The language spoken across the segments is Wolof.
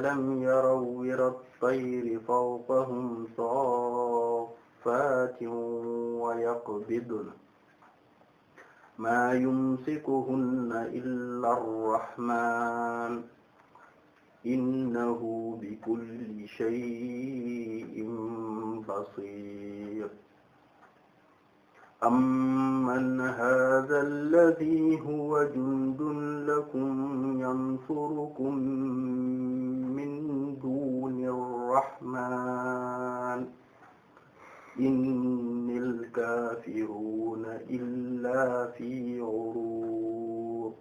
ألم يروا إلى الطير فوقهم صافات ويقبضن ما يمسكهن إلا الرحمن إنه بكل شيء بصير أمن هذا الذي هو جند لكم ينصركم من دون الرحمن إن الكافرون إلا في غرور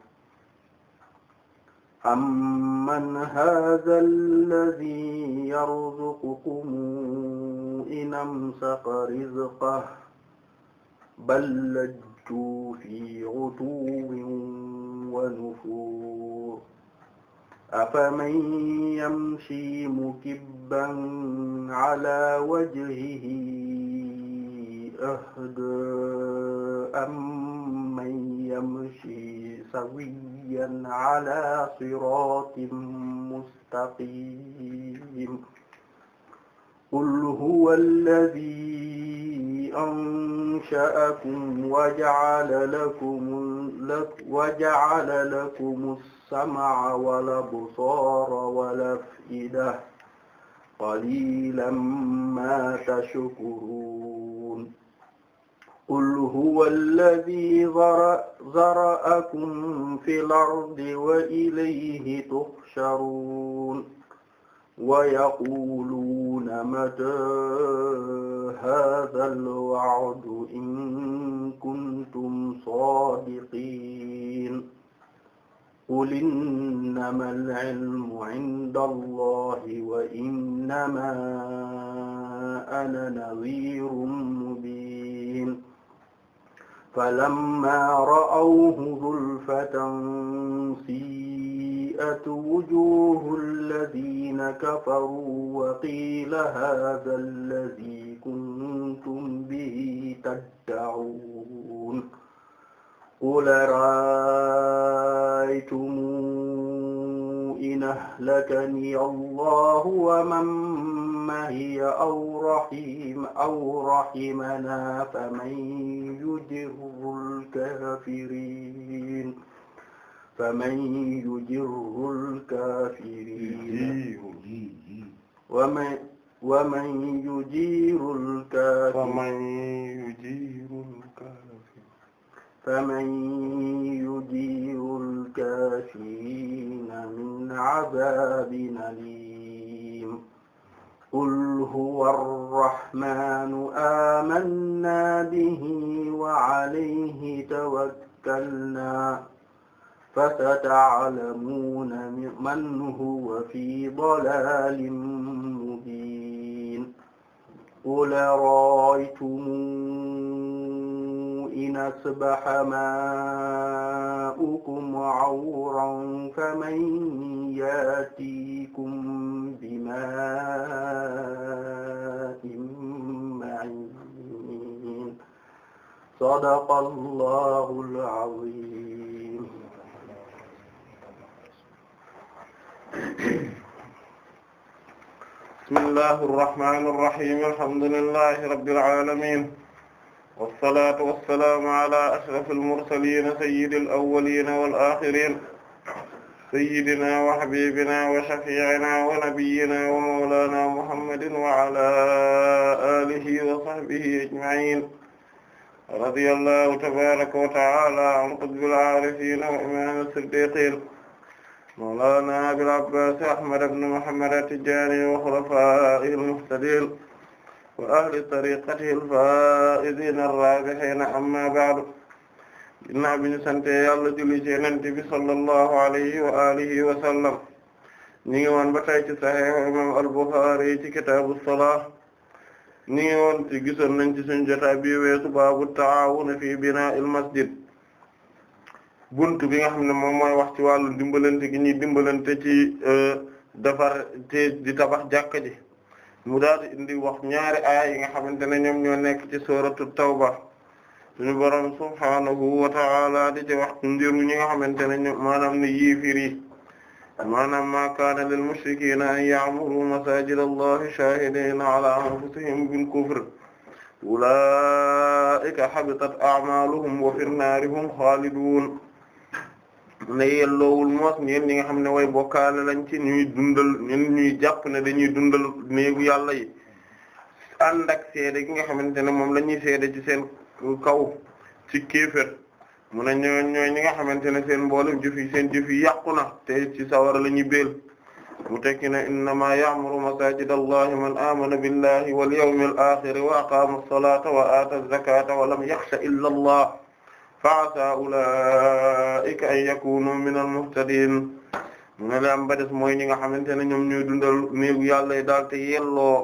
أمن هذا الذي يرزقكم إن أمسك رزقه bal lajjuu fii ghuduwwin wa nufuur afaman yamshi mukibban ala wajhihi ahdaa amman yamshi sawiyyan ala siraatin mustaqiim قل هو الذي أنشأكم وجعل لكم وجعل لكم السمع والأبصار والأفئدة قليلا ما تشكرون قل هو الذي ذرأكم في الأرض وإليه تحشرون wa yaquluuna mataa haazal wa'du in kuntum saadiqiin qul innamal ilmu inda Allahi wa innamaa ana nadhiirun mubiin falammaa ra'awhu zulfatan سيئة وجوه الذين كفروا وقيل هذا الذي كنتم به تدعون قل رأيتم إن أهلكني الله ومن معي أو رحم أو رحمنا فمن يجر الكافرين فمن يجره الكافرين ومن ومن يجير الكافر فمن يجير الكافر فمن يجير الكافرين من عذاب أليم قل هو الرحمن آمنا به وعليه توكلنا فستعلمون من هو في ضلال مبين قل رأيتم إن أصبح ماؤكم عورا فمن يأتيكم بماء معين صدق الله العظيم bismillahi irrahmani irrahim alhamdulillahi rabbil alamin wassalatu wassalaamu ala ashrafil mursalin sayyidil awwalin wal akhirin sayyidina wa habibina wa shafi'ina wa nabiyyina wa mawlana muhammadin wa ala alihi wa sahbihi ajma'in radiyallahu tabaraka wa ta'ala an qutbil arifin wa imam as-siddiqin mawlaana abil abbaas ahmad ibn muhammad at-tijaani wa xulafaa'ihi al-muhtadiin wa ahli tariiqatihi al-faa'iziina ar-raabihiin amma ba'du ginnaaw bi ñu sante yàlla julli ci Yonent bi sallallahu alayhi wa alihi wa sallam ñu ngi woon ba tey ci saxiix imaam al-Buxaari ci kitaabu salaah ñu ngi woon ci gisoon nañ ci suñu jotaay bi weesu baabu taawun fi binaa'il masjid bunt bi nga xam ne moom mooy wax ci wàllu dimbalante gi ñuy dimbalante ci euh, defar di tabax jàkka ji mu daal di indi wax ñaari aaya yi nga xamante ne ñoom ñoo nekk ci sooratu tawba suñu borom subhaanahu wa ta'ala di ci wax ndiru ñi nga xamante ne ñoom maanaam ne yiifir yi maanaam maa kaana lil mushrikiina an ya'muru masaajida allahi shaahidiina ala anfusihim bil kufr ulaa'ika habitat a'maaluhum wa fin naari hum ne yelloowul moos ñeen ñi nga xam ne way bokkaale lañ ci ñuy dundal ñun ñuy jàpp ne dañuy dundal néegu yàlla yi ànd ak seede gi nga xamante ne moom la ñuy seede ci seen kaw ci kéefër mun a ñoo ñooy ñi nga xamante ne seen mboolem jëf yi seen jëf yi yàqu na te ci sawara la ñuy béel mu tekki ne innama ya'muru masajid allahi man amana billahi wal yawmil akhir wa aqama as-salata wa ata az-zakata wa lam yakhsha illa allah fa asaa ulaa'ika an yakunu minal muhtadiin mu ne la am mooy ñi nga xamante ne ñoom ñooy dundal néegu yàlla daal te yelloo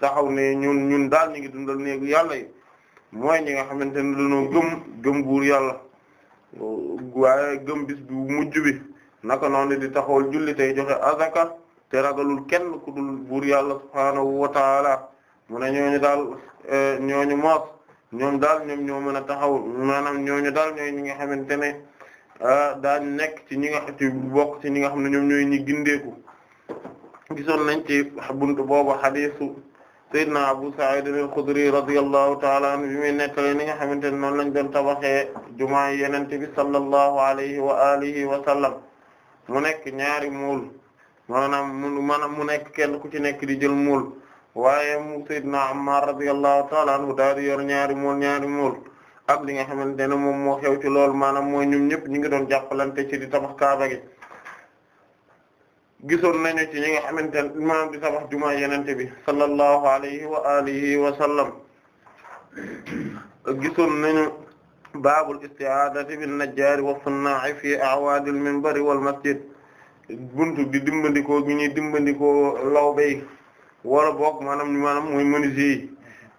taxaw ne ñun ñun daal ñi ngi dundal néegu yàlla yi mooy ñi nga xamante ne dañoo gëm gëm buur yàlla waaye gëm bis bu mujj bi naka noon di taxawal julli tey joxe azaka te ragalul kenn ku dul buur yàlla subhaanahu wa taala mu ne ñooñu daal eh, ñooñu moos ñoom daal ñoom ñoo mën a taxaw maanaam ñooñu daal ñooy ñi nga xamante ne ah, daal nekk ci ñi nga ci bokk ci ñi nga xam ne ñoom ñooy ñi gindeeku gisoon nañ ci buntu boobu hadiisu Seydina Abu Sa'id al-Khudri radiyallahu ta'ala anhu bi muy nettale ni nga xamante ne noonu lañ doon tabaxee jumaa Yonent bi sallallahu alayhi wa alihi wa sallam mu nekk ñaari muul maanaam mu maanaam mu nekk kenn ku ci nekk di jël muul waaye mu sayyidina Ammar radiyallahu ta'ala anhu daal di ñaari mool ñaari mool ak li nga xamante ne moom moo xew ci lool maanaam mooy ñoom ñëpp ñu ngi doon jàppalante ci di tabax kaaba gi gisoon nañu ci ñi nga xamante ne maanaam di tabax jumaa yenente bi sallallahu alayhi wa alihi wa gisoon nañu baabul isti'aadati bin najjaari wa sunnaa'i fi a'waadil minbari wal masjid buntu di dimbandikoo gi ñuy dimbandikoo lawbey wala boog maanaam maanaam mooy menuisier yi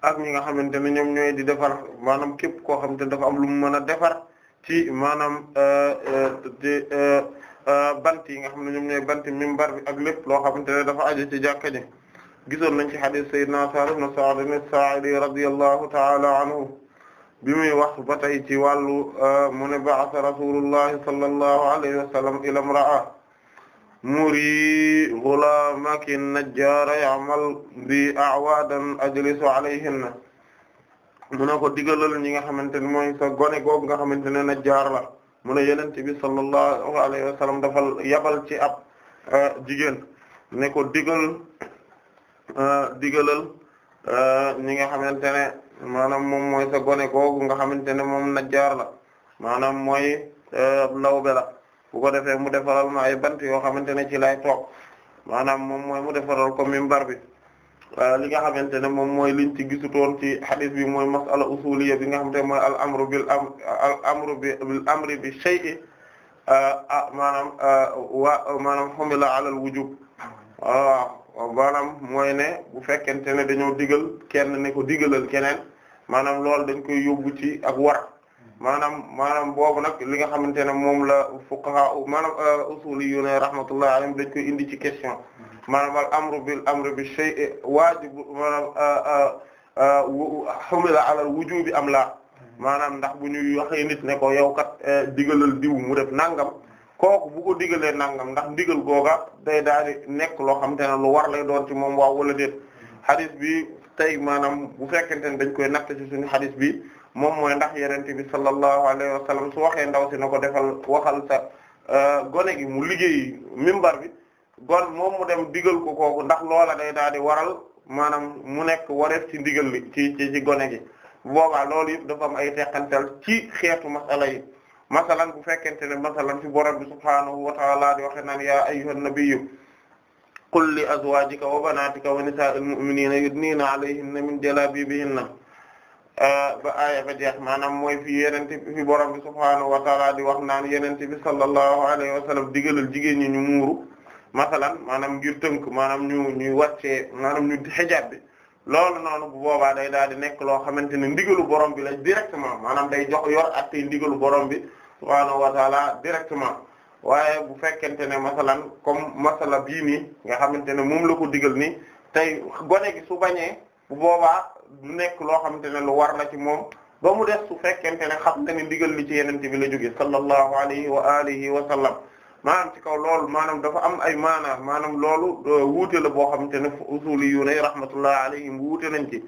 ak mi nga xamante ne ñoom ñooy di defar maanaam képp koo xamante ne dafa am lu mu mën a defar ci maanaam ci euh, euh, euh, bant yi nga xam ne ñoom ñooy bant minbar bi ak lépp loo xamante ne dafa aju ci jàkka ji gisoon nañ ci hadith sayyidina Saalih ibn Sa'd as-Saa'idi radiyallahu ta'ala anhu bi muy wax ba tey ci wàllu mu ne ba'atha rasulullahi sallallahu alayhi wa sallam ila imra'a muri ghulaamaki najjaara ya'mal bi a'waadan ajlisu alayhinna mu na ko digalal ñi nga xamante ne mooy sa gone googu nga xamante ne najjaar la mu na yonent bi sallallahu alayhi wa dafa yabal ci ab euh, jigéen ne ko digal euh, digalal euh, ñi nga xamante ne maanaam moom mooy sa gone googu nga xamante ne moom najjaar la maanaam mooy lawbe la bu ko defee mu defaral ma ay bant yoo xamante ne ci lay toog maanaam moom mooy mu defaral ko minbar bi li nga xamante ne moom mooy liñ ci gisutoon ci hadith bi mooy mas'ala usuliyya bi nga xamante ne mooy al amru bil am al amru amri bi shay'in ah, ah, maanaam ah, wa maanaam humila ala wujub waaw mooy ne bu fekkente ne dañoo digal kenn ne ko digalal keneen maanaam loolu dañ koy yóbbu ci ak war maanaam maanaam boobu nag li nga xamante ne moom la fuqaha maanaam euh, usuliyyu ne rahmatullahi alayhim dañ koy indi ci question maanaam al amru bil amri bi shay'i waajib maanaam xumila euh, euh, ala al wujubi am la maanaam ndax bu ñuy waxee nit ne ko yow kat digalal diw mu def nangam kooku bu ko nangam ndax digal googa day daal di nekk loo xam ne lu war lay doon ci moom waaw wala déet hadith bi tey maanaam bu fekkente ne dañ koy natt ci suñu bi moom mooy ndax yonent bi sallallahu alayhi wa sallam su waxee ndaw si na ko defal waxal sa euh, gone gi mu liggéey mimbar bi gon moom mu dem digal ko kooku ndax loola day daal di waral maanaam mu nekk wareef ci ndigal li ci ci gone gi boobaa loolu yëpp dafa am ay teqantal ci xeetu masala yi masalan bu fekkente ne masalan fi borom bi subhaanahu wa di waxe naan yaa ayyuhan nabiyyu qul li azwaajika wa banaatika wa nisaa'il mu'miniina yudniina alayhinna min Ah, ba aaya ba jeex maanaam mooy fi yenente fi borom bi subhaanahu wa taala di wax naan yenente bi sallallahu alayhi wa sallam digalal jigéen ñi ñu muuru masalan maanaam ngir tënk maanaam ñu ñuy wàccee maanaam ñu xejaat bi loolu noonu bu boobaa day daal di nekk loo xamante ne ndigalu borom bi la directement maanaam day jox yor ak tey ndigalu borom bi subhaanahu wa directement waaye bu fekkente ne masalan comme masala bii nii nga xamante ne moom la ko digal nii tey gone gi su bañee bu boobaa nekk loo xamante ne lu war la ci moom ba mu des su fekkente ne xam na ne ndigal li ci yenente bi la jóge sallallahu alayhi wa alihi wa sallam maanaam ci kaw loolu maanaam dafa am ay maanaam maanaam loolu euh, wuute la boo xamante ne usuli yu nay rahmatullah alayhim wuute nañ ci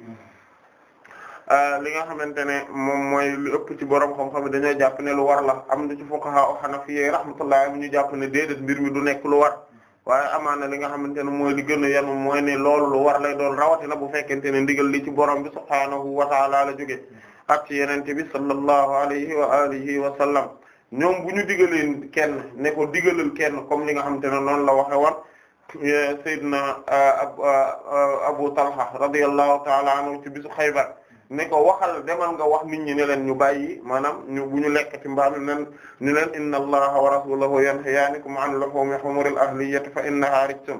euh, li nga xamante ne moom mooy lu ëpp ci borom xam-xam dañoo jàpp ne lu war la am na ci fuqaha o xanafi rahmatullah ñu jàpp ne déedéet mbir mi du nekk lu war waaye amaana li nga xamante ne mooy li gën a yem mooy ne loolu lu war lay doon rawatina bu fekkente ne ndigal li ci borom bi subhaanahu wa ta'ala la jóge ak ci yenente bi sallallahu alayhi wa alihi wa sallam ñoom bu ñu digaleen kenn ne ko digalal kenn comme li nga xamante ne noonu la waxe woon eh, sayyidina eh, eh, abu talha radiyallahu ta'ala anhu ci bisu xaybar ne ko waxal demal nga wax nit ñi ne leen ñu bàyyi maanaam ñu bu ñu lekk ti mbaam nen ñu leen inna allaha wa rasuluhu yanhayaanikum an luhumi humuril ahliyati fa innaha rijsun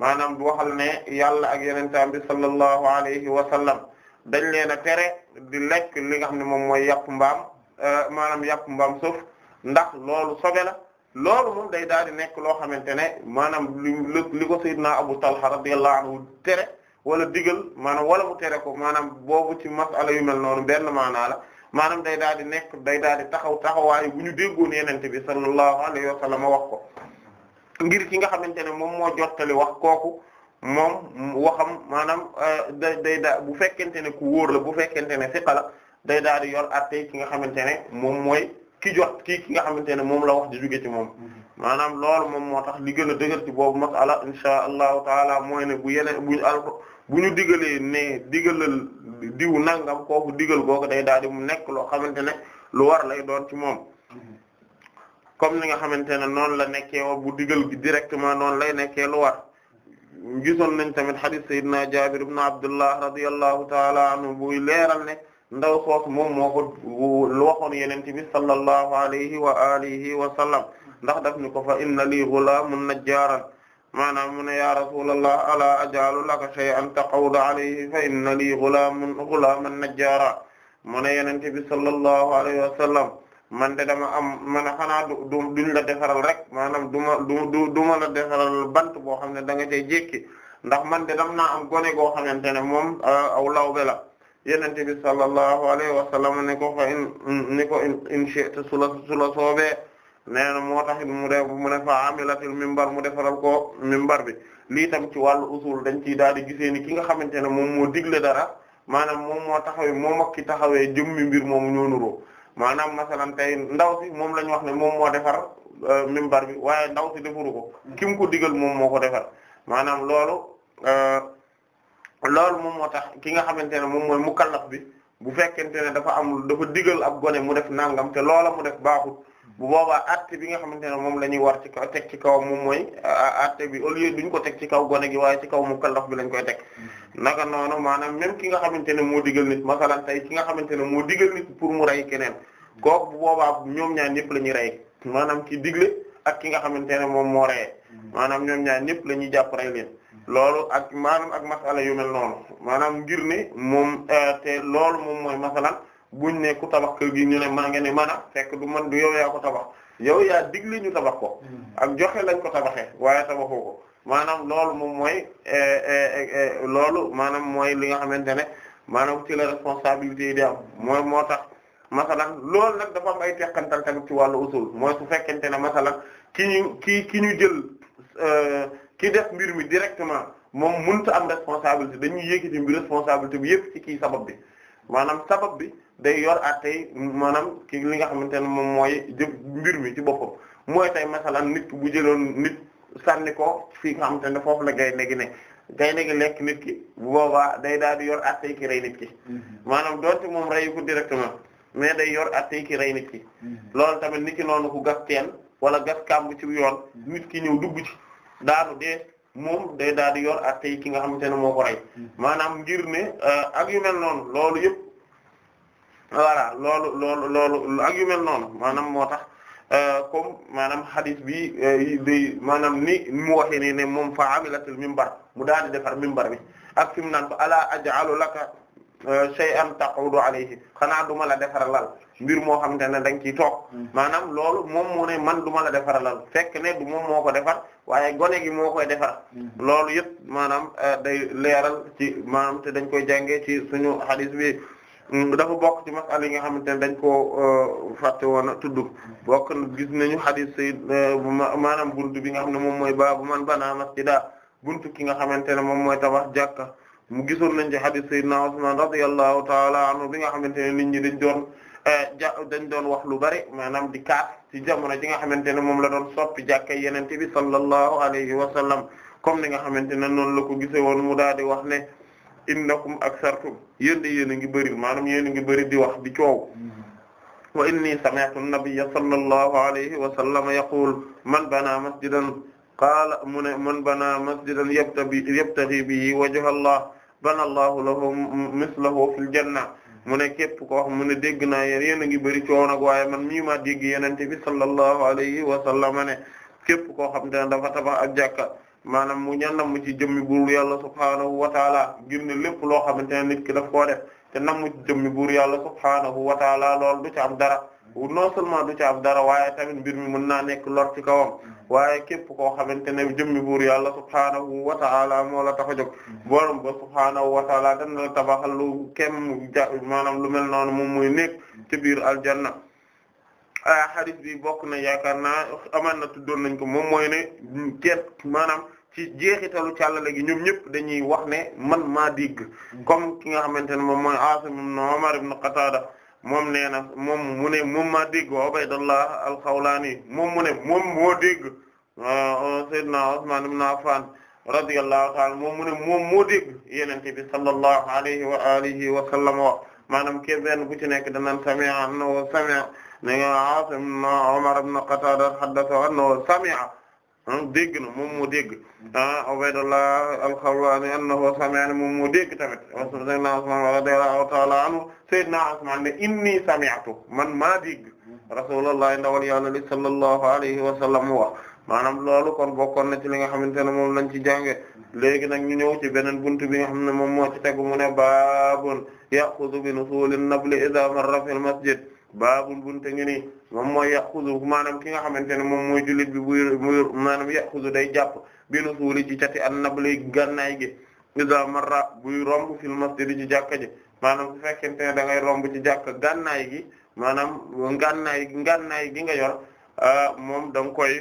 maanaam du waxal ne yàlla ak yenentaan bi sallallahu alayhi wa sallam dañ leen a tere di lekk li nga xam ne moom mooy yàpp mbaam euh, maanaam yàpp mbaam suuf ndax loolu sobe la loolu moom day daal di nekk loo xamante ne maanaam li li ko sayyidina Abu Talha radiyallahu anhu tere wala digal maanaam wala mu tere ko maanaam boobu ci masala yu mel noonu benn maanaa la maanaam day daal di nekk day daal di taxaw taxawaayu bu ñu déggoon yenente bi sallallahu alayhi wa sallam wax ko ngir ki nga xamante ne moom moo jottali wax kooku moom waxam maanaam euh, day day daa bu fekkente ne ku wóor la bu fekkente ne fiqa la day daal di yor attey ki nga xamante ne moom mooy ki jot kii ki nga xamante ne moom la wax di jóge ci moom maanaam loolu moom moo tax li gën a dëgër ci boobu masala insha allahu taala mooy ne bu yeneen bu ñu digalee ne digalal diw nangam kooku digal googu day daal mu nekk loo xamante ne lu war lay doon ci moom comme ni nga xamante ne noonu la nekkee wa bu digal gi directement noonu lay nekkee lu war gisoon nañ tamit hadith sayyidina Jaabir ibn Abdullah radiyallahu ta'ala anhu buy leeral ne ndaw soos moom moo ko lu waxoon yenente bi sallallahu alayhi wa alihi wa sallam ndax daf ni ko fa inna lii ghulaamun najjaaran maanaam mu ne ya rasulallah ala ajalu laka shay'an taqawdu alayhi fa inna lii ghulaman ghulaman najjara mu ne yenente bi sallallahu alayhi wa sallam man de dama am man xanaa du du duñ la defaral rek maanaam du ma du du du bant boo xam ne da nga cay jékki ndax man de dam naa am gone goo xamante ne moom uh, aw lawbe la yenente bi sallallahu alayhi wa sallam ne ko fa in ni ko sula sula soobee nee na moo tax mu def mu ne fa amilatil bar mu defaral ko mimbar bi lii tam ci wàllu usul dañ ciy daal di gisee ni ki nga xamante ne moom moo digle dara maanaam moom moo taxawee moom ak ki taxawee jëmmi mbir moomu ñoo nuroo maanaam masalan ndaw si moom la wax ne moom moo defar euh, mimbar bi waaye ndaw si defaru ko ki mu ko digal moom moo ko defar maanaam loolu euh, loolu moom moo tax ki nga xamante ne moom mooy mukallaf bi bu fekkente ne dafa am dafa digal ab gone mu def nangam te loola mu def baaxut. bu boobaa atte bi nga xamante ne moom la ñuy war ci kaw teg ci kaw moom mooy atte bi au lieu duñ ko teg ci kaw gone gi waaye ci kaw mu mukallaf bi lañ koy teg mm-hmm. naka noonu maanaam même ki nga xamante ne moo digal nit masalan tey ki nga xamante ne moo digal pour mu rey keneen kooku bu boobaa ñoom ñaar ñëpp la ñuy rey maanaam ki digle ak ki nga xamante ne moom moo reyee mm-hmm. maanaam ñoom ñaan ñëpp la ñuy jàpp rey leen mm-hmm. loolu ak maanaam ak masala yu mel noonu maanaam ngir ne moom euh, te loolu moom mooy masalan buñ ne ku tabax kër gi ñu ne maa ngi ne man a fekk du man du yow yaa ko tabax yow yaa digle ñu tabax ko hmm. ak joxe lañ ko tabaxee waaye tabaxoo ko maanaam lool moom mooy eh, eh, eh, loolu maanaam mooy li nga xamante ne maanaam ci la responsabilité yi di am mooy moo tax masalan loolu nag dafa am ay teqantal tamit ci wàllu usul mooy su fekkente ne masalan ki ñu ki ki ñu jël euh, ki def mbir mi directement moom mënut a am responsabilité dañuy yëkkati mbir responsabilité bi yëpp ci kii sabab bi maanaam sabab bi day yor attey maanaam ki li nga xamante ne moom mooy jë mbir mi ci boppam mooy tey masalan nit bu jëloon nit sànni ko fii nga xamante ne foofu la gaynde gi ne gaynde gi lekk nit ki bu boobaa day daal di yor attey ki rey nit ki mm-hmm. maanaam doonte moom reyu ko directement mais day yor attey ki rey nit ki mm-hmm. loolu tamit nit ki noonu ku gas teen wala gas kàmb ci yoon mm-hmm. nit ki ñëw dugg ci daanu dee moom day daal di yor attey ki nga xamante ne moo ko rey maanaam ngir ne euh, ak yu mel noonu loolu yëpp voilà loolu loolu loolu ak yu mel noonu maanaam moo tax euh, comme maanaam hadith bi euh, day maanaam ni mu waxee ni ne moom fa amilatul mimbar mu daal di defar mimbar bi ak fi mu naan ko ala aj'alu laka euh, shay'an taqudu alayhi xanaa duma la defaralal mbir moo xam te ne da nga ciy toog hmm. maanaam loolu moom mu ne man a defara lal fekk ne du moom moo ko defar waaye gone gi moo koy defar hmm. loolu yëpp maanaam day leeral ci maanaam te dañ koy jàngee ci suñu hadith bi dafa bokk ci masala yi nga xamante ne dañ koo euh, fàtte woon a tudd bokk gis nañu hadith sayyid euh, maanaam buntu bi nga xam ne moom mooy baabu man bana masjida buntu ki nga xamante ne moom mooy tabax jàkka mu gisoon nañ ci hadith sayyidna Usman radiyallahu ta'ala anhu bi nga xamante ne nit ñi dañ doon euh, ja dañ doon wax lu bari maanaam di kaat ci jamono ji nga xamante ne moom la doon soppi jàkka yenente bi sallallahu alayhi wa sallam comme ni nga xamante ne noonu la ko gise woon mu daal di wax ne innakum aksartum yéen de yéen a ngi bëri maanaam yéen a ngi bëri di wax di coow wa inni sami'tu an-nabiyya sallallahu alayhi wa sallam yaqul man bana masjidan qaala mu ne man bana masjidan yabtaghi yabtaghi bihi wajha Allah bana Allahu lahu mislahu fil janna mu ne képp koo xam mu ne dégg naa yéen yéen a ngi bëri coow nag waaye man mii maa dégg yonent bi sallallahu alayhi wa sallam ne képp koo xam te ne dafa tabax ak jàkka maanaam mu ñaan nam ci jëmmi buur yàlla subhaanahu wa taala ngir lépp loo xamante ne nit ki daf koo te nam ci jëmmi buur yàlla subhaanahu wa taala lool du ci am dara non seulement du ci am dara waaye tamit mbir mi mën naa nekk lool ci kawam waaye képp koo xamante ne jëmmi buur yàlla subhaanahu wa taala moo la tax a jóg borom ba subhaanahu wa taala dana la tabaxal lu kem ja maanaam lu mel noonu moom muy nekk ci biir aljanna ah bi bokk na yaakaar na amaan na tuddoon nañ ko moom mooy ne kenn maanaam ci jeexitalu càllale gi ñoom ñëpp dañuy wax ne man maa digg comme ki nga xamante ne moom mooy Asim ibn Umar ibn Qatada moom nee na moom mu ne moom maa dégg Ubaydullah al mu moo dégg euh, euh, Seydina Usman ibn Affan radiyallahu ta'ala moom mu ne moom moo dégg yenente bi sallallahu alayhi wa alihi wa maanaam ke bu ci nekk danaan sami'a annahu sami'a ne nga Asim ibn Umar ibn Qatada haddatha annahu sami'a dégg na moom moo dégg ah Ubaydullah al-Xallaani annahu sami'a moom moo dégg tamit sayyidina Usmaan radiyallahu ta'ala anhu sayyidina Usmaan ne inni sami'tu man maa dégg rasulullah ndawal yàlla li sallallahu alayhi wa sallam wax maanaam loolu kon bokkoon na ci li nga xamante ne moom lañ ci jànge léegi nag ñu ñëw ci beneen buntu bi nga xam ne moom moo tegu mu ne baabun ya'khudhu bi nusuulin nabli idha marra fil masjid baabun buntu ngi nii moom mooy yaxuzu maanaam ki nga xamante ne moom mooy julit bi buy muy maanaam yaxuzu day jàpp binu suuli ci cati an nablay gànnaay gi iza marra buy romb fil masjid ci jàkka ji maanaam su fekkente ne da ngay ci jàkka gànnaay gi maanaam gànnaay gànnaay gi nga yor ah, moom da nga koy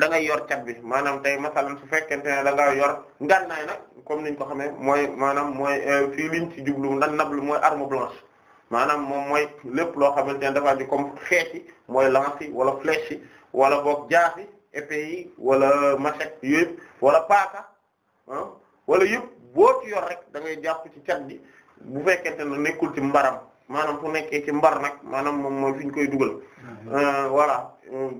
da yor cat bi maanaam tey masalan su fekkente ne danga yor gànnaay nag comme niñ ko xamee mooy maanaam mooy eh, fii ci jublu na nablu mooy armo blanche maanaam moom mooy lépp loo xamante ne dafa aju comme xeeti mooy lance yi wala flèche yi wala boog jaasi épée yi wala machette yooyu wala paaka ah wala yëpp boo ci yor rek dangay ngay ci cat bi bu fekkente ne nekkul ci mbaram maanaam fu nekkee ci mbar nag maanaam moom mooy fi ñu koy dugal ah, euh, voilà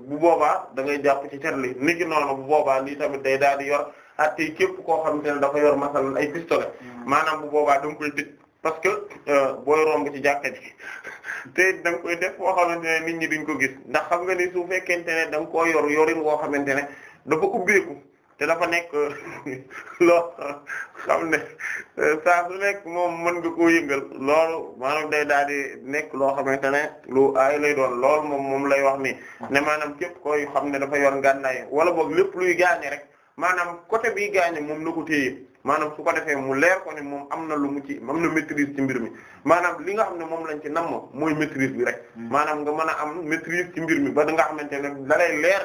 bu boobaa da ngay jàpp ci cat li niki noonu bu boobaa lii tamit day daal di yor ak tey képp koo xamante ne dafa yor masalan ay pistolet hmm. maanaam bu boobaa da nga parce que euh, booy romb ci jàkka ji te da nga koy def foo xamante ne ñi duñ ko gis ndax xam nga ni su fekkente ne da koo yor yorin woo xamante ne dafa ubbeeku te dafa nekk loo xam ne euh, saa nekk moom mën nga koo yëngal loolu maanaam day daal di nekk loo xamante ne lu aay lay doon loolu moom moom lay wax ni ah. ne maanaam képp koy xam ne dafa yor ngànnaay wala boog lépp luy gaañe rek maanaam côté bi gaañe moom la ko maanaam su ko defee mu leer ko ne moom am na lu mu ci am na maîtrise ci mbir mi maanaam li nga xam ne moom lañ ci nam moom mooy maîtrise bi rek hmm. maanaam nga mën a am maîtrise ci mbir mi ba da nga xamante ne da lay leer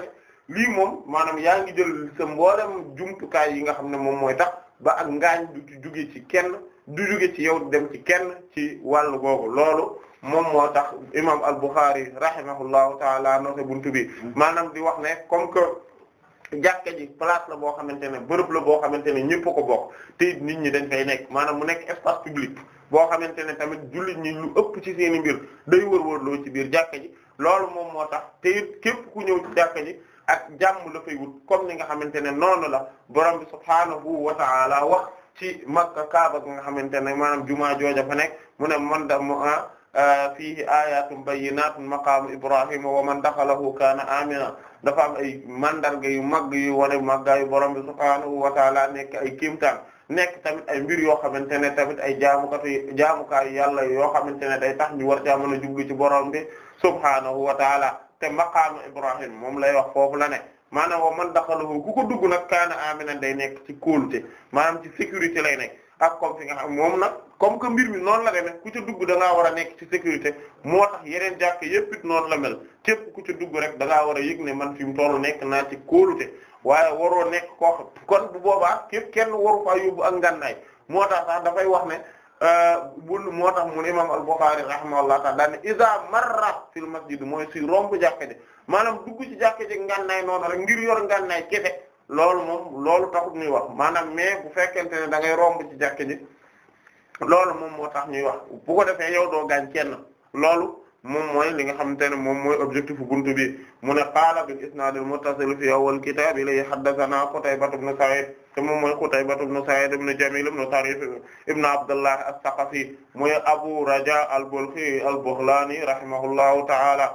lii moom maanaam yaa ngi jël sa mboolem jumtukaay yi nga xam ne moom mooy tax ba ak ngaañ du ci ci kenn du jóge ci yow dem ci kenn ci wàll googu loolu moom moo tax imam al-Bukhari rahimahullahu taala noose buntu bi hmm. maanaam di wax ne comme que jàkka ji place la boo xamante ne bërëb la boo xamante ne ñëpp ko bokk te nit ñi dañ fay nekk maanaam mu nekk espace public boo xamante ne tamit jullit ñi ñu ëpp ci seen i mbir day wër-wër loo ci biir jàkka ji loolu moom moo tax te it képp ku ñëw ci jàkka ji ak jàmm la fay wut comme ni nga xamante ne noonu la borom bi subhaanahu wa ta'ala wax ci Makka Kaaba gi nga xamante ne maanaam jumaa jooja fa nekk mu ne man da mu ah, ah, fiihi aayaatun bayyinaatun maqaamu Ibraahiima wa man daxalahu kaana aamina dafa am ay mandarga yu mag yu wane màggaayu borom bi subhaanahu wa taala nekk ay kiimtaan nekk tamit ay mbir yoo xamante ne tamit ay jaamukatu jaamukaayu yàlla yoo xamante ne day tax ñu war caa mën a jublu ci borom bi subhaanahu wa taala te maqaama Ibrahim moom lay wax foofu la ne maanaam wa man daxalahu ku ko dugg nag kaana aminan day nekk ci kóolute maanaam ci sécurité lay nekk ak comme fi nga moom nag comme que mbir mi noonu la demee ku ca dugg da war a nekk ci sécurité moo tax yereen jàkk yépp it noonu la mel képp ku ca dugg rek da war a yëg ne man fi mu toll nekk naa ci kóolute waaye waroo nekk koo kon bu boobaa képp kenn waru faa yóbbu ak ngànnaay moo tax sax dafay wax ne euh, bul moo tax mu imam al-Bukhari rahimahullahu ta'ala a iza marra fil masjid mooy si romb jàkka ji maanaam dugg ci jàkka je ngànnaay noon rek ngir yor ngannaay kese loolu moom loolu taxut ñuy wax maanaam mais bu fekkente ne da ngay romb ci jàkka loolu moom moo tax ñuy wax bu ko defee yow doo gaañ kenn loolu moom mooy li nga xamante ne moom mooy objectif buntu bi mu ne qaala bil isnaad al muttasil fi awwal kitaab ilay haddathanaa Qutayba ibn Sa'iid te moom mooy Qutayba ibn Sa'iid ibn Jamiil ibn Tariif ibn Abdullah as-Saqafi mooy Abu Rajaa al-Balkhi al-Baghlaani rahimahullahu ta'ala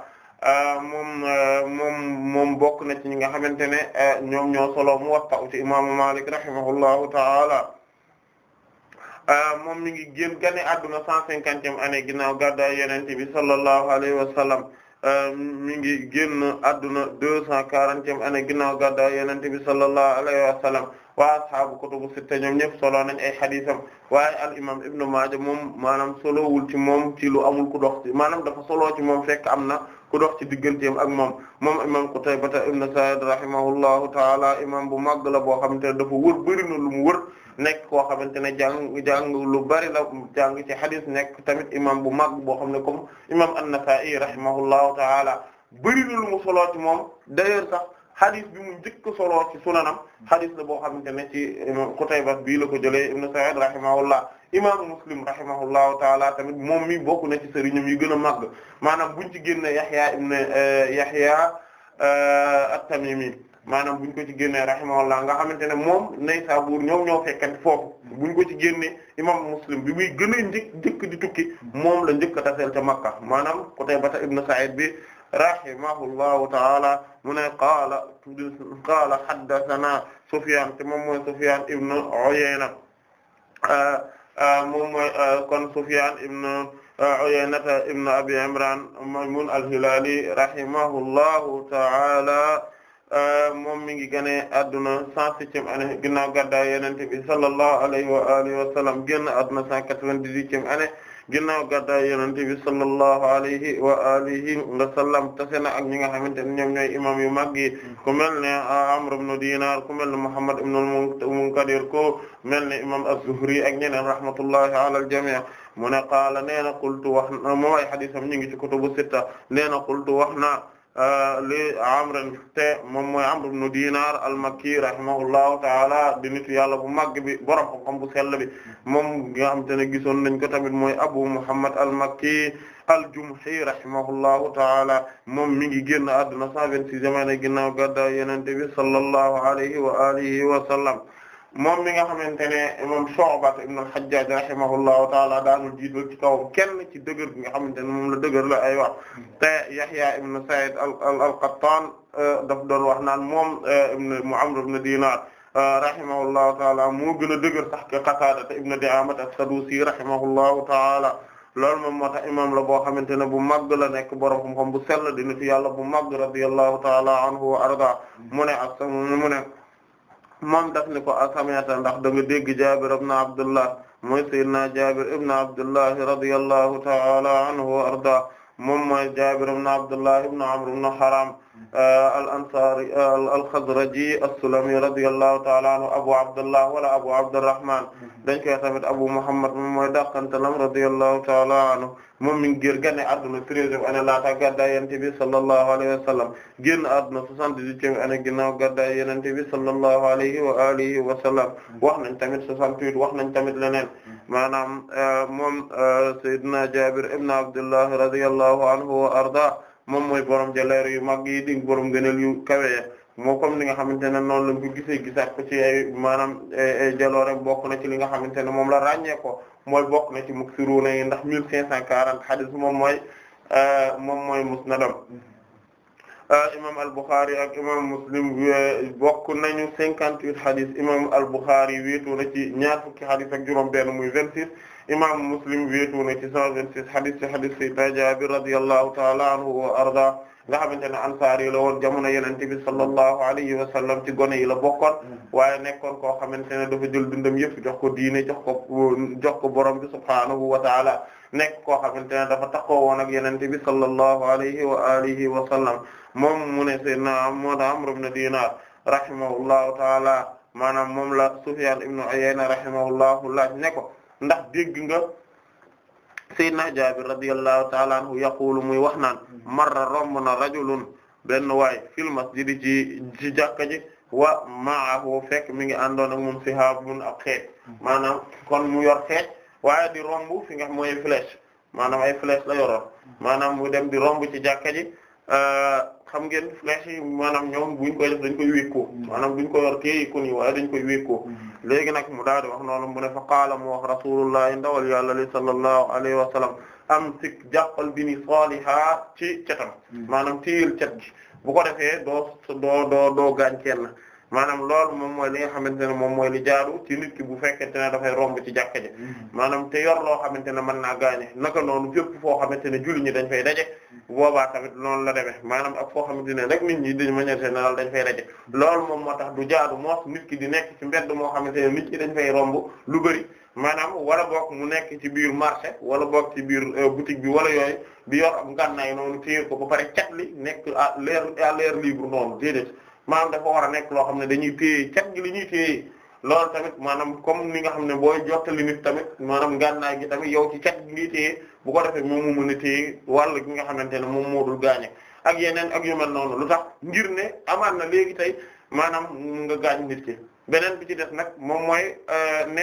moom moom moom bokk na ci ñi nga xamante ne ñoom ñoo solo Muwatta ci imaamu Maalik rahimahullahu ta'ala Euh, moom mi ngi génn gane adduna cent cinquantième année ginnaaw gàddaay yonent bi sallallahu alayhi wa sallam euh, mi ngi génn adduna deux cent quarantième année ginnaaw gàddaay yonent bi sallallahu alayhi wa sallam waa ashaabu kutubu sitta ñoom ñëpp solo nañ ay xadiisam waaye al imam ibnu maaja moom maanaam wul ci moom ci lu amul ku dox ci maanaam dafa solo ci moom fekk am na ku dox ci digganteem ak moom moom imam Qutaybata ibnu Sa'id rahimahullahu taala imam bu màgg la boo xamante ne dafa wër bëri na lu mu wër nekk koo xamante ne jàng jàng lu bari la jàng ci hadith nekk tamit imam bu mag boo xam ne comme imam an-Nasa'i rahimahullahu ta'ala bëri na lu mu moom d'ailleurs sax hadith bi mu njëkk soloo ci sunanam hadith la boo xamante ne ci imam Qutayba bii la ko jëlee ibn Sa'id rahimahullah imam Muslim rahimahullahu ta'ala tamit moom mi bokk na ci sëriñam yu gën a mag maanaam buñ ci génne Yahya ibn euh, Yahya euh, at maanaam buñ ko ci génnee rahimahullah nga xamante ne moom Naysaabuur ñoom ñoo fekkante foofu buñ ko ci génnee imam Muslim bi muy gën a njëkk njëkk di tukki moom la njëkk a taseel ca Makka maanaam ibn Sa'id bi rahimahullahu taala mu ne qaala qaala haddathana Sufyan te moom mooy Sufyan ibn Uyayna ah, ah, moom mooy ah, kon Sufyan ibn Uyayna ibn Abi Imran Maymun al-Hilali rahimahullahu taala Euh, moom mi ngi gane adduna cent septième année ginnaaw gàddaay yonent bi sallallahu alayhi wa alihi wa sallam génn adduna cent quatre-vingt-dix-huitième année ginnaaw gàddaay yonent bi sallallahu alayhi wa alihi wa sallam tase na ak ñi nga xamante ne ñoom ñooy imam yu mag yi mel ne Amr ibn Dinar ku mel ne Muhammad ibn al-Munkadir ku mel ne imam az-Zuhri ak rahmatullahi ala al-jami' mu ne qaala nee na qultu wax ñu ngi ci kutubu sitta Euh, li amran te moom mooy amr ibn dinar al makki rahimahullahu taala di nitu yàlla bu màgg bi borom xam-xam bu sell bi moom nga xam te ne gisoon nañ ko tamit mooy abu muhammad al makki al jumhi rahimahullahu taala moom mi ngi génn àdduna 126 jamono ginnaaw gàddaay yonent bi sallallahu alayhi wa alihi wa sallam moom mi nga xamante ne moom Shu'ba ibn al-Hajjaj rahimahullahu taala daanul jiital ci kaw kenn ci dëgër bi nga xamante ne moom la dëgër la ay wax te Yahya ibn Sa'id al-Qattan euh, daf doon wax naan moom euh, ibn Amr ibn Dinar euh, rahimahullahu taala moo gën a dëgër sax ke Qatada te ibn Di'ama as-Sadusi rahimahullahu taala loolu moom moo tax imam la boo xamante ne bu màgg la nekk borom xam-xam bu sell dina fi yàlla bu màgg radiyallahu taala anhu wa arda mu ne ak mu ne moom daf ni ko asami'ta ndax da nga dégg Jaabir ibn Abdullah mooy sayyidina Jaabir ibn Abdullah radiyallahu ta'ala anhu wa arda moom mooy Jaabir ibn Abdullah ibn Amr ibn Haram al ansari al xazraji as-sulami radiyallahu ta'ala anhu abu abdullah wala abu abdurrahman dañ koy tamit abu muhammad moom mooy dàqantalam radiyallahu ta'ala anhu moom mi ngi gër gane adduna treizième année laata gàddaay yonent bi sallallahu alayhi wa sallam génn adduna soixante-dix-huitième année ginnaaw gàddaay yonent bi sallallahu alayhi wa alihi wa sallam wax nañ tamit soixante-huit wax nañ tamit leneen maanaam euh, moom euh, sayyidina jabir ibn abdullah radiyallahu anhu wa arda moom mooy borom jaleer yu mag yi di borom gënal yu kawe moo comme li nga xamante ne noonu lañ ko gisee gisaat ko ci ay maanaam jaloore bokk na ci li nga xamante ne moom la ràññee ko mooy bokk na ci muksiruna yi ndax 1540 hadith moom mooy euh, moom mooy musnadam euh, imam al-Bukhari ak imam Muslim euh, bokk nañu 58 hadith imam al-Bukhari wéetoo na ci ñaar fukki hadith ak juróom benn muy 26 imaamu muslim wéetoo na ci cent vingt six xadis ci xadis sayyidina taala anhu wa arda nga xamante ne ansaar yi la woon jamono yenente bi sallallahu alayhi wa sallam ci gone yi la bokkoon waaye nekkoon koo xamante ne dafa jël dundam yëpp jox ko diine jox ko jox ko borom bi subhaanahu wa taala nekk koo xamante ne dafa takkoo woon ak yenente bi sallallahu alayhi wa alihi wa sallam moom mu ne sayyidina moo na Amr ibn Dinar rahimahullahu taala maanaam moom la Sufyan ibn Uyayna rahimahullahu la ne ko ndax dégg nga Seydina Jaabir radiyallahu ta'ala anhu yaqulu muy wax naan marra romb na rajulun benn waay fil masjid ci ci jàkka ji wa ma'ahu fekk mi ngi àndoon ak moom sihaabun ak xeet maanaam kon mu yor xeet waaye di romb fi nga mooy flèche maanaam ay flèche la yoroon maanaam mu dem di romb ci jàkka ji euh, xam ngeen flèche yi maanaam ñoom buñ koy def dañ koy wékkoo mm-hmm. maanaam buñ ko yor téye ko nii waaye dañ koy wékkoo mm-hmm. léegi nag mu daal di wax noonu mu ne fa qaala mu wax rasulullah ndawal yàlla li sallallahu alayhi wa sallam amsik jàppal bi ni saaliha ci cetam mm-hmm. maanaam téyel cet gi bu ko defee doo doo doo doo gaañ kenn maanaam loolu moom mooy li nga xamante ne moom mooy li jaaru ci nit ki bu fekkente ne dafay romb ci jàkka ji hmm. maanaam te yor loo xamante ne mën naa gaañe naka noonu fépp foo xamante ne julli ñi dañ fay daje hmm. boobaa tamit noonu la demee maanaam ak foo xamante ne rek nit ñi dañ manière générale dañ fay daje loolu moom moo tax du jaaru moos nit ki di nekk ci mbedd moo xamante ne nit ñi dañ fay romb lu bari maanaam wala boog mu nekk ci biir marché wala boog ci biir euh, boutique bi wala yooyu bi yor am ngànnaay noonu ci ko ba pare catli nekk à l'air à l'air libre noonu déedéet maanaam dafa war a nekk loo xam ne dañuy téye cat gi li ñuy téye loolu tamit maanaam comme ni nga xam ne booy jottali nit tamit maanaam ngànnaay gi tamit yow ci cat gi ngay bu ko defee moom mu mën a téye wàll nga xamante ne moom moo dul gaañe ak yeneen ak noonu lu tax ngir ne amaat na léegi tey maanaam nga gaañ nit ki beneen bi ci des nag moom mooy euh, ne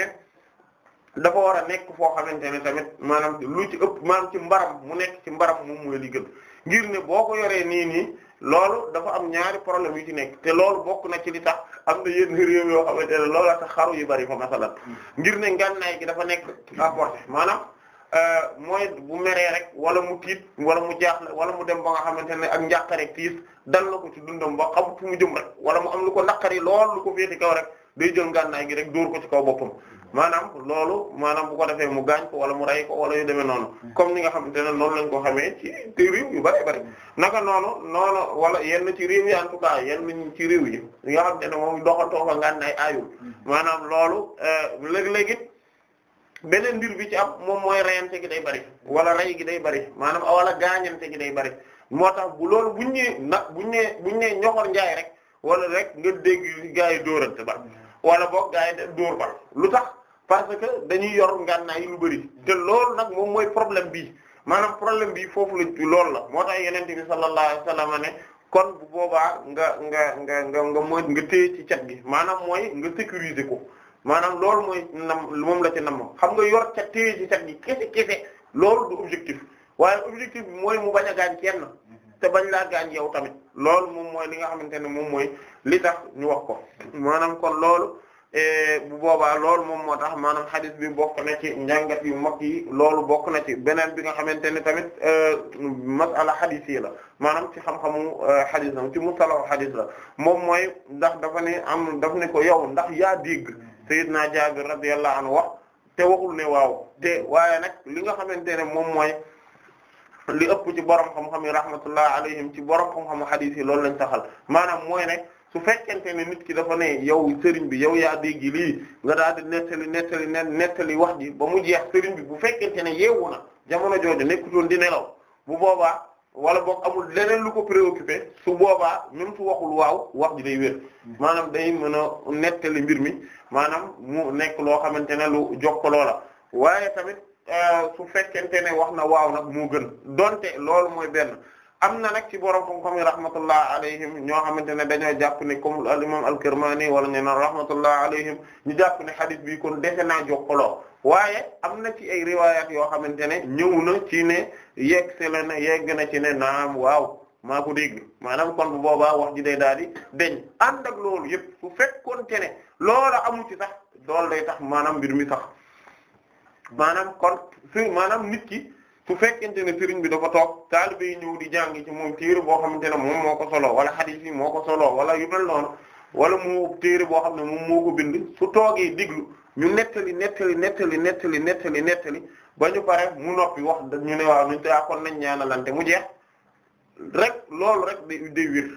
dafa war a nekk foo xamante ne tamit maanaam lu ci ëpp maanaam ci mbaram mu nekk ci mbaram moom mooy li gën ngir ne boo ko yoree nii nii. loolu dafa am ñaari problème yu ci nekk te loolu bokk na ci li tax am na yenn réew yoo xamante ne loolu tax xaru yu bari fa masalan hmm. ngir ne ngànnaay gi dafa nekk à portée maanaam euh, mooy bu meree rek wala mu tiit wala mu jaaxle wala mu dem ba xamante ne ak njàqare tiis dal na ko ci dundam ba xam fu mu jëm rek wala mu am lu ko naqari lool lu ko féeti kaw rek day jël ngànnaay gi rek dóor ko ci kaw boppam maanaam loolu maanaam bu ko defee mu gaañ ko wala mu rey ko wala yu demee noonu comme ni nga xamante ne noonu lañ ko xamee ci ci réew yu bare bari naka noonu noonu wala yenn ci réew yi en tout cas yenn ci réew yi nga xamante ne moom doxatoo fa ngaan ay maanaam loolu euh, léeg-léeg it beneen mbir bi ci am moom mooy reyante gi day bari wala rey gi day bari maanaam wala gaañante gi day bari moo tax bu loolu buñ nee nag buñ nee buñ nee ñoxor njaay rek wala rek nga dégg gaa yi dóorante ba wala boog gaa yi dóor ba lu tax parce que dañuy yor ngànnaay lu bari te loolu nag moom mooy problème bi maanaam problème bi foofu la loolu la moo tax yeneen bi sallallahu alayhi wasallam ne kon bu boobaa nga nga nga nga nga mooy nga téye ci cat gi maanaam mooy nga sécuriser ko maanaam loolu mooy nam moom la ci nam xam nga yor cat téye ci cat gi kese kese loolu du objectif waaye objectif bi mooy mu bañ a gaañ kenn te bañ laa gaañ yow tamit loolu moom mooy li nga xamante ne moom mooy li tax ñu wax ko maanaam kon loolu. E, bu boobaa loolu moom moo tax maanaam xadis bi bokk na ci njàngat yu mag yi loolu bokk na ci beneen bi nga xamante ne tamit e, masala xadis yi la maanaam ci xam-xamu e, xadis la ci mustalahu xadis la moom mooy ndax dafa ne am daf ne ko yow ndax yaa dégg sayyidna Jaabir radiyallahu anhu wax te waxul ne waaw te waaye nag li nga xamante ne moom mooy li ëpp ci borom xam-xam yi rahmatullah alayhim ci borom xam-xamu xadis yi loolu lañ taxal maanaam mooy ne su fekkente ne nit ki dafa ne yow sëriñ bi yow yaa dégg lii nga daal di nettali nettali nettali wax ji ba mu jeex sëriñ bi bu fekkente ne yeewu na jamono jooju nekkutoon di nelaw bu boobaa wala boog amul leneen lu ko préoccupé su boobaa même su waxul waaw wax ji day wér maanaam day mën a nettali mbir mi maanaam mu nekk loo xamante ne lu jokkaloo la waaye tamit euh, su fekkente ne wax na waaw nag moo gën donte loolu mooy benn am na nag ci borom xam-xam yi rahmatullah alayhim ñoo xamante ne dañoo jàpp ne comme al imam al-Kirmani wala ñu naan rahmatullah alayhim ñu jàpp ne hadith bi kon dese naa jokkaloo waaye am na ci ay riwayat yoo xamante ne ñëw na ci ne yegg se na yegg na ci ne naam waaw maa ko dégg maanaam kon bu boobaa wax ji day daal di deñ ànd ak loolu yëpp su fekkoonte ne loola amu ci sax dool day tax maanaam mbir mi sax maanaam kon su maanaam nit su fekkente ne sëriñ bi dafa toog taalibe yi ñëw di jàng ci moom téere boo xamante ne moom moo ko solo wala xadiis yi moo ko solo wala yu mel noonu wala mu téere boo xam ne moom moo ko bind su toogee diglu ñu nettali nettali nettali nettali nettali nettali ba ñu pare mu noppi wax ñu ne waaw ñu taa ah kon nañ ñaanalante mu jeex rek loolu rek day day wér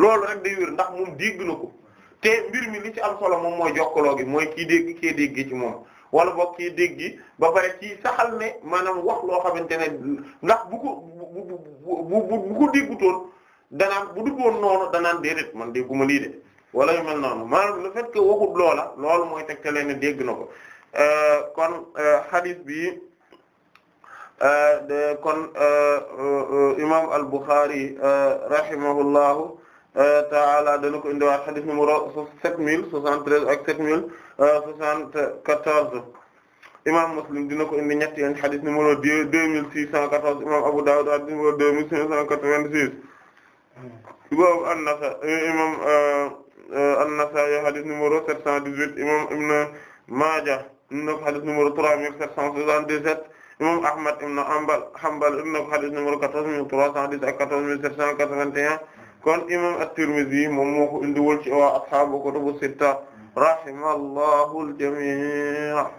loolu rek day wér ndax moom dégg na ko te mbir mi li ci am solo moom mooy jokkaloo gi mooy kii dégg kii dégg ci moom wala boog kii dégg gi ba pare kii saxal ne maanaam wax loo xamante ne ndax bu ko bu bu bu ko déggutoon danaan bu duggoon noonu danaan déedéet man dégguma lii de wala yu mel noonu maanaam le fait que waxut loola loolu mooy tegtale ne dégg na ko euh, kon euh, hadith bi euh, kon imam al-Bukhari rahimahullahu ta'ala dana ko indiwaat hadith numéro 7073 ak mille 74 imam Muslim dina ko indi ñetti yoon hadith numéro 2614 imam Abu Dawud hadith numéro 2586 boobu an-Nasa imam euh, an-Nasa'i hadith numéro 718 imam Ibn Majah dina ko hadith numéro 3777 imam Ahmad ibn Hanbal Hanbal dina ko hadith numéro 14310 ak 14781 kon imam at-Tirmidhi moom moo ko indiwul ci waa ashaabu sitta rahimallahu al-jamii'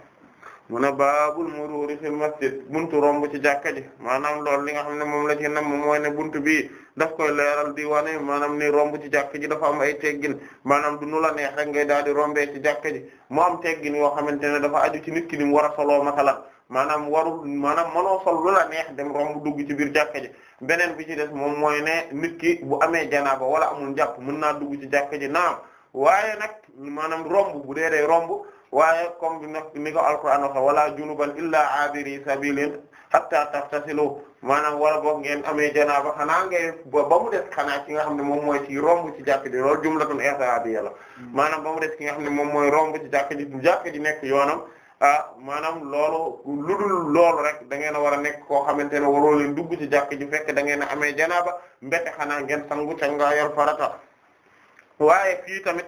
mu ne baabul muruuri fil masjid buntu romb ci jàkka ji maanaam lool li nga xam ne moom la ci nam mooy ne bunt bi daf koy leeral di wane maanaam ni romb ci jàkka ji dafa am ay teggin manaam du nu la neex rek ngay daal di rombee ci jàkka ji mu am teggin yoo xamante ne dafa aju ci nit ki ni mu war a soloo masalan maanaam warul maanaam mënoo sol lu la neex dem romb dugg ci biir jàkka ji beneen bi ci def moom mooy ne nit ki bu amee janaaba wala amul njàpp mën naa dugg ci jàkka ji naam maanaam romb bu dee romb waaye comme ni ko alquran waxe wala junuban illaa abiri sabilin hatta taftasilu maanaam wala boog ngeen amee janaaba xanaa ngay ba mu des xanaa ci nga xam ne moom mooy ci romb ci jàkk ji loolu jumlatun i'raabiyya la hmm. maanaam ba mu ki nga xam ne moom mooy romb ci jàkk ji jàkk ji nekk yoonam a ah, maanaam loolu lu dul loolu rek da ngeen a war a nekk koo xamante ne waroo leen dugg ci jàkk ji fekk da ngeen a amee janaaba mbete xanaa ngeen sangu ca nga yor farata waaye fii tamit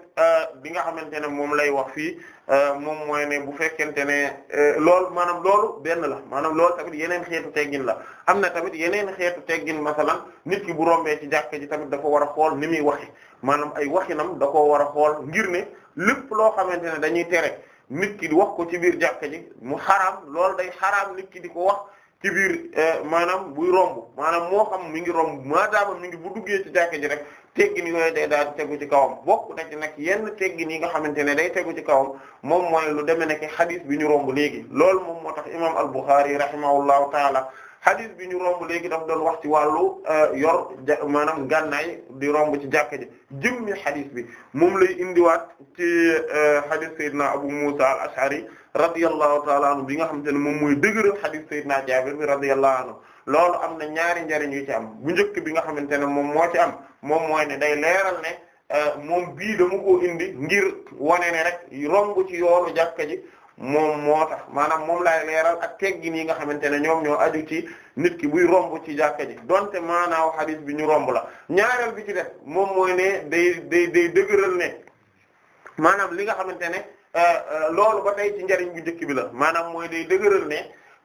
bi euh, nga xamante ne moom lay wax fii euh, moom mooy ne bu fekkente ne euh, loolu maanaam loolu benn la maanaam lool tamit yeneen xeetu teggin la am na tamit yeneen xeetu teggin masalan nit ki bu rombee ci jàkka ji tamit dafa war a xool ni muy waxe maanaam ay waxinam da koo war a xool ngir ne lépp loo xamante ne dañuy tere nit ki di wax ko ci biir jàkka ji mu xaraam loolu day xaraam nit ki di ko wax ci biir maanaam buy romb maanaam moo xam mi ngi romb maadaama mi ngi bu duggee ci ji rek teggin yooyu day daal di tegu ci kawam bokk na ci nag yenn teggin yi nga xamante ne day tegu ci kawam moom mooy lu demee nekk xadis bi ñu romb léegi loolu moom moo tax imam al-Bukhari rahimahullahu taala xadis bi ñu romb léegi daf doon wax ci wàllu euh, yor maanaam gànnaay di romb ci jàkka ji jëmmi xadis bi moom lay indiwaat ci euh, xadis Seydina Abu Musa al-Ash'ari radiyallahu taala anhu bi nga xamante ne moom mooy dëgëral xadis Seydina Jaabir bi radiyallahu anhu loolu am na ñaari njariñ yu ci am bu njëkk bi nga xamante ne moom moo ci am moom mooy ne day leeral ne euh, moom bii dama ko indi ngir wane ne rek romb ci yoonu jàkka ji moom moo tax maanaam moom laay leeral ak teggin yi nga xamante ne ñoom ñoo aju ci nit ki buy romb ci jàkka ji donte maanaaw hadith bi ñu romb la ñaareel bi ci def moom mooy ne day day day dëgëral ne maanaam li nga xamante ne euh, euh, loolu ba tey ci njariñ bu njëkk bi la maanaam mooy day dëgëral ne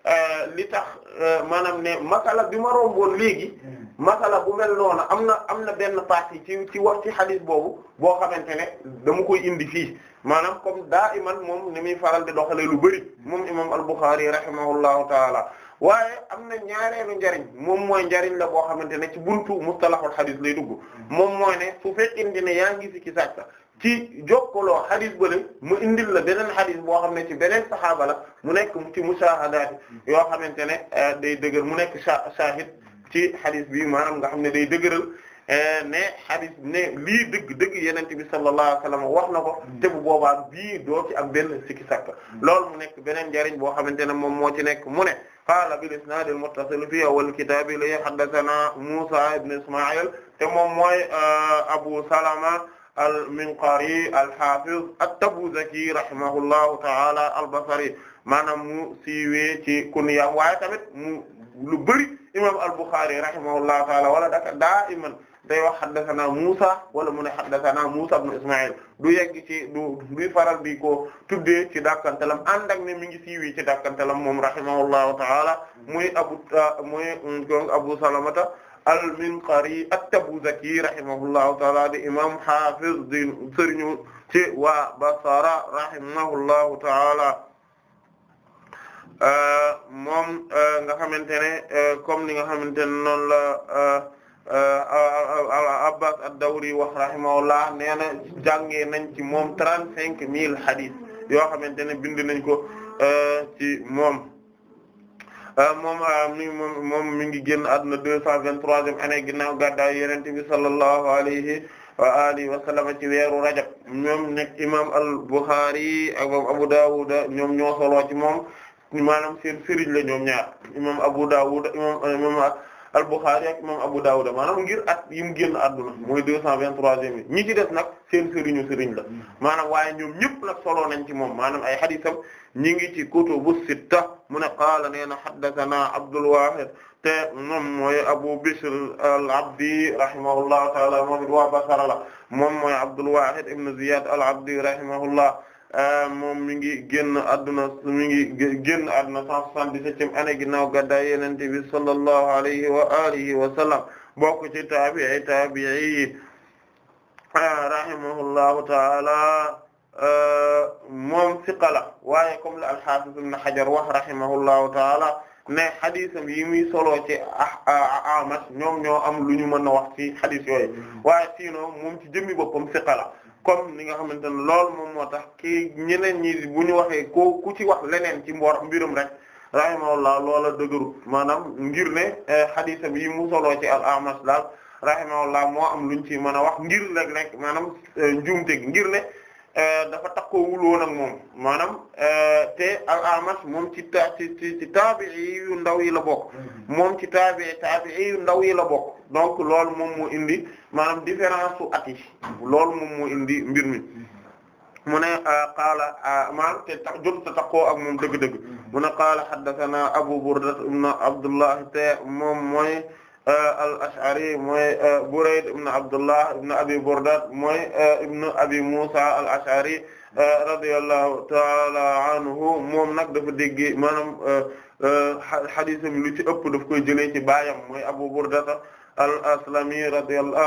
Euh, li tax euh, maanaam ne matala bi ma romboon léegi hmm. masala bu mel noonu am na am na benn partie ci ci wax ci xadis boobu boo xamante ne dama koy indi fii maanaam comme daa iman moom ni muy faral di doxalee lu bëri moom imam al-Bukhari rahimahullahu taala waaye am na ñaareelu njariñ moom mooy njariñ la boo xamante ne ci buntu mustalahul xadis lay dugg hmm. moom mooy ne su fekkente ne yaa ngi si ki sax sax ci jokkaloo xadis bële mu indil la beneen xadis boo xam ne ci beneen saxaaba mu nekk ci musaahadaat yoo xamante ne eh, day dëgër mu nekk saahid ci xadis bi maanaam nga xam ne day dëgëral eh, ne xadis ne lii dëgg dëgg yenente bi sallallahu alayhi wasallam wax na ko te bu boobaa bii doo ci am benn sikki sàkk loolu mu nekk beneen njariñ boo xamante ne moom moo ci nekk mu ne qaala bil isnaad al muttasil fi awwal kitaab li haddathana Muusaa ibn Ismaa'iil te moom mooy eh, Abu Salama al-Minqari al-Hafiz at-Tabuzaki rahimahullahu ta'ala al-Basri maanaam mu siiwee ci kunya waaye tamit mu lu bëri imam al-Bukhari rahimahullahu ta'ala wala da daka daiman day wax haddathana Musa wala mu ne haddathana Musa ibn Isma'il du yegg ci du duy faral di ko tuddee ci dàkkantalam ànd ak ne mi ngi siiwee ci dàkkantalam moom rahimahullahu ta'ala muy abu euh, muy euh, abu Salamata al-Minqari at-Tabuzaki rahimahullahu taala di imam hafiz di sëriñu ci waa Basra rahimahullahu taala euh, moom euh, nga xamante ne euh, comme ni nga xamante ne noonu la Abbas ad-Dawri wax rahimahullah nee na nañ ci moom trent cinq mille hadith yoo xamante ne bind nañ ko ci moom Euh, moom euh, mi moom mi ngi génn àdduna deux cent vingt-troisième année ginnaaw gàddaay Yonent bi sallallahu alayhi wa alihi wa sallam ci weeru rajab ñoom nekk imam al-Bukhari ak moom Abu Dawud ñoom ñoo solo ci moom maanaam seen sëriñ la ñoom ñaar imam Abu Dawud imam imam al-Bukhari ak imam Abu Dawud maanaam ngir at yi mu génn àdduna mooy deux cent vingt-troisième yi ñi ci des nag seen sëriñu sëriñ la maanaam waaye ñoom ñëpp nag solo nañ ci moom maanaam ay hadisam ñi ngi mu ne qaala nee na haddathana Abdul Wahid te moom mooy Abu Bishr al-Abdi rahimahullahu ta'ala moom it waa Basra la moom mooy Abdul Wahid ibn Ziyad al-Abdi rahimahullah moom mi ngi génn adduna mi ngi génn adduna cent soixante-dix-septième année ginnaaw gàddaay Yonent bi sallallahu alayhi wa alihi wa sallam bokk ci taabi'i taabi'i rahimahullahu ta'ala Euh, moom siqa waaye comme la al-Hafiz ibn Hajar wax rahimahullahu taala ne xadisam yi muy solo ci Amash ah, ah, ñoom ñoo am lu ñu mën a wax ci xadis yooyu mm-hmm. waaye sinon moom ci jëmmi boppam siqa la comme ni nga xamante ne lool moom moo tax kii ñeneen ñi bu ñu waxee ko ku ci wax leneen ci mboor mbirum rek rahimahullah loola dëgëru maanaam ngir ne eh, xadisam yi mu solo ci al-Amash daal rahimahullah moo am lu ñu ci mën a wax ngir rek rek maanaam eh, njuumte ngir ne Euh, dafa takkoowul woon ak moom maanaam euh, te al-Amash moom ci ta ci ci taabi'i yu ndaw yi la bokk mm-hmm. moom ci taabi'i taabi'i yu ndaw yi la bokk donc loolu moom mu indi maanaam différence su mm-hmm. lool moom mu indi mbir mi mm-hmm. mu ne euh, qaala maanaam te tax jot takkoo ak moom dëgg-dëgg mu ne qaala te moom mooy Euh, al-Ash'ari mooy euh, Burayd ibn Abdullah ibn Abi Burda mooy euh, ibn Abi Musa al-Ash'ari radiyallahu ta'ala anhu moom nag dafa dégg maanaam xadisam lu ci ëpp daf koy jëlee ci baayam mooy Abu Burda al-Aslami radiyallahu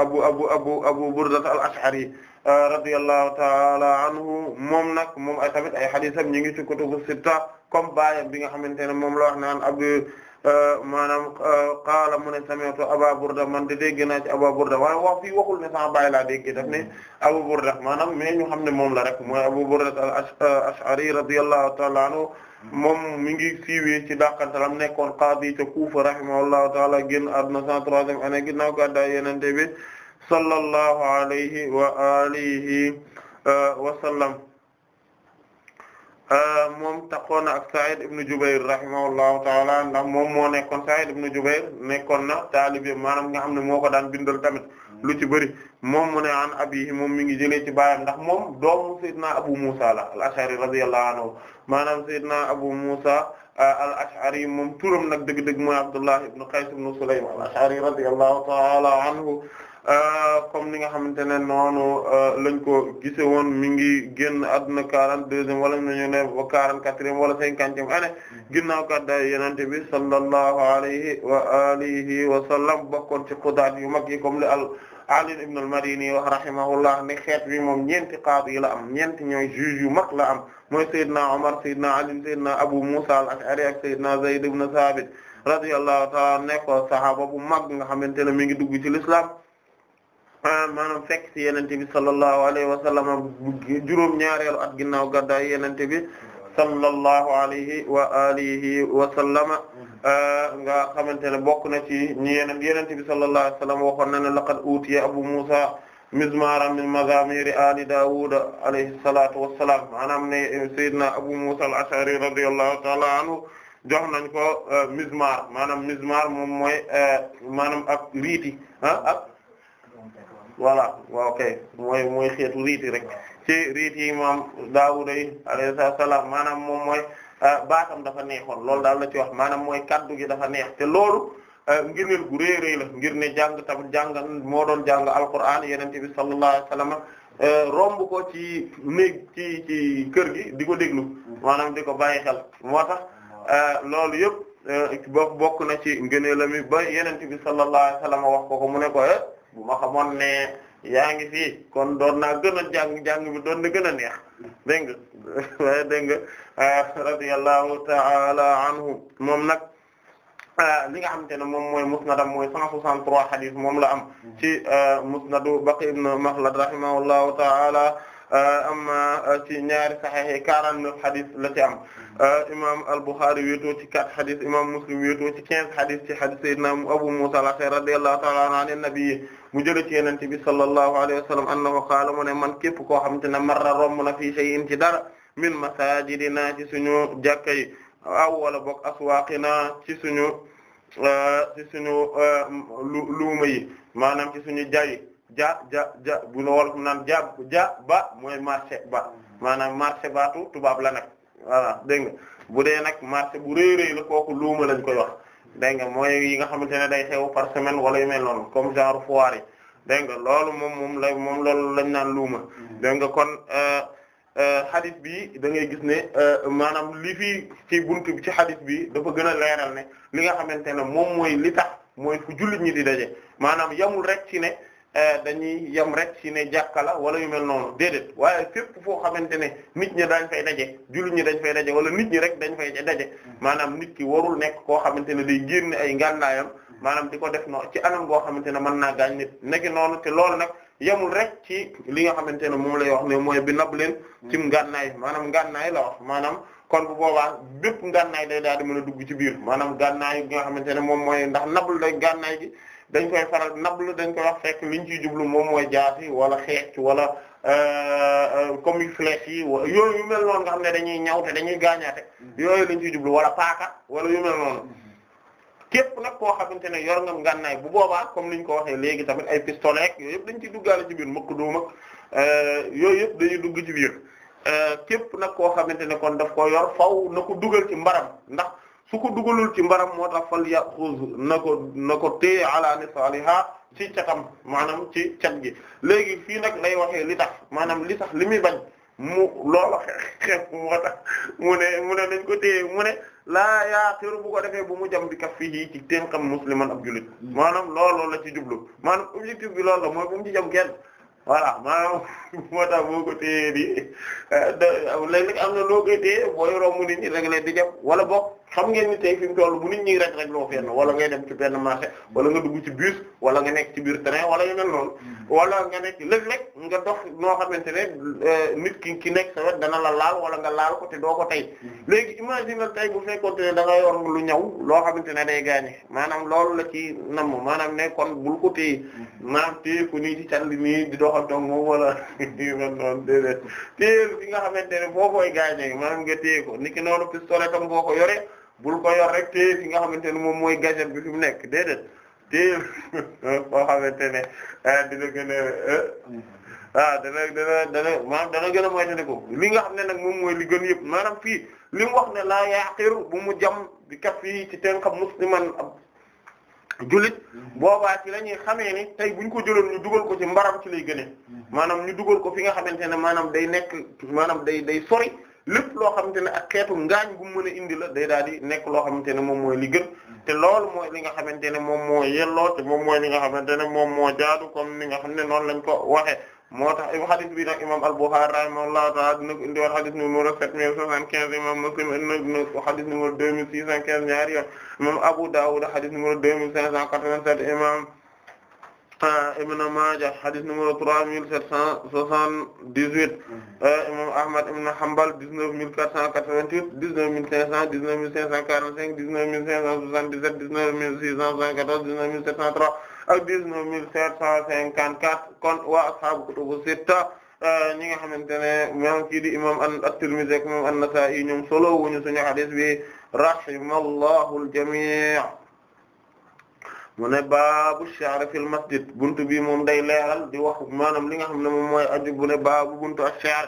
abu abu abu Abu Burda al-Ash'ari radiyallahu ta'ala anhu moom nag moom ay tamit ay xadisam ñu ngi ci kutubu sitta comme baayam bi nga xamante ne moom la wax naan Abdu euh, maanaam euh, qaala mu ne sami'tu Aba Burda man de dégg naa ci Aba Burda waaye wax waxul ne sama baay laa dégg daf ne Abu Burda maanaam mais ñu xam ne moom la rek mooy Abu Burda al-Ash'ari euh, radiyallahu ta'ala anhu moom mi ngi siiwee ci dàqantalam nekkoon qaadi ca Kufa rahimahullahu ta'ala génn àdduna 103e année ginnaaw gàddaay Yonent bi sallallahu alayhi wa alihi wa sallam Euh, moom taxoon na ak Sa'id ibn Jubayr rahimahullahu taala ndax moom moo nekkoon Sa'id ibn Jubayr nekkoon na taalibe maanaam nga xam ne moo ko daan bindal tamit lu ci bëri moom mu ne an moom mi ngi jëlee ci baayam ndax moom doomu Seydina Abu Musa la al-Ash'ari radiyallahu anhu maanaam Seydina Abu Musa euh, al-Ash'ari moom turam nag dëgg-dëgg mooy Abdullah ibn Qays ibn Sulaym al-Ash'ari radiyallahu taala anhu Euh, comme ni nga xamante ne noonu euh, lañ ko gise woon mi ngi génn àdduna quarante deuxième wala ñu ne ba quarante quatrième wala cinquantième ane mm-hmm. ginnaaw kàddaay yenente bi sallallahu alayhi wa alihi wa sallam bokkoon ci xudaat yu mag yi comme li al Ali ibn al-Madini wax rahimahullah ne xeet wi moom ñeenti qaadi yi la am ñeenti ñooy juge yu mag la am mooy Seydina Omar Seydina Ali Seydina Abu Musa al-Ash'ari ak Seydina Zayd ibn Thabit radiyallahu ta'ala nekk sahaaba bu mag nga xamante ne mi ngi dugg ci l'islam maanaam fekk ci yenente bi sallallahu alayhi wa sallam juróom ñaareelu at ginnaaw gàddaay yenente bi sallallahu alayhi wa alihi wa sallama mm-hmm. nga xamante ne bokk na ci ñi yeneen yenente bi sallallahu alayhi wa sallam waxoon na ne laqad utiya abu musa mizmaran min mazamiri ali daawud alayhi salatu wassalam maanaam ne sayyidina abu musa al-ash'ari radiyallahu ta'ala anhu jox ko uh, mizmar maanaam mizmar moom mooy uh, maanaam ak riiti ah ak voilà waaw kay mooy xeetu riiti rek ci riit yi moom Daawuda yi alayhi maanaam moom mooy euh, baatam dafa neexoon loolu daal la ci wax maanaam mooy kaddu gi dafa neex te loolu euh, ngirneel gu rëy la ngir ne jàng tamit jàng moo doon jàng alquran yonent bi sallallahu alayhi wasallam euh, romb ko ci néeg ci ci kër gi di ko déglu maanaam di ko bàyyi xel moo tax loolu yëpp bokk na ci ngëneelam mi ba yonent bi sallallahu wax ko ko mu ne ko eh, bu ma xamoon ne yaa ngi fi kon doon naa gën a jàng jàng bi doon na gën a neex dégg nga waaye dégg nga ah, radiyallahu ta'ala anhu moom nag a ah, li nga xamante ne moom mooy musnadam mooy 163 hadith moom la am ci ah, musnadu Baqi ibn Makhlad rahimahullahu ta'ala Euh, amma euh, ci ñaari saxiix yi 49 xadis la ci am euh, imam al-Bukhari wéetoo ci 4 xadis imam Muslim wéetoo ci 15 xadis ci xadis sayyidina Abu Musa al-Ash'ari radiyallahu ta'ala anhu an nabi mu jëlee ci yonent bi sallallahu alayhi wa sallam annahu qaala mu ne man képp koo xamante ne marra romb na fii shay'in ci dara min masajidina ci suñu jàkka yi aw wala boog aswaaqina ci suñu ci suñu luuma yi maanaam ci suñu jaay. ja ja ja bu la wolof naan ja ja ba mooy marché ba maanaam marché baatu tubaab la nag voilà dégg nga bu dee nag marché bu rëy rëy la kooku luuma lañ koy wax dégg nga mooy yi nga xamante ne day xew par semaine wala yu mel noonu comme genre foire yi dégg nga loolu moom moom la moom loolu lañ naan luuma dégg nga kon euh, euh, hadith bi da ngay gis ne euh, maanaam li fi ci buntu bi ci hadith bi dafa gën a leeral ne li nga xamante ne moom mooy li tax mooy fu jullit ñi di daje maanaam yamul rek ci ne Euh, dañuy yem rek ci ne jàkka la wala yu mel noonu déedéet waaye fépp foo xamante ne nit ñi dañ fay daje jullit dañ fay daje wala nit ñi rek dañ fay daje mm. maanaam nit ki warul nekk koo xamante ne day génne ay ngànnaayam mm. maanaam di ko def no ci anam goo xamante ne mën naa gaañ nit nekki noonu te loolu nag yemul rek ci li nga xamante ne moom lay wax ne mooy bi nab leen mm. ci ngànnaay maanaam ngànnaay la wax maanaam kon bu boobaa bépp ngànnaay day daal di mën a dugg ci biir maanaam ngànnaay gi nga xamante ne moom mooy ndax nabul day ngànnaay gi dañ koy faral nablu dañ koy wax fekk liñ ciy jublu moom mooy yi wala xeec wala euh, euh, comme yu flèche yi wala yooyu yu mel noonu nga xam ne dañuy ñawte dañuy gaañaate mm-hmm. yooyu liñ ciy jublu wala paaka wala yu mel noonu mm-hmm. képp nag koo xamante ne yor nga ngànnaay bu boobaa comme niñ ko waxee léegi tamit ay pistolet yooyu yëpp dañ ciy duggaale ci biir mëkk doom ak euh, yooyu yëpp dañuy dugg ci biir képp nag koo xamante ne kon daf ko yor faw na ko dugal ci mbaram ndax su ko dugalul ci mbaram moo ta fal yaxuz na ko na ko téye ala nisaliha ci catam maanaam ci cat gi léegi fii nag lay waxee li tax maanaam li tax li muy bañ mu loola xeex moo tax mu ne mu ne nañ ko téye mu ne laa yaaxiru bu ko defee bu mu jam di kaf fii ci teen xam musliman ab jullit maanaam looloo la ci jublu maanaam objectif bi loolu la mooy bu mu ci jam kenn voilà maanaam moo tax boo ko téye di léeg-léeg am na loo koy téye booy romb nit ñi rek leen di jam wala bokk xam ngeen ni tey fi mu toll bu nit ñi rek rek loo fenn wala ngay dem ci benn marché wala nga dugg ci bus wala nga nekk ci biir train wala yu mel noonu mm-hmm. wala nga nekk léeg-léeg nga dox noo xamante ne euh, nit ki ki nekk dana la laal wala nga laal ko te doo ko tey mm-hmm. léegi imagine la tey bu fekkoonte ne da nga lu ñaw loo xamante ne day gaañe maanaam loolu la ci nam maanaam ne kon bul ko téye mm-hmm. maanaam téye ko nii ci calli nii di doxantoog moom wala yu mel noonu déedéet téye bi nga xamante ne boo koy gaañee maanaam nga téye ko niki noonu pistolet tam boo ko yore bul ko yor rek te fi nga xamante ne moom mooy gadget bi fi mu nekk déedéet te boo xamante ne ah, dina gën a eh. mm-hmm. ah, dana dana dana maanaam dana gën a moytandiku li nga xam ne nag moom mooy li gën yëpp maanaam fii li mu wax ne laa yaaqiru bu mu jam bi kat fii ci teen xam musliman ab jullit mm-hmm. boobaa ci lañuy ñuy xamee ni tey buñ ko jëloon ñu dugal ko ci mbaram ci lay gënee mm-hmm. maanaam ñu dugal ko fi nga xamante ne maanaam day nekk maanaam day day sori lépp loo xamante ne ak xeetu ngaañ bu mu indi la day daal di nekk loo xamante ne moom mooy li gën te lool mooy li nga xamante ne moom moo yelloo te moom mooy li nga xamante ne moom moo jaadu comme ni nga xam ne noon lañ ko waxee moo tax hadith bi nag imam al-Bukhari rahimahullahu ta'ala dina ko indi woon hadith numéro 7075 imam Muslim dina ko hadith numéro 2615 ñaari imam Abu Dawud hadith numéro 2587 imam ibn Maaja hadith numéro trois mille sept cent soixante-dix-huit mhm. imam Ahmad ibn Hanbal dix-neuf mille quatre cent quatre-vingt-huit dix-neuf mille cinq cent dix-neuf mille cinq cent quarante-cinq dix-neuf mille cinq cent soixante-dix-sept dix-neuf mille six cent soixante-quatorze neuf mille sept cent trois ak dix-neuf mille sept cent cinquante-quatre kon waa ashaabu kutubu sitta eh, ñi nga xamante ne moom kii di imam at-Tirmidhi ak imam an-Nasa'i ñoom solo wuñu suñu hadith bi rahimallahu al-jami' mu ne baabu sha'r fil masjid buntu bi moom day leeral di wax maanaam li nga xam ne moom mooy aju bu ne baabu buntu ak sha'r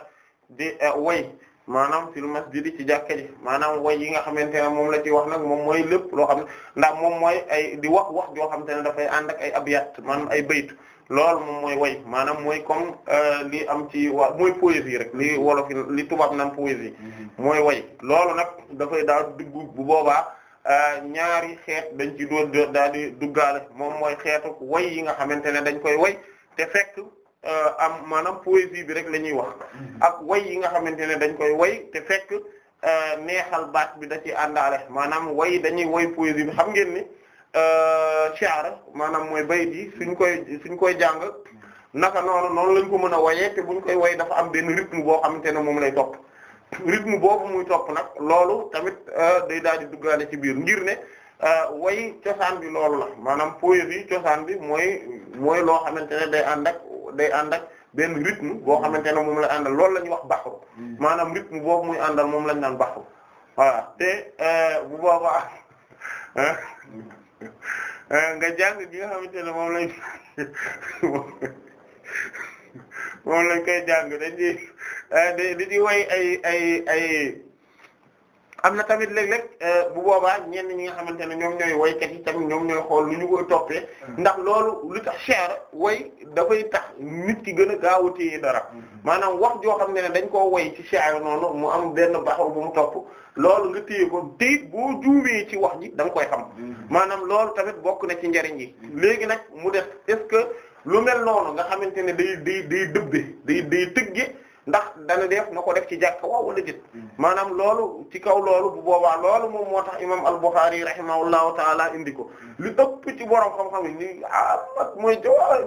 di eh, way maanaam fil masjid ci jàkka ji maanaam way yi nga xamante ne moom la ci wax nag moom mooy lépp loo xam ne ndax moom mooy ay di wax wax joo xamante ne dafay ànd ak ay abiyat maanaam ay baytu lool moom mooy way maanaam mooy comme eh, li am ci waa mooy poésie rek li wolof li tubaab naan poésie mm-hmm. mooy way loolu nag dafay daal dugg bu boobaa Euh, ñaari xeet dañ ci doon daal di duggaale moom mooy xeetu way yi nga xamante ne dañ koy way te fekk euh, am maanaam poésie bi rek la ñuy wax mm-hmm. ak way yi nga xamante ne dañ koy way te fekk euh, neexal baat bi da ci àndaale maanaam way dañuy way poésie bi xam ngeen ni shi'r maanaam mooy bayit yi suñ koy suñ koy jàng naka noonu noonu lañ ko mën a wayee te buñ koy way dafa am benn rythme boo xamante ne moom lay topp rythme boobu muy topp nag loolu tamit euh, day daal di duggaale ci biir ngir ne euh, way cosaan bi loolu la maanaam poésie cosaan bi mooy mooy loo xamante ne day ànd ak day ànd ak benn rythme boo xamante ne moom la àndal loolu la ñuy wax baxru hmm. maanaam rythme boobu muy àndal moom lañ naan baxru voilà te euh, bu boobaa nga jàng gi nga xamante ne moom lañ moom lañ koy jàng dañ di eh, di di way ay ay ay am na tamit léeg-léeg eh, bu boobaa ñenn ñi nga xamante ne ñoom ñooy waykat yi tamit ñoom ñooy xool lu ñu koy toppee hmm. ndax loolu lu tax cher way dafay tax nit ki gën a gaaw a téye dara hmm. maanaam wax joo xam ne ne dañ koo way ci cher noonu mu am benn baxaw bu mu topp loolu nga téye ko déet boo juumee ci wax ji da koy xam hmm. maanaam loolu tamit bokk na ci njariñ yi léegi nag mu def est-ce que lu mel noonu nga xamante ne day day day dëbbe day day tëgge ndax dana def na ko def ci jàkka waaw wala déet hmm. maanaam loolu ci kaw loolu bu boobaa loolu moom moo tax imam al-Bukhari rahimahullahu taala indi ko hmm. lu ëpp ci borom xam-xam yi nii ah mooy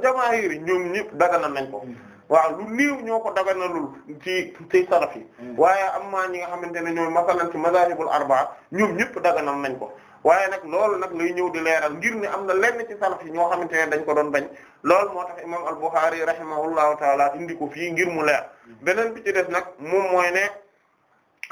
jamaahir ñoom ñëpp daganal nañ ko hmm. waaw lu néew ñoo ko daganalul ci ci salaf yi waaye am na ñi nga xamante ne ñooy masalan ci mazahibul arba'a ñoom ñëpp daganal nañ ko waaye nag loolu nag lay ñëw di leeral ngir ne am na lenn ci salaf yi ñoo xamante ne dañ ko doon bañ lool moo tax imam al-Bukhari rahimahullahu taala indi ko fii ngir mu leer beneen bi ci nag moom mooy ne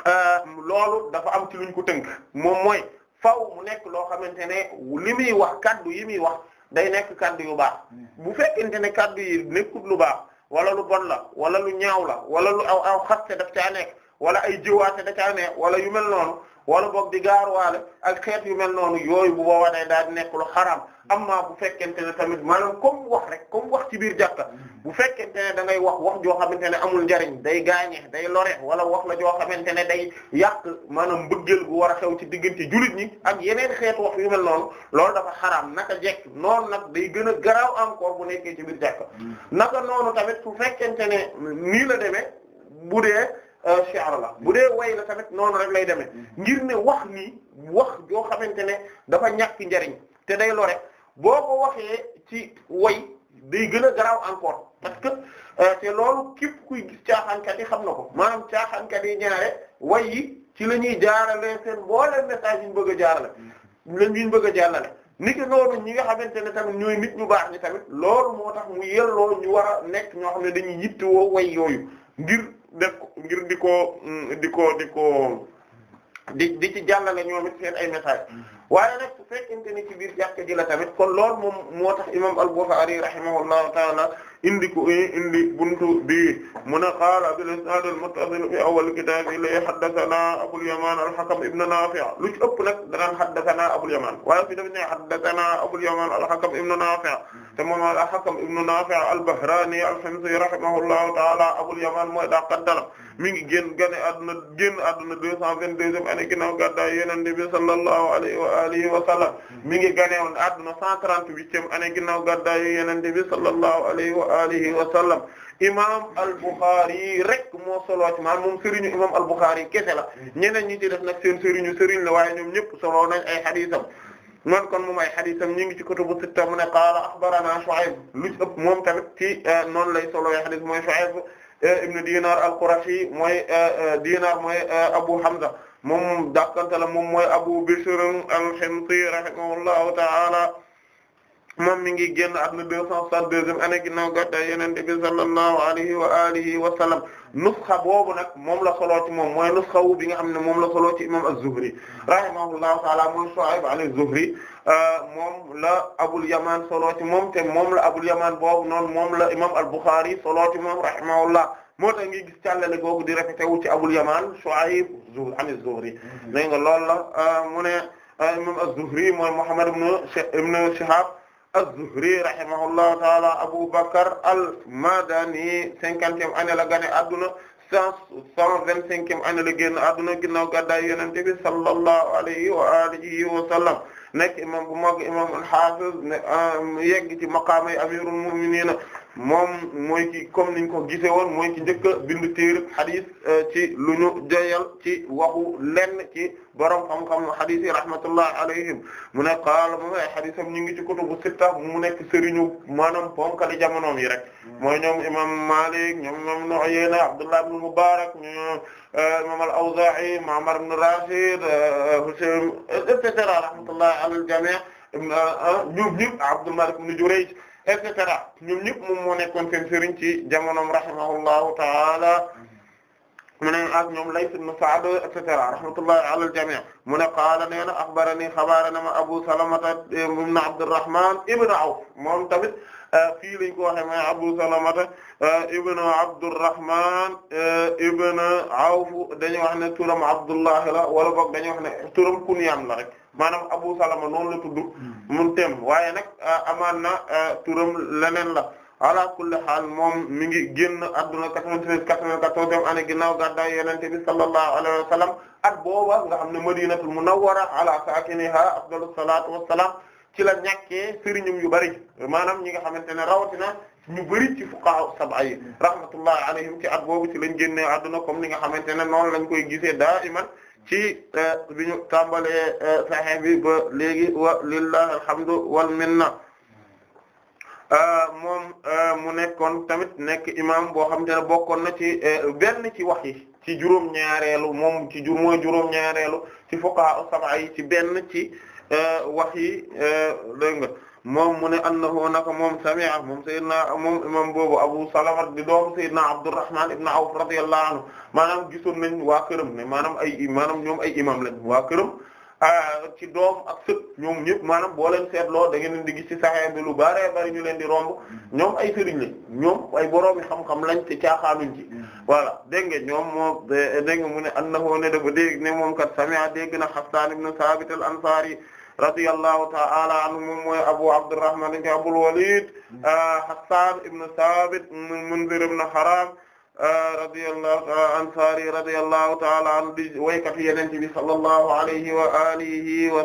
euh, loolu dafa am ci luñ ko tënk moom mooy faw mu nekk loo xamante ne li muy wax kaddu yi muy wax day nekk kaddu yu baax bu fekkente ne kaddu yi nekkut lu baax wala lu bon la wala lu ñaaw la wala lu aw aw xaste daf caa nekk wala ay jiwaate da caa nekk wala yu mel noonu wala boog di gaaruwaale ak xeet yu mel noonu yooyu bu boobaa daal di nekk lu xaraam amma bu fekkente ne tamit maanaam comme wax rek comme wax ci biir jàkka bu fekkente ne da ngay wax wax joo xamante ne amul njariñ day gaañe day lore wala wax la joo xamante ne day yàq maanaam mbëggeel gu war a xew ci diggante jullit ñi ak yeneen xeetu wax yu mel noonu loolu dafa xaraam naka jekk noon nag day gën a garaaw encore bu nekkee ci biir jàkka hmm. naka noonu tamit su fekkente ne nii la demee bu dee. Euh, shi'r la bu dee way la tamit noonu rek lay demee mm-hmm. ngir ne wax nii wax joo xamante ne dafa ñàkk njariñ te day lore boo ko waxee ci way day gën a garaaw encore parce que euh, te loolu képp kuy gis caaxaankat yi xam na ko maanaam caaxaankat yi ñaare way yi ci la ñuy jaarale seen boole message yi ñu bëgg a jaarale mm-hmm. la ñu bëgg a jàllale ni ki noonu ñi nga xamante ne tamit ñooy nit ñu baax ñi tamit loolu moo tax mu yelloo ñu war a nekk ñoo xam ne dañuy yittewoo way yooyu ngir def ngir di ko mm, di ko di ko di di ci jàllale ñoom it ay message waaye nag su fekkente ni ci biir jàkka ji la tamit kon loolu moom moo tax imam al-Bukhari rahimahullahu ta'ala indi ko indi buntu bi mun a qaala bil isnaad al-muttasil fi awwal kitaab ilay haddathana Abul Yamaan al-Hakam ibn Naafi' lu ci ëpp nag danaan haddathana Abul Yamaan waaye fi daf ne haddathana Abul Yamaan al-Hakam ibn Naafi' te moom al-Hakam ibn Naafi' al-Bahraani al-Himsi rahimahullahu ta'ala Abul Yamaan mooy daa qaddala mi ngi génn gane àdduna génn àdduna deux cent vingt-deuxième année ginnaaw gàddaay Yonent bi sallallahu alayhi wa alihi wa sallam mi ngi gane woon adduna 138e année ginnaaw gàddaayu Yonent bi sallallahu alayhi wa alihi wa sallam imam al-Bukhari rek moo solo ci maanaam moom sëriñu imam al-Bukhari kese la ñeneen ñi ci def nag seen sëriñu sëriñ la waaye ñoom ñëpp solo nañ ay xadiisam man kon moom ay xadiisam ñu ngi ci kutubu sitta mu ne qaala axbarana Shu'ayb lu ci moom tamit ci eh, noonu lay solo ay xadiis mooy Shu'ayb eh, ibn Dinar al-Qurashi mooy eh, Dinar mooy Abu Hamza moom dàqantala moom mooy Abu Bishr al-Himsi rahimahullahu ta'ala moom mi ngi génn àdduna deux cent soixante-deuxième année ginnaaw gàddaay Yonent bi sallallahu alayhi wa alihi wa sallam nusxa boobu nag moom la soloo ci moom mooy nusxa wu bi nga xam ne moom la soloo ci imam az-Zuhri rahimahullahu ta'ala moom Shu'ayb az-Zuhri euh, moom la Abul Yaman soloo ci moom te moom la Abul Yaman boobu noonu moom la imam al-Bukhari soloo ci moom rahimahullah moo tax ngi gis càllale googu di répété wu ci Abul Yamaan Shuayb Zuhri mhm. an az la euh, mu ne euh, imam az-Zuhri mooy Muhammad ibn Shihab az-Zuhri rahimahullahu taala Abu Bakr al-Madani cinquantième année la gane adduna cent cent vingt-cinquième année la génn adduna sallallahu alihi wa sallam nekk imam bu hafiz euh, yegg ci maqaamay amirul mu'minin moom mooy ki comme niñ ko gisee woon mooy ki njëkk a bind euh, ci lu ñu jayal ci waxu lenn ci borom xam-xam xadis yi rahmatullah alayhim mu ne qaala moom ay xadisam ñu ngi ci kutubu sitta mu nekk sëriñu maanaam ponkali jamonoom yi rek mooy ñoom imam Malik ñoom imam Ibn Uyayna Abdullah ibn Mubarak ñoom euh, imam al-Awza'i Ma'mar ibn Rashid Husayn euh, et cetera rahmatullah ala al-jami' ñoom ñëpp Abdul Malik ibn Jurayj et cetera ñoom ñëpp moom moo nekkoon seen sëriñ ci jamonoom rahimahullahu taala mu ne ak ñoom Layth ibn Sa'd et cetera ala al-jami' mu ne qaala Abu Salamata ibn Abdurrahman ibn Awf moom tamit euh, ko Abu Salamata euh, ibn Abdurrahman euh, ibn Awf dañu wax ne turam la wala boog dañu wax ne turam kunyaam maanaam Abu Salama noonu la tudd hmm. mun tem waaye nag euh, amaan na euh, turam leneen la ala kulli haal moom mi ngi génn adduna 93 94 ane ginnaaw gàddaay Yonent bi sallallahu alayhi wa sallam at booba nga xam ne Madinatul Munawwara ala saakiniha afdalus salaatu wassalaam ci la ñàkkee sëriñum yu bari maanaam ñi nga xamante ne rawatina ñu bari ci fuqaha sab'a yi hmm. rahmatullahi alayhim ci at boobu ci lañ génnee adduna comme ni nga xamante ne noonu lañ koy gisee daa iman ci euh, bi ñu tàmbalee Sahih euh, bi ba léegi wa lillahi alhamdu wal minna euh, moom mu nekkoon tamit nekk imam boo xamante ne bokkoon na ci benn ci wax yi ci juróom ñaareelu moom ci mooy juróom ñaareelu ci fuqaha sab'a yi ci benn ci wax yi dégg nga moom mu ne annahu naka moom sami'a moom sayyidina moom imam boobu Abu Salama di doom sayyidina Abdurrahman ibn Awf radiyallahu anhu maanaam gisoon nañ waa këram ne maanaam ay maanaam ñoom ay imam lañ waa a ci doom ak sët ñoom ñëpp maanaam boo leen seetloo da ngeen di gis ci saxee bi lu bare bari ñu leen di romb ñoom ay sëriñ lañ ñoom ay boroomi xam-xam lañ te caaxaanuñ ci voilà dégg nga ñoom moo dégg nga mu ne annahu ne dafa dégg ne moom kat sami'a dégg na Hassan ibn Sabit al-Ansari radiyallahu ta'ala anhu moom mooy Abu Abdurrahman ibn Abul Walid hmm. ah, Hassan ibn Thabit Munzir ibn Haram ah, radiyallahu ta'ala Ansari radiyallahu ta'ala anhu di waykat bi sallallahu alayhi wa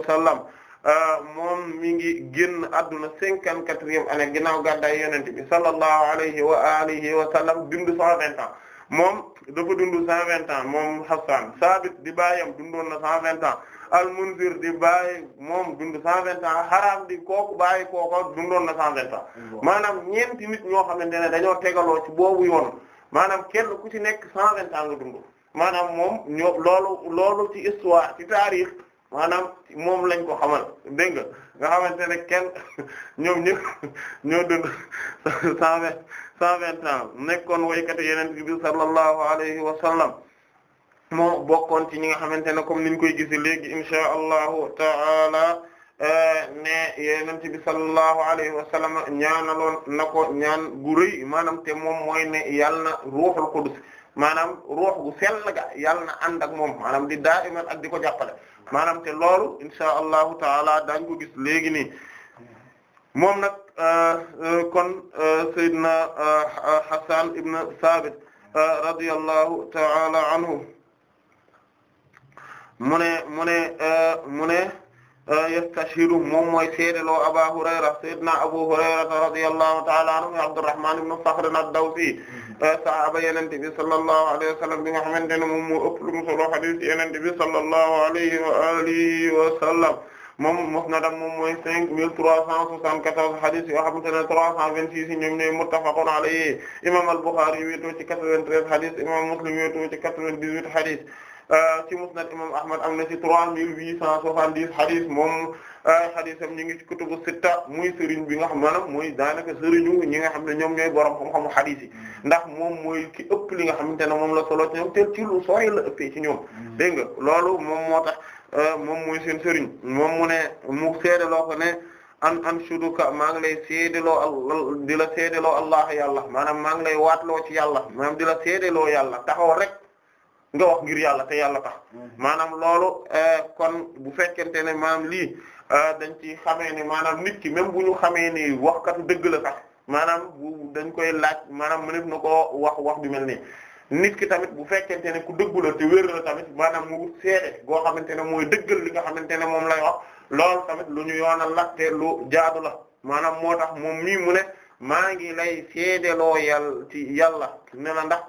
ah, moom mi ngi génn adduna cinquante-quatrième année ginnaaw gàddaay Yonent bi sallallahu alayhi wa alihi wa moom dafa dund cent moom Hassan Thabit di baayam dundoon al-Munzir di bàyyi moom dund cent vingt ans Haram di kooku bàyyi kooku dundoon na cent vingt ans maanaam ñeenti nit ñoo xamante ne dañoo tegaloo ci boobu yoon maanaam kenn ku ci nekk cent vingt ans nga dund maanaam moom ñoo loolu loolu ci histoire ci taarix maanaam moom lañ ko xamal dégg nga nga xamante ne kenn ñoom ñëpp ñoo dund cent vingt cent vingt ans nekkoon waykati yeneen bi sallallahu alayhi wa moo bokkoon ci ñi nga xamante ne comme niñ koy gise léegi inshaa allahu taala eh, ne yonent bi sallallahu alayhi wa sallam ñaanaloon na ko ñaan gu rëy maanaam te moom mooy ne yàlla na ruuxul qudus maanaam ruux gu sell ga yàlla ànd ak moom maanaam di daiman ak di ko jàppale maanaam te loolu inshaa allahu taala daañ ko gis léegi nii moom nag eh, eh, kon sayyidina Hasan ibn Sabit radiyallahu taala anhu mu ne mu ne euh, mu ne euh, yastashiru moom mooy seedeloo Aba Hurayra sayyidina Abu Hurayra radiyallahu ta'ala anhu Abdurrahman ibn Sakhr ad-Dawsi mm-hmm. euh, sahaaba Yonent bi sallallahu alayhi wa sallam bi nga xamante ne moom moo ëpp lu mu solo hadith Yonent bi sallallahu alayhi wa alihi wa sallam moom musnadam moom mooy cinq mille trois cent soixante-quatorze hadith yoo xamante ne trois cent vingt-six yi ñoom ñooy muttafaqun alayhi imam al-Bukhari wéetoo ci quatre-vingt-treize hadith imam Muslim wéetoo ci quatre-vingt-dix-huit hadith Euh, ci musnad imam ahmad am na ci trois mille huit cent soixante-dix hadith moom euh, haditham ñu ngi ci kutubu sitta muy sëriñ bi nga xam maanaam mooy daanaka sëriñu ñi nga xam ne ñoom ñooy borom xam-xamu hadith yi ndax moom mooy ki ëpp li nga xamante ne moom la solo ci ñoom te ci lu sooy la ëppee ci ñoom mm. dégg nga loolu moom moo tax euh, moom mooy seen sëriñ moom mu ne mu loo ko ne an an suduka maa ngi lay seedaloo al di la seedaloo allah yàlla maanaam maa ngi lay loo ci yàlla maanaam di la seedaloo yàlla taxaw rek nga wax ngir yàlla te yàlla tax mm-hmm. maanaam loolu eh, kon bu fekkente ne maanaam lii eh, dañ ci xamee ni maanaam nit ki même bu ñu xamee ni wax waxkatu dëgg la sax maanaam bu dañ koy laaj maanaam mënef na koo wax wax bi mel nii nit ki tamit bu fekkente ne ku dëggu la te tamit maanaam mu wut seede goo xamante ne mooy dëggal li nga xamante ne moom lay wax loolu tamit lu ñu yoonal la te lu jaadu la maanaam moo tax moom mii mu ne maa ngi lay seedeloo yàlla ci yàlla ne la ndax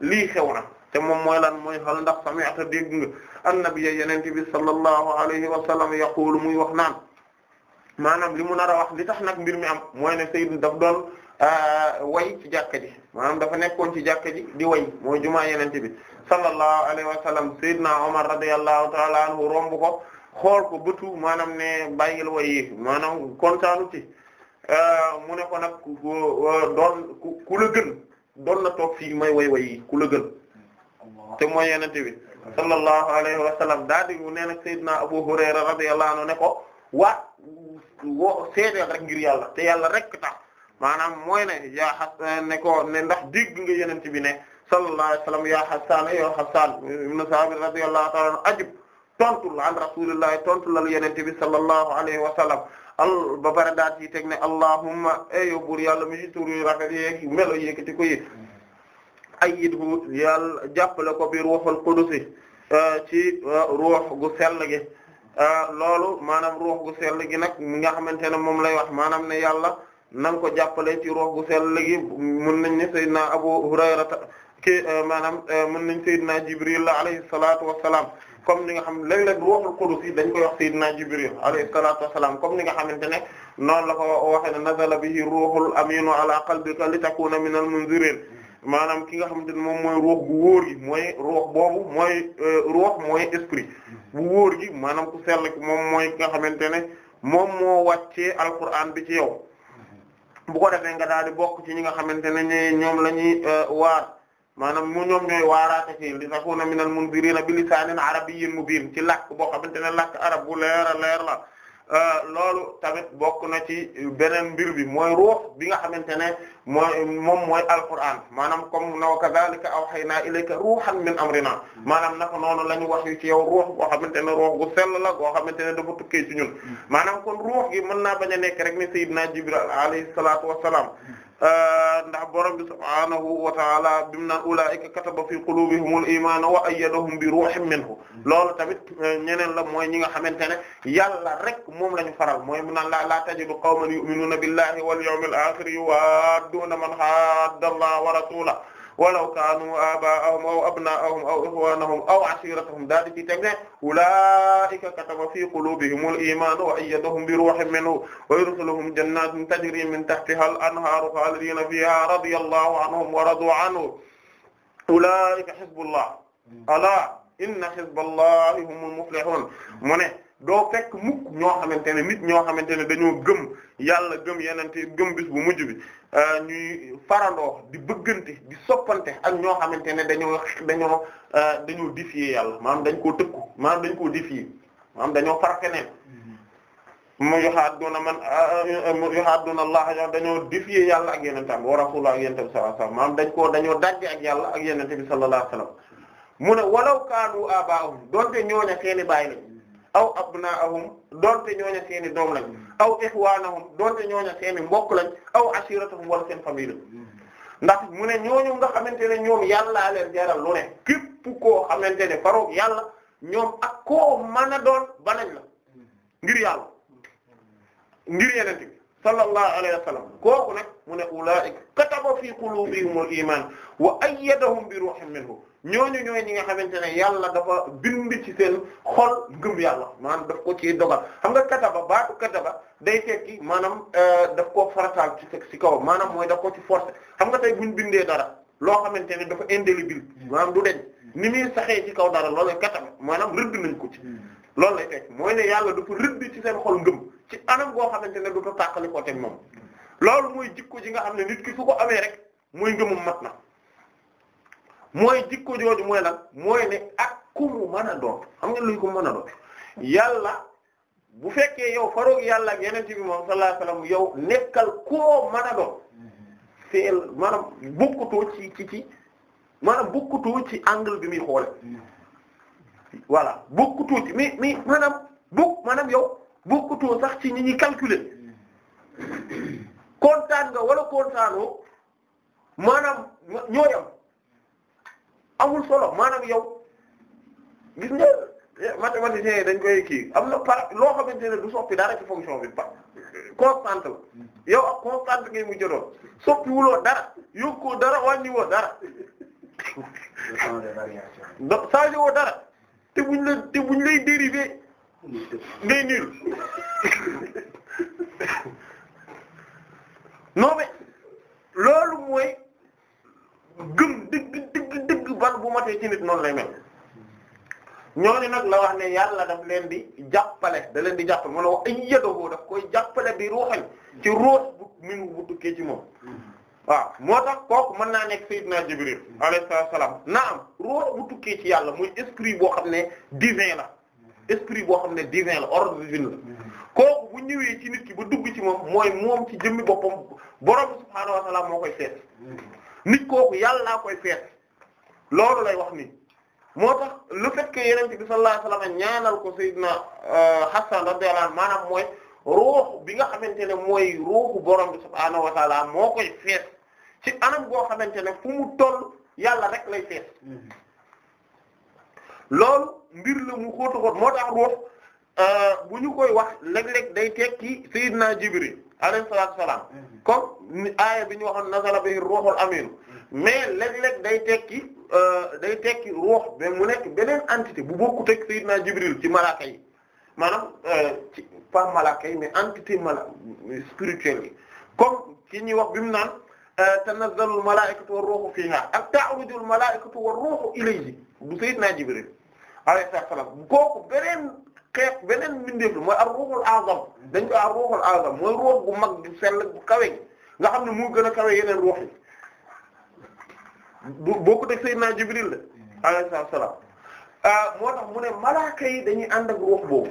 lii xew na te moom mooy lan mooy xal ndax sami'ta dégg nga annabiyya yeneen bi sallallahu alayhi wa sallam yaqulu muy wax naan maanaam li mu nar a wax li tax nag mbir mi am mooy ne Seydou daf dool euh, way ci jàkka ji maanaam dafa nekkoon ci jàkka ji di way mooy jumaa yeneen bi sallallahu alayhi wa sallam Seydina Omar radiyallahu ta'ala anhu romb ko xool ko bëtu maanaam ne bàyyil way yi maanaam kontaanu ci euh, mu ne ko nag doon ku la doon na toog fii may way way yi ku te mooy yenente bi sallallahu alayhi wa sallam daa di mu nee nag Seydina Abu Hurayra radiyallahu anhu ne ko waat woo seedeel rek ngir yàlla te yàlla rek tax maanaam mooy ne yaa xas ne ko ne ndax dégg nga yenente bi ne sallallahu alayhi wa sallam yaa Hassaan yoo Hassaan ibn Saabit radiyallahu ta'ala anhu ajib tontu la an rasulillahi tontu la yenente bi sallallahu alayhi wa sallam al ba pare daal di teg ne allahumma ayo buur yàlla mi ci turu rafet yeeg melo yékkati ko yi ayyidhu yàlla jàppale ko bi ruuhul qudus euh, ci euh, ruux gu sell gi euh, loolu maanaam ruux gu sell gi nag mi nga xamante ne moom lay wax maanaam ne yàlla nang ko jàppale ci ruux gu sell gi mën nañ ne Seydina Abu Hurayra ki maanaam mën nañ Seydina Jibril alayhi salaatu wa salaam comme ni nga xam léeg-léeg ruuhul qudus yi dañ koy wax Seydina Jibril alayhi salaatu wa salaam comme ni nga xamante ne noonu la ko waxee ne nazala bihi ruuhul amiinu ala qalbika li takuna minal munzirin maanaam ki nga xamante ne moom mooy ruux bu wóor gi mooy ruux boobu mooy euh, ruux mooy esprit bu wóor gi maanaam ku sell moom mooy ki nga xamante ne moom moo wàccee alquran bi ci yow bu ko defee nga daal di bokk ci ñi nga xamante ne ñoom la ñuy euh, waar maanaam mu ñoom ñooy waaraate ci li na minal munzirina bi lisaanin mu mubiin ci làkk boo xamante ne làkk arab bu leer la euh, loolu tamit bokk na ci beneen mbir bi mooy ruux bi nga xamante ne mooy moom mooy alquran maanaam comme na wa kadhalika awhaynaa ilayka ruuhan min amrina maanaam naka noonu la ñu wax ci yow ruux boo xamante ne ruux gu sell la goo xamante ne dafa tukkee ci ñun maanaam kon ruux gi mën naa bañ a nekk rek ni sayyidina Jibril alayhi salaatu wassalaam euh, ndax borom bi subhaanahu wa taala bi mu naan ulaa'ika kataba fi quluubihimul iimaan wa ayyadahum bi ruuhin minhu loolu tamit euh, ñeneen la mooy ñi nga xamante ne yàlla rek moom la ñu faral mooy mu naan laa laa tajidu qawman yu'minuuna billahi wal yawmil aakhiri yuwaaddu yasudduna man hadda Allah wa rasulahu walaw kaanu abaahum aw abnaahum aw ixwanahum aw ashiratahum daal di ci teg ne ulaika kataba fi qulubihimul iman wa ayyadahum bi ruhin minhu wa yudkhiluhum jannatin tajri min tahtiha al anharu khalidina fiha radiyallahu anhum wa radu anhu ulaika hizbullah ala inna hizballahi humul muflihun mu ne doo fekk mukk ñoo xamante ne nit ñoo xamante ne dañoo gëm yàlla gëm yenente gëm bis bu mujj bi euh, ñuy farandoo di bëggante di soppante ak ñoo xamante ne dañoo dañoo euh, dañoo défier yàlla maanaam dañ koo tëkku maanaam dañ koo défier maanaam dañoo far feneen mu yuhaaduna man euh, yuhaaduna allah dañoo défier yàlla ak yenentam wa rasulullah ak yenente bi sallallahu alayhi dañ koo dañoo dajje ak yàlla ak yenente bi sallallahu alayhi wasallam mu ne walaw kaanu abaahum doonte ñooña seeni bàyyi lañ aw abnaahum doonte ñooña seeni doom lañ aw ixwaanahum doonte ñooña seeni mbokk lañ aw ashiratahum wala seen famille ndax mu ne ñooñu nga xamante ne ñoom yàllaa leen jaral lu ne ko koo xamante ne faroog yàlla ñoom ak koo mën a doon banañ la ngir yàlla ngir yenente bi sallallahu alayhi wa sallam kooku nag mu ne ulaa'ika kataba fi qulubihimul iman wa ayyadahum bi ruhin minhu ñooñu ñooy ñi nga xamante ne yàlla dafa bind ci seen xol ngëm yàlla maanaam daf ko ci dogal xam nga kataba baatu kataba day tekki maanaam euh, daf koo farataal ci ci kaw maanaam mooy daf ko ci forcer xam nga tey buñ bindee dara loo xamante ne dafa indélébile maanaam du deñ ni muy saxee ci kaw dara loolu kataba maanaam rëdd nañ ko ci hmm. loolu lay tekki mooy ne yàlla du dafa rëdd ci seen xol ngëm ci anam goo xamante ne du ta tàqali ko teg moom loolu mooy jikko ji nga xam ne nit ki su ko amee rek mooy ngëmum mat na mooy dikk jooju mooy lan mooy ne ak ku man a doon xam nga luñ ko mën a doon yàlla bu fekkee yow faroog yàlla ak yeneen ci bi moom sallallahu alayhi wasallam yow nekkal koo man a doon feel maanaam bokkutoo ci ci ci maanaam bokkutoo ci angle bi muy xoole voilà bokkutoo ci mais mais maanaam bokk maanaam yow bokkutoo sax ci ñi ñuy calculer kontaan nga wala kontaanoo maanaam ñooyam amul solo maanaam yow gis nga mathématiciens yi dañ koy kii am na par loo xamante ne du soppi dara ci fonction bi ba constante la yow ak constante mu jodoon soppi wuloo dara yokkoo dara wàññiwoo dara donc changé woo dara te buñ la te buñ lay dérivé ngay niil non mais loolu mooy gëm dëgg ban bu matee ci nit noonu lay mel ñooñu nag la wax ne yàlla daf leen di jàppale da leen di jàppale mu ne wax ay yadowoo daf koy jàppale bi ruuxañ ci ruux bu min bu tukkee ci moom waaw moo tax kooku mën naa nekk Seydina Jibril alayhi salaam am ruux bu tukkee ci yàlla muy esprit boo xam ne divin la esprit boo xam ne divin la ordre divin la kooku bu ñëwee ci nit ki bu dugg ci moom mooy moom ci jëmmi boppam borom subhaanahu wa ta'aala moo koy nit kooku yàlla laa koy fees loolu lay wax ni moo tax lu fait que yenente bi sallallahu alayhi ñaanal ko sayyidina euh, Hasan radiyallahu anhu maanaam mooy ruux bi nga xamante ne mooy ruuxu borom subhaanahu wa moo koy fees ci anam goo xamante ne fu mu toll yàlla rek lay fees loolu mbir la mu xóotu xóot moo tax ruux euh, bu ñu koy wax léeg-léeg day tekki sayyidina Jibril alayhi salaatu wa salaam mm-hmm. comme aaya bi ñu waxoon nazala bihi ruuhul mais léeg lek day tekki euh, day tekki ruux mais mu nekk beneen entité bu bokkut ak Sayyidina Jibril ci malaaka yi maanaam euh, ci pas malaaka yi mais entité mala spirituelle comme ci ñuy wax bi mu naan euh, tanazzalul malaa'ikatu war ruuhu fiihaa ak ta'rujul malaa'ikatu war ruuhu ilayhi bu Sayyidina Jibril alayhi beneen xeet beneen mbindeef la mooy ar-ruuhul a'zam dañ ko ar mooy ruux bu mag bu sell bu kawe nga xam ne moo gën a kawe yeneen ruux bokkut ak Seydina Jibril de alayhi salaam ah, moo tax mu ne malaaka yi dañuy ànd ak ruux boobu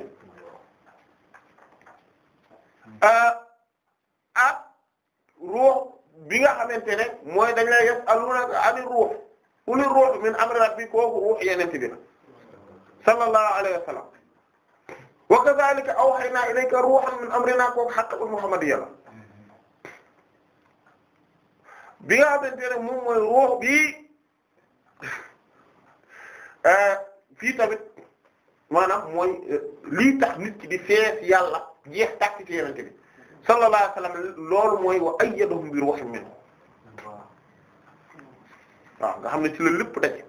ak ah, ah, ruux bi nga xamante ne mooy dañ lay def aluna ani ruux uli ruux min amri rabbi kooku ruux yeneen bi la sallallahu alayhi wa sallam wa kadhalika awhayna ilayka ruuhan min amrina kooku haqqul muhammadiyya bi nga xamante ne moom mooy ruux bi eh, fii tamit maanaam mooy eh, lii tax nit ki di fees yàlla jeex tàkk ci yenente bi sallallahu alayhi wasallam loolu mooy wa ayyadahum bi ruuhin minhu waaw nga xam ne ci la lépp daje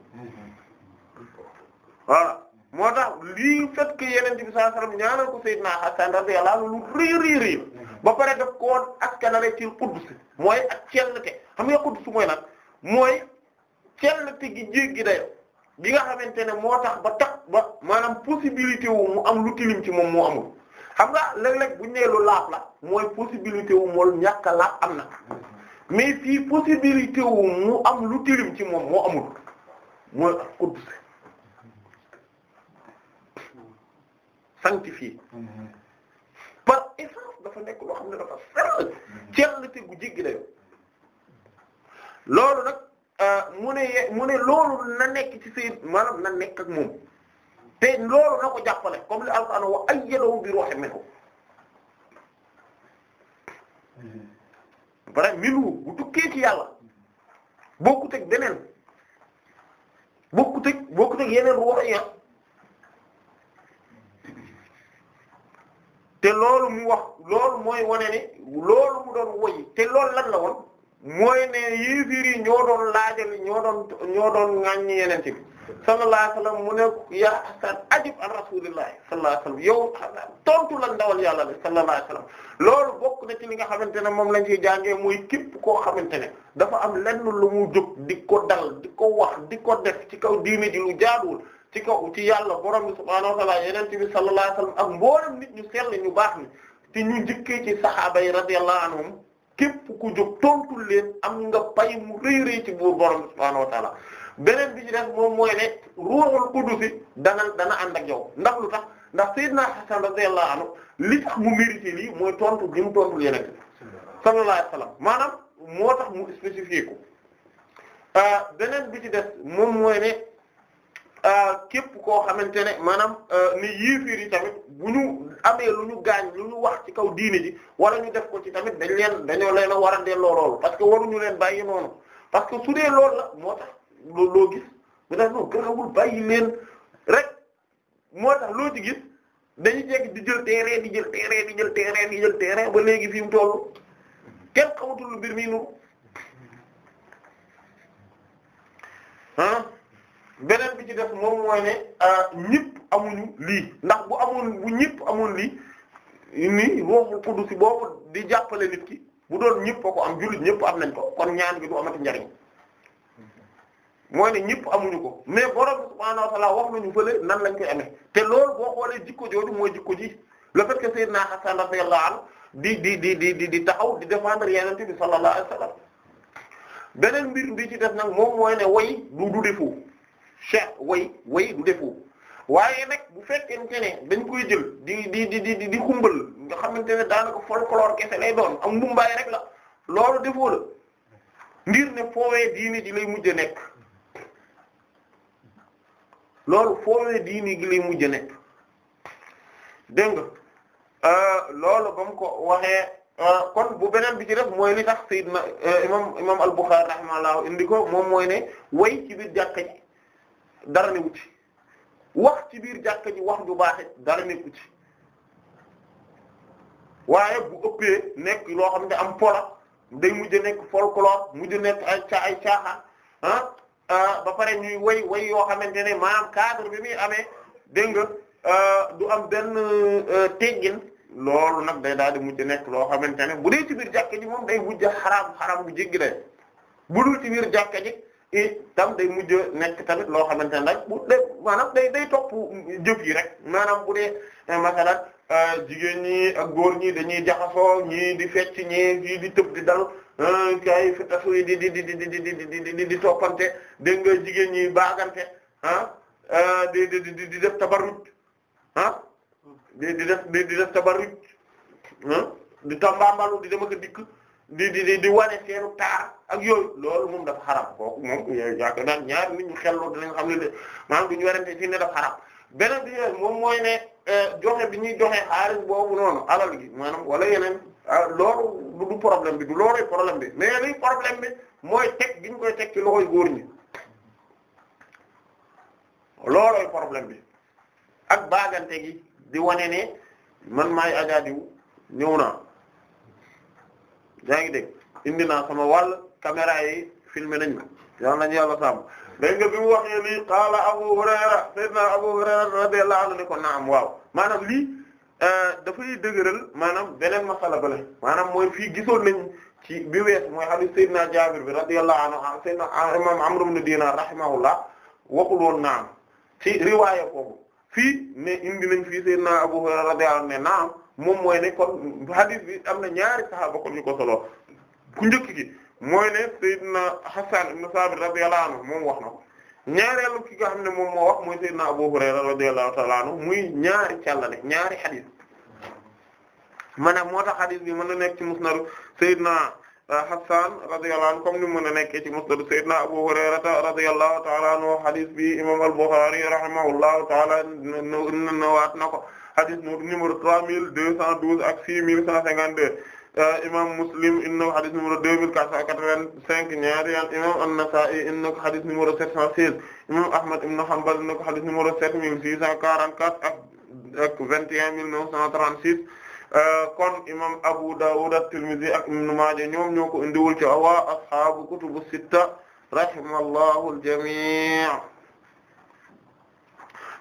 moo tax lii fait que yenente bi sallallahu alayhi wasallam ñaanal ko sayyidina Hasan radiyallahu anhu lu rëy rëy rëy mm-hmm. ba pare daf koo askanale ci qudus mooy ak cell te xam nga xudus mooy nag mooy cell ti gi jéggi dayo bi nga xamante ne moo tax ba tax ba maanaam possibilité wu mu am lu tilim ci moom moo amul xam nga léeg-léeg buñ nee lu la mooy possibilité wu mool ñàkk am na mais fii possibilité wu mu lu tilim ci moom moo amul mooy xudus mm-hmm. par essence dafa nekk loo xam ne dafa sell mm-hmm. cell ti gu jéggi dayo loolu nag euh, mu ne mu ne loolu na nekk ci sëy maanaam na nekk ak moom te loolu na ko jàppale comme li Alxuraan wa ayyadahu bi ruuhin minhu bara mm-hmm. minhu bu tukkee ci yàlla bokkut ak beneen bokkut ak bokkut ak yeneen ruux yi te loolu mu wax loolu mooy wane ne loolu mu doon woy te loolu lan la woon mooy ne yéefir yi ñoo doon laajali ñoo doon ñoo doon ŋàññi yeneen bi sallallahu alayhi wasallam mu ne ya hasan ajib an rasulillahi sallallahu yow hasan tontu la ndawal yàlla li sallallahu alayhi loolu bokk na ci li nga xamante ne moom lañ ciy jàngee muy képp koo xamante ne dafa am lenn lu mu jóg di ko dal di ko wax di ko def ci kaw diine ji lu jaaduwul ci kaw ci yàlla borom bi subhaanahu wa ta'ala yeneen bi sallallahu alayhi wasallam ak mboolem nit ñu sell ñu baax mi te ñu njëkkee ci sahaaba yi radiyallahu anhum képp ku jóg tontu leen am nga pay mu rëy rëy ci buur borom subhaanahu wa beneen bi ci def moom mooy ne ruuxul qudus dana dana ànd ak yow ndax lu tax ndax sayyidna Hasan radiyallahu anhu li tax mu mérité lii mooy tontu gi mu tontu yonent bi sallallahu maanaam moo tax mu spécifié ko euh, beneen bi def moom mooy Euh, képp koo xamante ne maanaam euh, ni yéeféer yi tamit bu ñu amee lu ñu gaañ lu ñu wax ci kaw diini ji wala ñu def ko ci tamit dañ leen dañoo leen a war a delloo parce que waruñu leen bàyyi noonu parce que su dee loolu la moo tax loo loo gis bu leen rek moo loo ci gis dañu jekk di jël terrain di jël terrain di jël terrain di jël terrain ba léegi fi mu toll kenn xawatul lu mbir mi ah beneen bi ci def moom mooy ne euh, ñëpp amuñu lii ndax bu amul bu ñëpp amul lii ni ruuxul qudus boo di jàppale nit ki bu doon ñëpp ko am jullit ñëpp am nañ ko kon ñaan bi du amati njariñ mooy ne ñëpp amuñu ko mais borom subhaanahu wa ta'aala wax nañu fële nan lañ koy amee te lool boo xoolee jikko jooju mooy jikko ji le fait que Seydina Hasan radiyallahu anhu di di di di di di taxaw di défendre Yonent bi sallallahu alayhi wa sallam beneen mbir bi ci def nag moom mooy ne way du du defu cheikh way way du waaye nag bu fekkente ne dañ koy jël di di di di di xumbal nga xamante ne daanaka folklore kese lay doon am mbumbaay rek la loolu defoo la ngir ne foowee diini ji lay mujj a nekk loolu foowee diini gi lay mujj a nekk dégg euh, loolu ba mu ko waxee euh, kon bu beneen bi ci def mooy li tax sayyidna euh, imam imam al-Bukhari rahimahullah indi ko moom mooy ne way ci biir jàkka dara newu ci wax ci biir jàkka ji wax ju baaxe dara nekku ci waaye bu ëppee nekk loo xam ne am pola day mujj nekk folklore mujj nekk ay ca ah, ah, ba pare ñuy way way yoo xamante ne maanaam cadre bi muy amee dégg nga ah, du am benn teggin loolu nag day daal di mujj nekk loo xamante ne bu dee ci biir jàkka ji moom day mujj xaraam xaraam bu jéggi day budul ci biir jàkka ji et tam day mujj nekk tamit loo xamante ne rek bu dee day day topp jëf yi rek maanaam bu de masalan jigéen ñi ak góor ñi dañuy jaxasoo ñii di fecc ñii fii di tëb di dal kay fi di di di di di toppante dégg nga jigéen ñi baagante ah di di di di def tabarruj di di def di di def di tambaambalu di dikk. di di di di wane seenu taar ak yooyu loolu moom dafa xaram kooku moom eh, yaakaar naa ñaar nit ñu xellu dinañ xam ne maanaam du ñu werante ci ne dafa xaram bi ñu eh, moom mooy ne eh, joxe bi ñuy joxe xaalis boobu noonu alal gi maanaam wala ah, loolu du problème bi du loolu problème bi mais liy problème bi mooy teg gi ñu koy teg ci loxoy góor ñi loolooy problème bi ak baagante gi di wane ne man maay ajaa diw ñëw yaa ngi dégg indi naa sama wàll caméra yi filmé nañ ma yal nañu yàlla sàmm dégg nga bi mu waxee lii qaala Abu Hurayra sayyidina Abu Hurayra radiyallahu anhu ne ko naam waaw maanaam lii euh, dafay dëgërël maanaam beneen masala bale maanaam mooy fii gisoon nañ ci bi wees mooy hadith sayyidina Jaabir bi radiyallahu anhu ah, sayyidina ah, imam Amr ibn Dinar rahimahullah waxul woon naam ci riwaaya foofu fii ne indi nañ fii sayyidina Abu Hurayra radiyallahu anhu ne naam moom mooy ne kon hadith bi am na ñaari sahaaba kon ñu ko solo ku njëkk gi mooy ne Seydina Hasan ibn Sabit radiyallahu anhu moom wax na ko ñaareelu ki nga xam ne moom moo wax mooy Seydina Abu Hurayra radiyallahu ta'ala muy ñaari càllale ñaari hadith maanaam moo tax hadith bi ma na nekk ci musnadu Seydina Hasan radiyallahu anhu comme ni mën na nekkee ci musnadu Seydina Abu Hurayra radiyallahu ta'ala anhu bi imam al-Bukhari rahimahullahu ta'ala nawaat na ko hadith numéro 3212 ak 6152 euh, imam Muslim inna ko hadith numéro 2485 ñaari yoon imam An-Nasa'i inna ko hadith numéro 716 imam Ahmad ibn Hanbal inna ko hadith numéro 7644 ak ak 21936 euh, kon imam Abu Dawud At-Tirmidhi ak Ibn Maaja ñoom ñoo ko indiwul ci waa ashaabu kutubu sitta rahimallahu al-jami'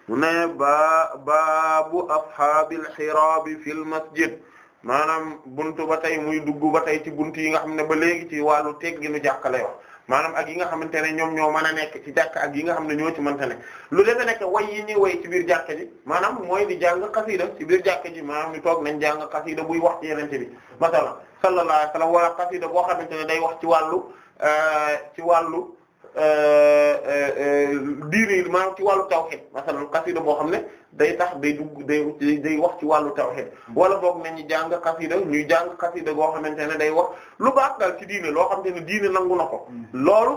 mu ne baa baabu ashaabil xiraabi fil masjid maanaam buntu ba tey muy dugg ba tey ci buntu yi nga xam ne ba léegi ci wàllu tegginu jàkka lay wax maanaam ak yi nga xamante ne ñoom ñoo mën a nekk ci jàkka ak yi nga xam ne ñoo ci mënta nekk lu demee nekke way yi ñuy way ci biir jàkka ji maanaam mooy di jàng xasiida ci biir jàkka ji maanaam ñu toog nañ jàng xasiida buy wax ci yenente bi masalan sallallahu alayhi wasallam wala xasiida boo xamante ne day wax ci wàllu euh, ci wàllu Euh, euh, euh, diine yi maanaam ci wàllu tawhid masalan xasida boo xam ne day tax day dugg day day wax ci wàllu tawhid wala boog nañu jàng xasida ñu jàng xasida goo xamante ne day wax lu baax daal ci diine loo xamante ne diine nangu na ko mm. loolu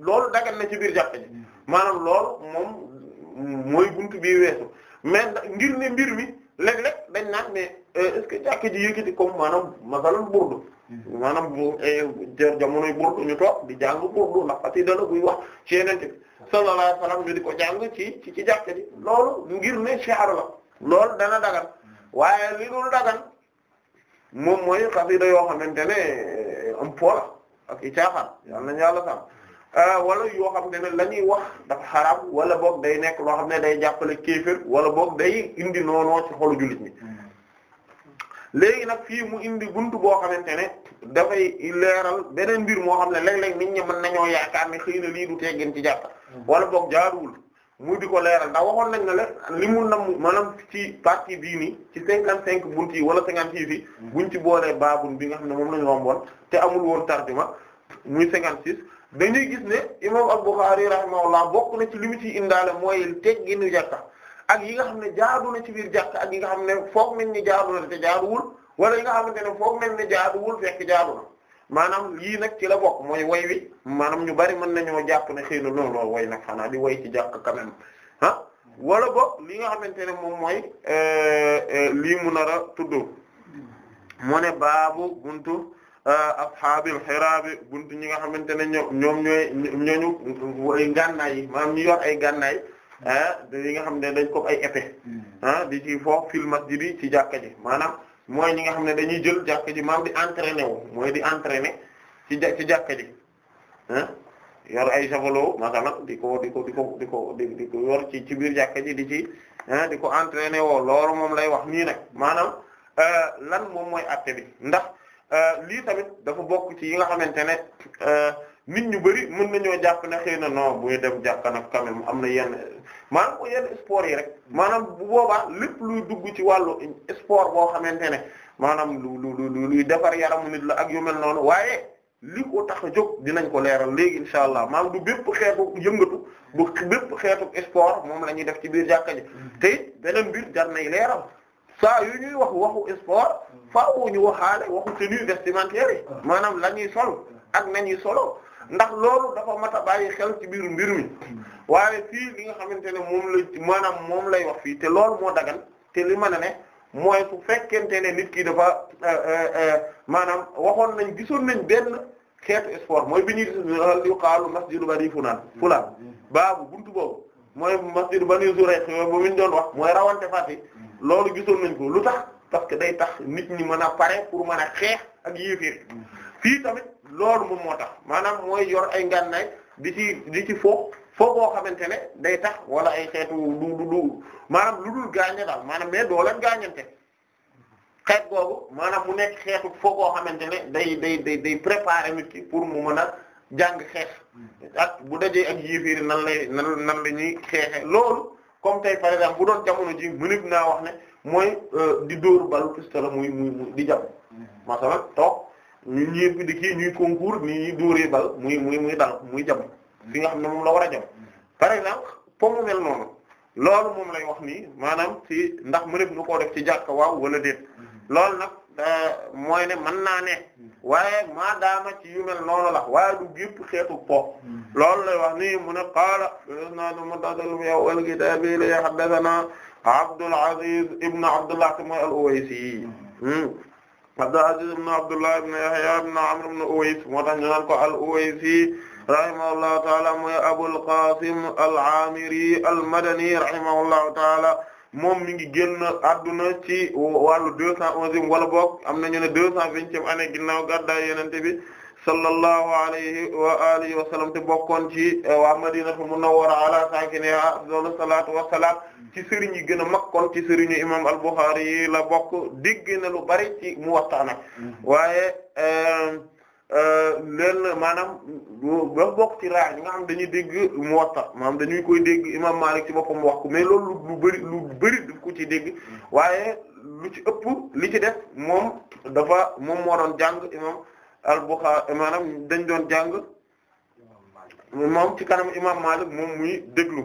loolu dagal na ci biir jàkka ji mm. maanaam lool moom mooy bunt bii weesu mais ngir ne mbir mi léeg-léeg dañ naan mais Eh, est-ce que jàkk ji yëkkati comme maanaam masalan burdu hmm. maanaam bu eh, jër jamonoy burdu ñu toog di jàng burdu ndax ati dala buy wax ci yeneen bi sallallahu alayhi wasallam ñu di ko jàng ci ci ci jàkk ji loolu ngir ne ci la loolu dana dagan hmm. waaye li dul dagan moom mooy xasida yoo xamante ne eh, am poola ak i caaxaan yal nañu yàlla sàmm wala yoo xam ne la ñuy wax dafa xaraam wala boog day nekk loo xam ne day jàppale kéefër wala boog day indi noonoo ci xolu jullit ñi hmm. léegi nag fii mu indi buntu boo xamante ne dafay leeral beneen mbir moo xam ne léeg-léeg nit ñi nañoo yaakaar ne xëy na lii du teggin ci jàpp hmm. wala boog jaaduwul mu di ko leeral ndax waxoon nañ ne la li mu nam maanaam ci partie bii nii ci cinquante cinq bunt yi wala cinquante six yi hmm. buñ ci boolee baabun bi nga xam ne moom lañu romboon te amul woon tarjuma muy cinquante six dañuy gis ne imam Al-Bukhârî rahimahullah bokk na ci li mu ciy indaale mooy tegginu jàkka ak yi nga xam ne jaadu na ci biir jàkk ak yi nga xam ne foog men ni jaadu na te wala yi nga xamante ne foog nañ fekk jaadu na maanaam lii nag ci la bokk mooy way wi maanaam ñu bari mën nañoo jàpp ne xëy na noonu loolu way nag xanaa di way ci jàkk quand même ah wala boog li nga xamante ne moom mooy euh, euh, lii mu nar a tudd mu ne baabu buntu euh, ashaabil xiraabi buntu ñi nga xamante ne ñoom ñooy ñooñu ngànnaay yi maanaam ñu yor ay gànnaay yi ah, nga xam ne dañ ko ay épée hmm. ah di ci foofu fil masjidi ci jàkka ji maanaam mooy ñi nga xam ne dañuy jël jàkka ji maam di entraîner wu mooy di entraîner ci ci jàkka ji ah ay javelot masalan di ko di ko di ko di ko di ci ci biir jàkka ji di ci ah di ko entraîner woo loolu moom lay wax nii nag maanaam ah, lan moom mooy acte bi ndax ah, lii tamit dafa bokk ci yi nga xamante ne nit ñu bari mun mën nañoo jàpp ne xëy na non buy dem jàkka nag quand même am na yenn. maanaam ko yenn sport yi rek maanaam bu boobaa lépp luy dugg ci wàllu sport boo xamante ne maanaam lu luy defar yaramu nit la ak yu mel noonu waaye li ko tax jóg dinañ ko leeral léegi insha allah maanaam du bépp xeetu yëngatu bu bépp xeetu sport moom la ñuy def ci biir jàkka ji beneen mbir jar nay leeral saa ñuy wax waxu sport faaw ñu waxaale waxu tenue vestimentaire yi maanaam la ñuy sol ak nañuy solo ndax loolu dafa mat a xel ci biiru mbir mi waaye fii li nga xamante ne moom la maanaam moom lay wax fii te loolu moo dagan te li mën a ne mooy su fekkente ne nit kii dafa euh, euh, euh, maanaam waxoon nañ gisoon nañ benn xeetu sport mooy bi ñuy gis yuqaalu masjidu bani fulaan fulaan baabu bunt boobu mooy masjidu bani Zurayq ba mu doon wax mooy rawante fàtte loolu gisoon nañ ko lu tax parce que day tax nit ñi mën a pare pour mën a xeex ak yéeféer mm. fii tamit loolu moom moo tax maanaam mooy yor ay ngànnaay di ci di ci foo foo xamante ne day tax wala ay xeetu du du du lu dul gaañe daal maanaam mais doo leen gaañante xeet googu maanaam mu nekk xeetu foo boo xamante ne day day day day préparer nit ki pour mu mën a jàng xeex bu dajee ak yéeféeri nan lay nan nan la ñuy xeexe loolu comme tey par exemple bu doon jamono ji mënib naa wax ne mooy euh, di dóor balu pistolet muy muy di jàpp mm-hmm. masalan toog ñun ñëpp di kii ñuy concours ni ñuy dóoree bal muy muy muy dal muy jam fi nga xam ne moom la war a jam par exemple po mu mel noonu loolu moom lay wax nii maanaam ci ndax mëneb nu koo def ci jàkka waaw wala déet mm-hmm. loolu nag euh, mooy ne man naa ne mm-hmm. waaye maadaama ci yu mel noonu la waaye du gépp xeetu po mm-hmm. loolu lay wax nii mu ne qaala isnadu muttasilun yow al-kitaabi li haddathana Abdul Aziz ibn Abdullah mooy al-Uwaysi hmm. Abdul Aziz ibn Abdullah ibn Yahya ibn Amr ibn Uways moo tax ñu naan ko al-Uwaysi rahimahullahu taala mooy Abul Qasim al-Amiri al-Madani rahimahullahu taala moom mi ngi génn adduna ci wàllu deux cent onzième wala boog am nañu ne deux cent vingtième année ginnaaw gàddaay Yonent bi sallallahu alayhi wa alihi wa sallam te bokkoon ci eh, waa madinatul munawwara ala sakiniha afdalu salatu wassalam ci sëriñ yi gën a mag kon ci sëriñu imam al-Bukhari yi la bokk digg na lu bari ci mu nag mm-hmm. waaye eh, eh, leen maanaam ba ci raay ñi nga xam dañuy dégg Muwatta maanaam dañuy koy dégg imam Malik ci boppam wax ko loolu lu bari lu bari daf ko ci dégg mm-hmm. waaye lu ci ëpp li ci def moom dafa moom moo doon jàng imam al-Bukhari maanaam dañ doon jàng moom ci kanam imam Malik moom muy déglu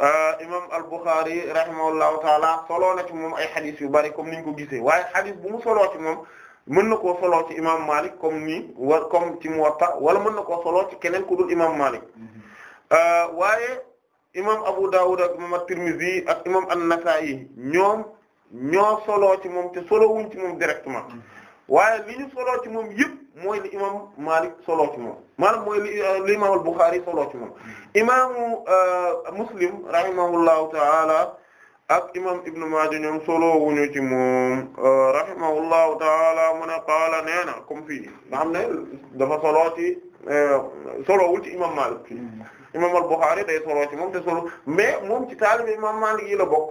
euh, imam al-Bukhari rahimahullahu taala soloo na ci moom ay xadis yu bari comme niñ ko gisee waaye xadis bu mu soloo ci moom mën na ko soloo ci imam Malik comme nii war comme ci Muwatta wala mën na koo soloo ci keneen ku dul imam Malik mhm. euh, waaye imam Abu Dawud ak imam at-Tirmidhi ak imam an-Nasa'i ñoom ñoo solo ci moom te solowuñ ci moom directment mhm. waaye li ñu soloo ci moom yëpp mooy li imam Malik solo ci moom maanaam mooy li euh, imam al-Bukhari solo ci moom hmm. imaamu euh, Muslim rahimahullahu ta'ala ak imam Ibn Maaja ñoom solo wuñu ci moom euh, rahimahullahu ta'ala mu ne qaala nee na comme fii nga xam ne dafa solo ci solo wul ci imam Malik fii hmm. imam al-Bukhari day solo ci moom te solo mais moom ci taalibe imam Malik yi la bokk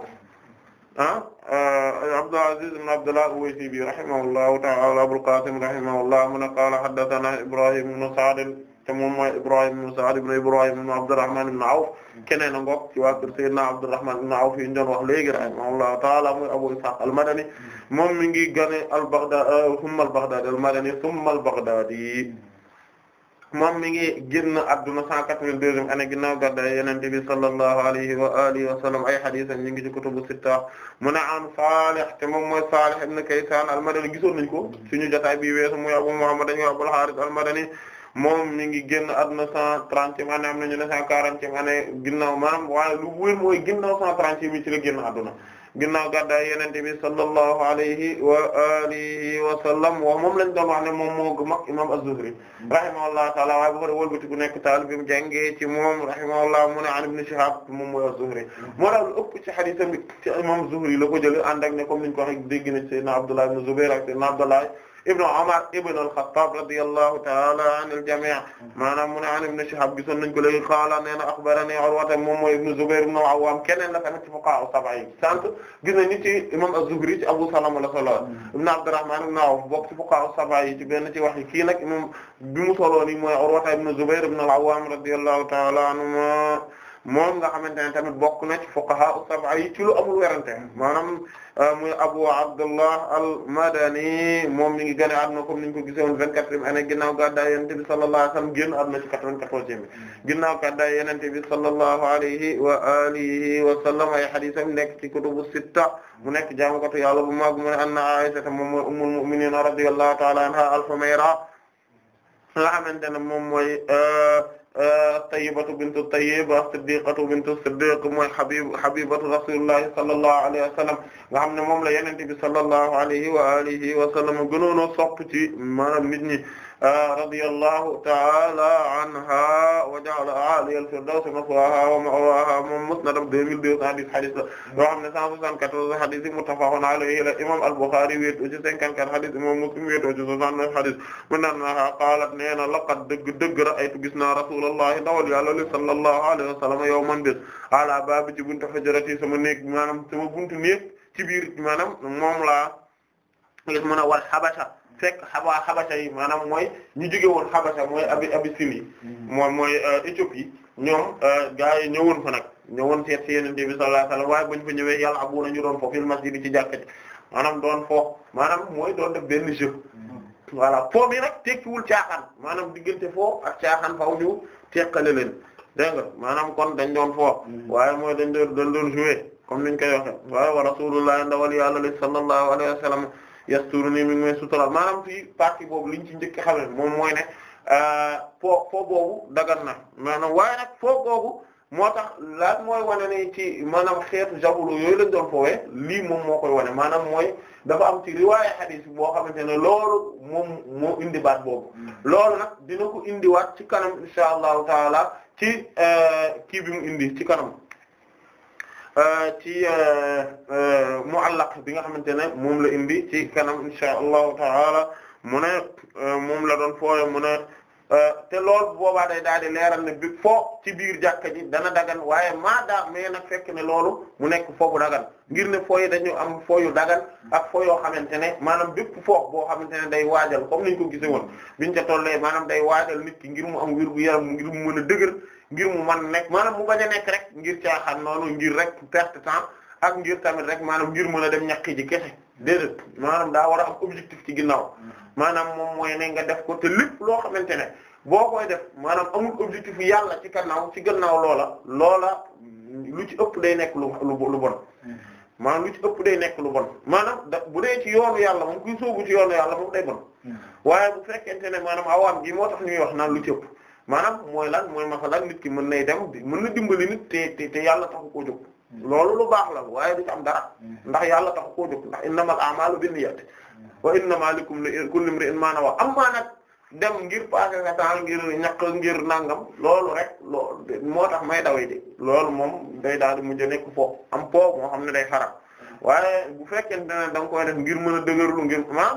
Ah, ah Abdul Aziz ibn Abdullah al-Uwaysi bi rahimahullahu ta'ala Abul Qasim rahimahullah mu ne qaala haddathana Ibrahim ibn Sa'd te moom mooy Ibrahim ibn Sa'd ibn Ibrahim ibn Abdurrahman ibn Awf keneen a ngokk ci waa kër Sayyidina Abdurrahman ibn Awf yi ñu doon wax léegi rahimahullahu ta'ala muy Abu Ishaq al-Madani moom mi ngi gane al-Baghdadi thumma al-Baghdadi al-Madani thumma al-Baghdadi moom mi ngi génn adduna 182e année ginnaaw gàddaay Yonent bi sallallahu alayhi wa alihi wa sallam ay hadiisam ñu ngi ci kutubu mu ne an Saalih te moom mooy Saalih ibn Kaysaan al-Madani gisoon nañu ko suñu jotaay bi weesu muy Abu Muhammad dañu Abul Haaris al-Madani moom mi ngi génn adduna 130e année am ne 140e année ginnaaw maanaam waaye lu wér mooy ginnaaw 130e mi ci la génn adduna ginnaaw gàddaay yonent bi sallallahu alayhi wa alihi wa sallam wa moom lañ doon wax ne moom moo gën a mag imam az-Zuhri rahimahullahu ta'ala waaye bu ko wëlbati ku nekk taal bi mu jàngee ci moom rahimahullah mu ne an ibn Shihab moom mooy az-Zuhri moo tax lu ëpp ci hadith tamit ci imam Zuhri la ko jëlee ànd ak ne comme niñ ko waxee dégg na ci Seydina Abdullah ibn Zubayr ak Seydina Abdullah ibnu Umar ibnu al-Khattab radiyallahu ta'ala anil jami' maanaam mu ne an ibn Shihab gisoon nañ ko léegi qaala nee na akhbarani Urwa moom mooy ibnu Zubayr ibnu al-Awwam keneen la tamit ci fuqaha sab'a yi sant gis nañu ci imam az-Zuhri ci Abu Salama la solo ibnu Abdurrahman ibnu Awf bokk ci fuqaha sab'a yi ci benn ci wax yi kii nag imam bi mu solo ni mooy Urwa ibnu Zubayr ibnu al-Awwam radiyallahu ta'ala anhu moom nga xamante ne tamit bokk na ci fuqaha as-sab'a yi ci lu amul werante maanaam euh, muy Abu Abdullah al-Madani moom mi ngi gën a àdduna comme ni ñu ko gisee woon vingt-quatrième année ginnaaw gàddaay Yonent bi sallallahu alayhi wa sallam génn àdduna ci quatre-vingt-quatorzième bi ginnaaw gàddaay Yonent bi sallallahu alayhi wa alihi wa sallam ay hadiisam nekk ci kutubu sitta mu nekk jaamukatu yàlla bu mag mu ne anna Aisha moom mooy ummul mu'minin radiyallahu ta'ala anha al-Humayra nga xamante ne moom mooy euh, Tayyibatu bintu Tayyiba Siddiqatu bintu Siddiq mooy Habib Habibatu Rasulillahi sallallahu alayhi wa sallam nga xam ne moom la Yonent bi sallallahu alayhi wa alihi wa sallam gënoon a sopp ci maanaam nit ñi. radiyallahu ta'ala anha wa ja'ala a'la al-firdaws maswaha wa ma'waha moom musnad 2210 hadith la yoo xam ne 174 hadith muttafaqun alayhi la imam al-Bukhari wéetoo ci 54 hadith imam Muslim wéetoo ci 69 hadith mu naan na qaalat nee na laqad dëgg dëgg ra'aytu gis naa rasulullahi ndawal yàlla li sallallahu alayhi wa sallam yawman bis ala baabi ci buntu hujrati sama néeg maanaam sama buntu néeg ci biir maanaam moom laa gis mu ne wal habasha fekk waa xabasa yi maanaam mooy ñu jóge woon xabasa mooy a Abyssinie moom mooy euh, Éthiopie ñoom euh, gaa yi ñëwoon fa nag ñëwoon seet si Yonent bi sallallahu alayhi wasallam waaye bañ fa ñëwee yàlla abuna ñu doon foofu fil masjid ci jàkka ji maanaam doon foofu maanaam mooy doon def benn jeu mm. voilà foo bi nag tekkiwul caaxaan maanaam diggante foo ak caaxaan faaw ñu teqale leen dégg maanaam kon dañ doon foo mm. waaye mooy dañ doon dañ doon jouer comme niñ koy waxe waaye wa rasulullah ndawal yàlla li sallallahu alayhi wasallam yasturuni mi ngi may sutural maanaam fii partie boobu liñ ci njëkk xam moom mooy ne euh, foo foo boobu dagan na maanaam waaye nag foo boobu moo tax laaj mooy wane ne ci maanaam xeetu javelot yooyu lañ doon foowee lii moom moo koy wane maanaam mooy dafa am ci riwaaye hadith boo xamante ne loolu moom moo indiwaat boobu hmm. loolu nag dina ko indiwaat ci kanam insha allahu taala ci euh, kii bi mu indi ci kanam. Euh, ci euh, euh, muallaq bi nga xamante ne moom la indi ci kanam insha allahu taala mu ne moom la doon fooye mu ne Euh, te loolu boobaa day daal di leeral ne bi foo ci biir jàkka ji dana dagan waaye maa daa mais nag fekk ne loolu mu nekk foo bu dagan ngir ne foo yi dañu am foo yu dagan ak foo yoo xamante ne maanaam bépp foo boo xamante ne day waajal comme niñ ko gisee woon biñ ca tollee maanaam day waajal nit ki ngir mu am wér gu yaram ngir mu mën a dëgër ngir mu man nekk maanaam mu bañ a nekk rek ngir caaxaan noonu ngir rek perte temps ak ngir tamit rek maanaam ngir mën a dem ñàkk ji kese déedéet maanaam daa war a am objectif ci ginnaaw maanaam moom mooy ne nga def ko te lépp loo xamante ne boo koy def maanaam amul objectif yàlla ci gannaaw ci gannaaw loola loola lu ci ëpp day nekk lu lu bon maanaam lu ci ëpp day nekk lu bon maanaam da bu dee ci yoonu yàlla moom kuy sóobu ci yoonu yàlla moom day bon waaye bu fekkente ne maanaam awaan gi moo tax ñuy wax naan lu ci ëpp maanaam mooy lan mooy masalan nit ki mën nay dem mën na dimbali nit te te yàlla taxu koo jóg Mm. loolu lu baax la waaye du ci am dara mm. ndax yàlla tax koo jóg ndax innamal a'malu binniyat mm. wa innama likum li kulli imrin ma nawa amma nag dem ngir passé sa temps ngir ñaq ngir nangam loolu rek loolu moo tax may dawee loolu moom day daal di mujj nekk foofu am po moo xam ne day xaram waaye bu fekkente ne da nga koy def ngir mën a dëgërlu ngir maam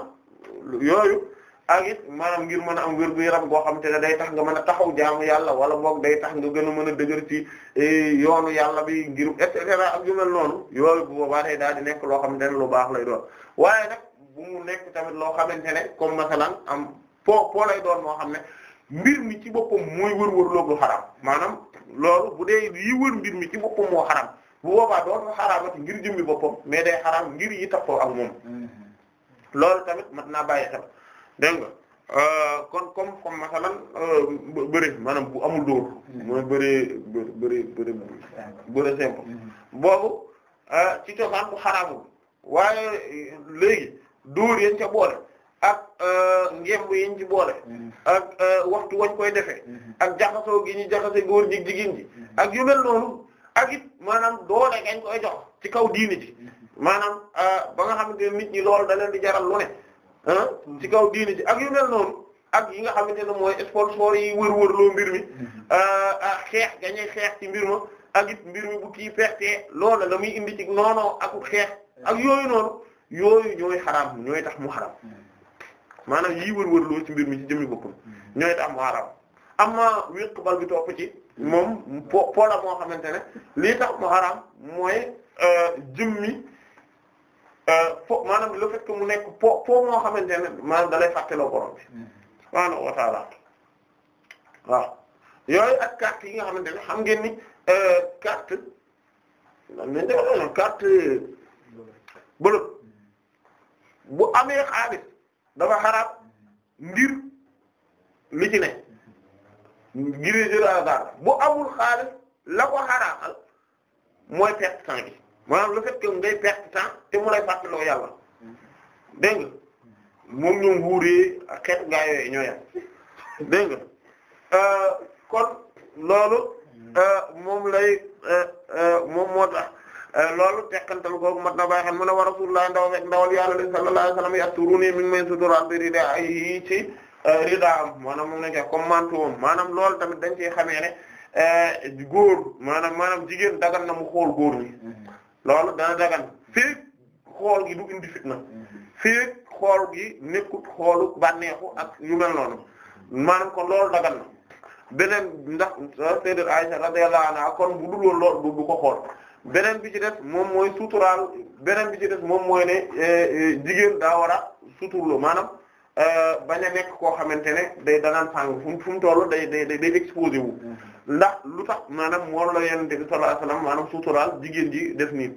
yooyu. ak it maanaam ngir mën a am wér gu yaram goo xamante ne day tax nga mën a taxaw jaamu yàlla wala boog day tax nga gën a mën a dëgër ci e, yoonu yàlla bi ngir et ak yu mel noonu yooyu bu boobaa day daal di nekk loo xamante ne lu baax lay doon waaye nag bu mu nekk tamit loo xamante ne comme masalan am po po lay doon moo xam ne mbir mi ci boppam mooy wër maanaam loolu bu dee yi wër mi ci boppam moo xaram bu boobaa doon xaraamati ngir jëmmi boppam mais day xaram ngir yi tappoo ak moom mm-hmm. loolu tamit mat naa bàyyi xel dégg nga euh, kon comme comme masalan euh, bëri maanaam bu amul dóor hmm. mooy bëree bëri bëri bëri simple hmm. boobu euh, ci cosaan bu xaraamul waaye léegi dóor yéen ca boole ak ngemb yiñ ci boole hmm. ak waxtu wañ koy defee ak jaxasoo gi ñu jaxase góor jig jigéen ji ak yu mel noonu ak it maanaam doole gañ koy jox ci kaw diini ji maanaam ba nga xamante ne nit ñi loolu da leen di jaral lu ne ah ci kaw diini ji ak yu mel noonu ak yi nga xamante ne mooy sponsor yi wër-wër loo mbir mi ah, ah xeex gañay xeex ci mbir ma ak mbir mi bu kii perte loola la muy indi ci noonoo ak xeex ak yooyu noonu yooyu ñooy xaraam ñooy tax mu xaraam maanaam yii wër-wër loo ci mbir mi ci jëmmi boppam ñooy tax mu xaraam amma wéq bal bi topp ci moom po po la moo xamante ne lii tax mu xaraam mooy ah, jëmmi. Euh, fo maanaam le fait que mu nekk po po moo xamante ne maanaam dalay fàttaloo borom bi mm-hmm. subhaanahu wa ta'ala waaw yooyu ak carte yi nga xamante ne xam ngeen ni euh, carte nañ def carte bu amee xaalis dafa xaraam ngir li ci ne ngir jël bu amul xaalis la ko xaraamal mooy perte temps maanaam le fait que ngay perte temps te mu lay fàttaloo yàlla dégg nga moom ñoom wuuree euh, loolu euh, moom lay euh, moom moo tax loolu tekkantal googu mat na bàyyi xam mu ne wa rasulullah ndaw fekk ndawal yàlla li sallallahu alayhi wasallam yasturuni mi ngi may sutural bi rida ay yi am maanaam moom lañ comme mantoom maanaam loolu tamit dañ ci xamee ne góor maanaam maanaam jigéen dagan na mu xool góor ñi loolu dana dagan féeg xool gi du indi na féeg xool gi nekkut xoolu bànneexu ak yu mel noonu maanaam kon loolu dagan na beneen ndax euh, sayyidat Aisha radiyallahu anha kon bu dul woon loolu du ko xool beneen bi ci des moom mooy suturaal beneen bi ci des moom mooy ne euh, euh, jigéen daa war a suturlu maanaam bañ a nekk koo xamante ne day danaan sàng fu mu toll day day day exposé wu ndax lu tax maanaam moom la yonent bi sallallahu alayhi wasallam maanaam suturaal jigéen ji def nii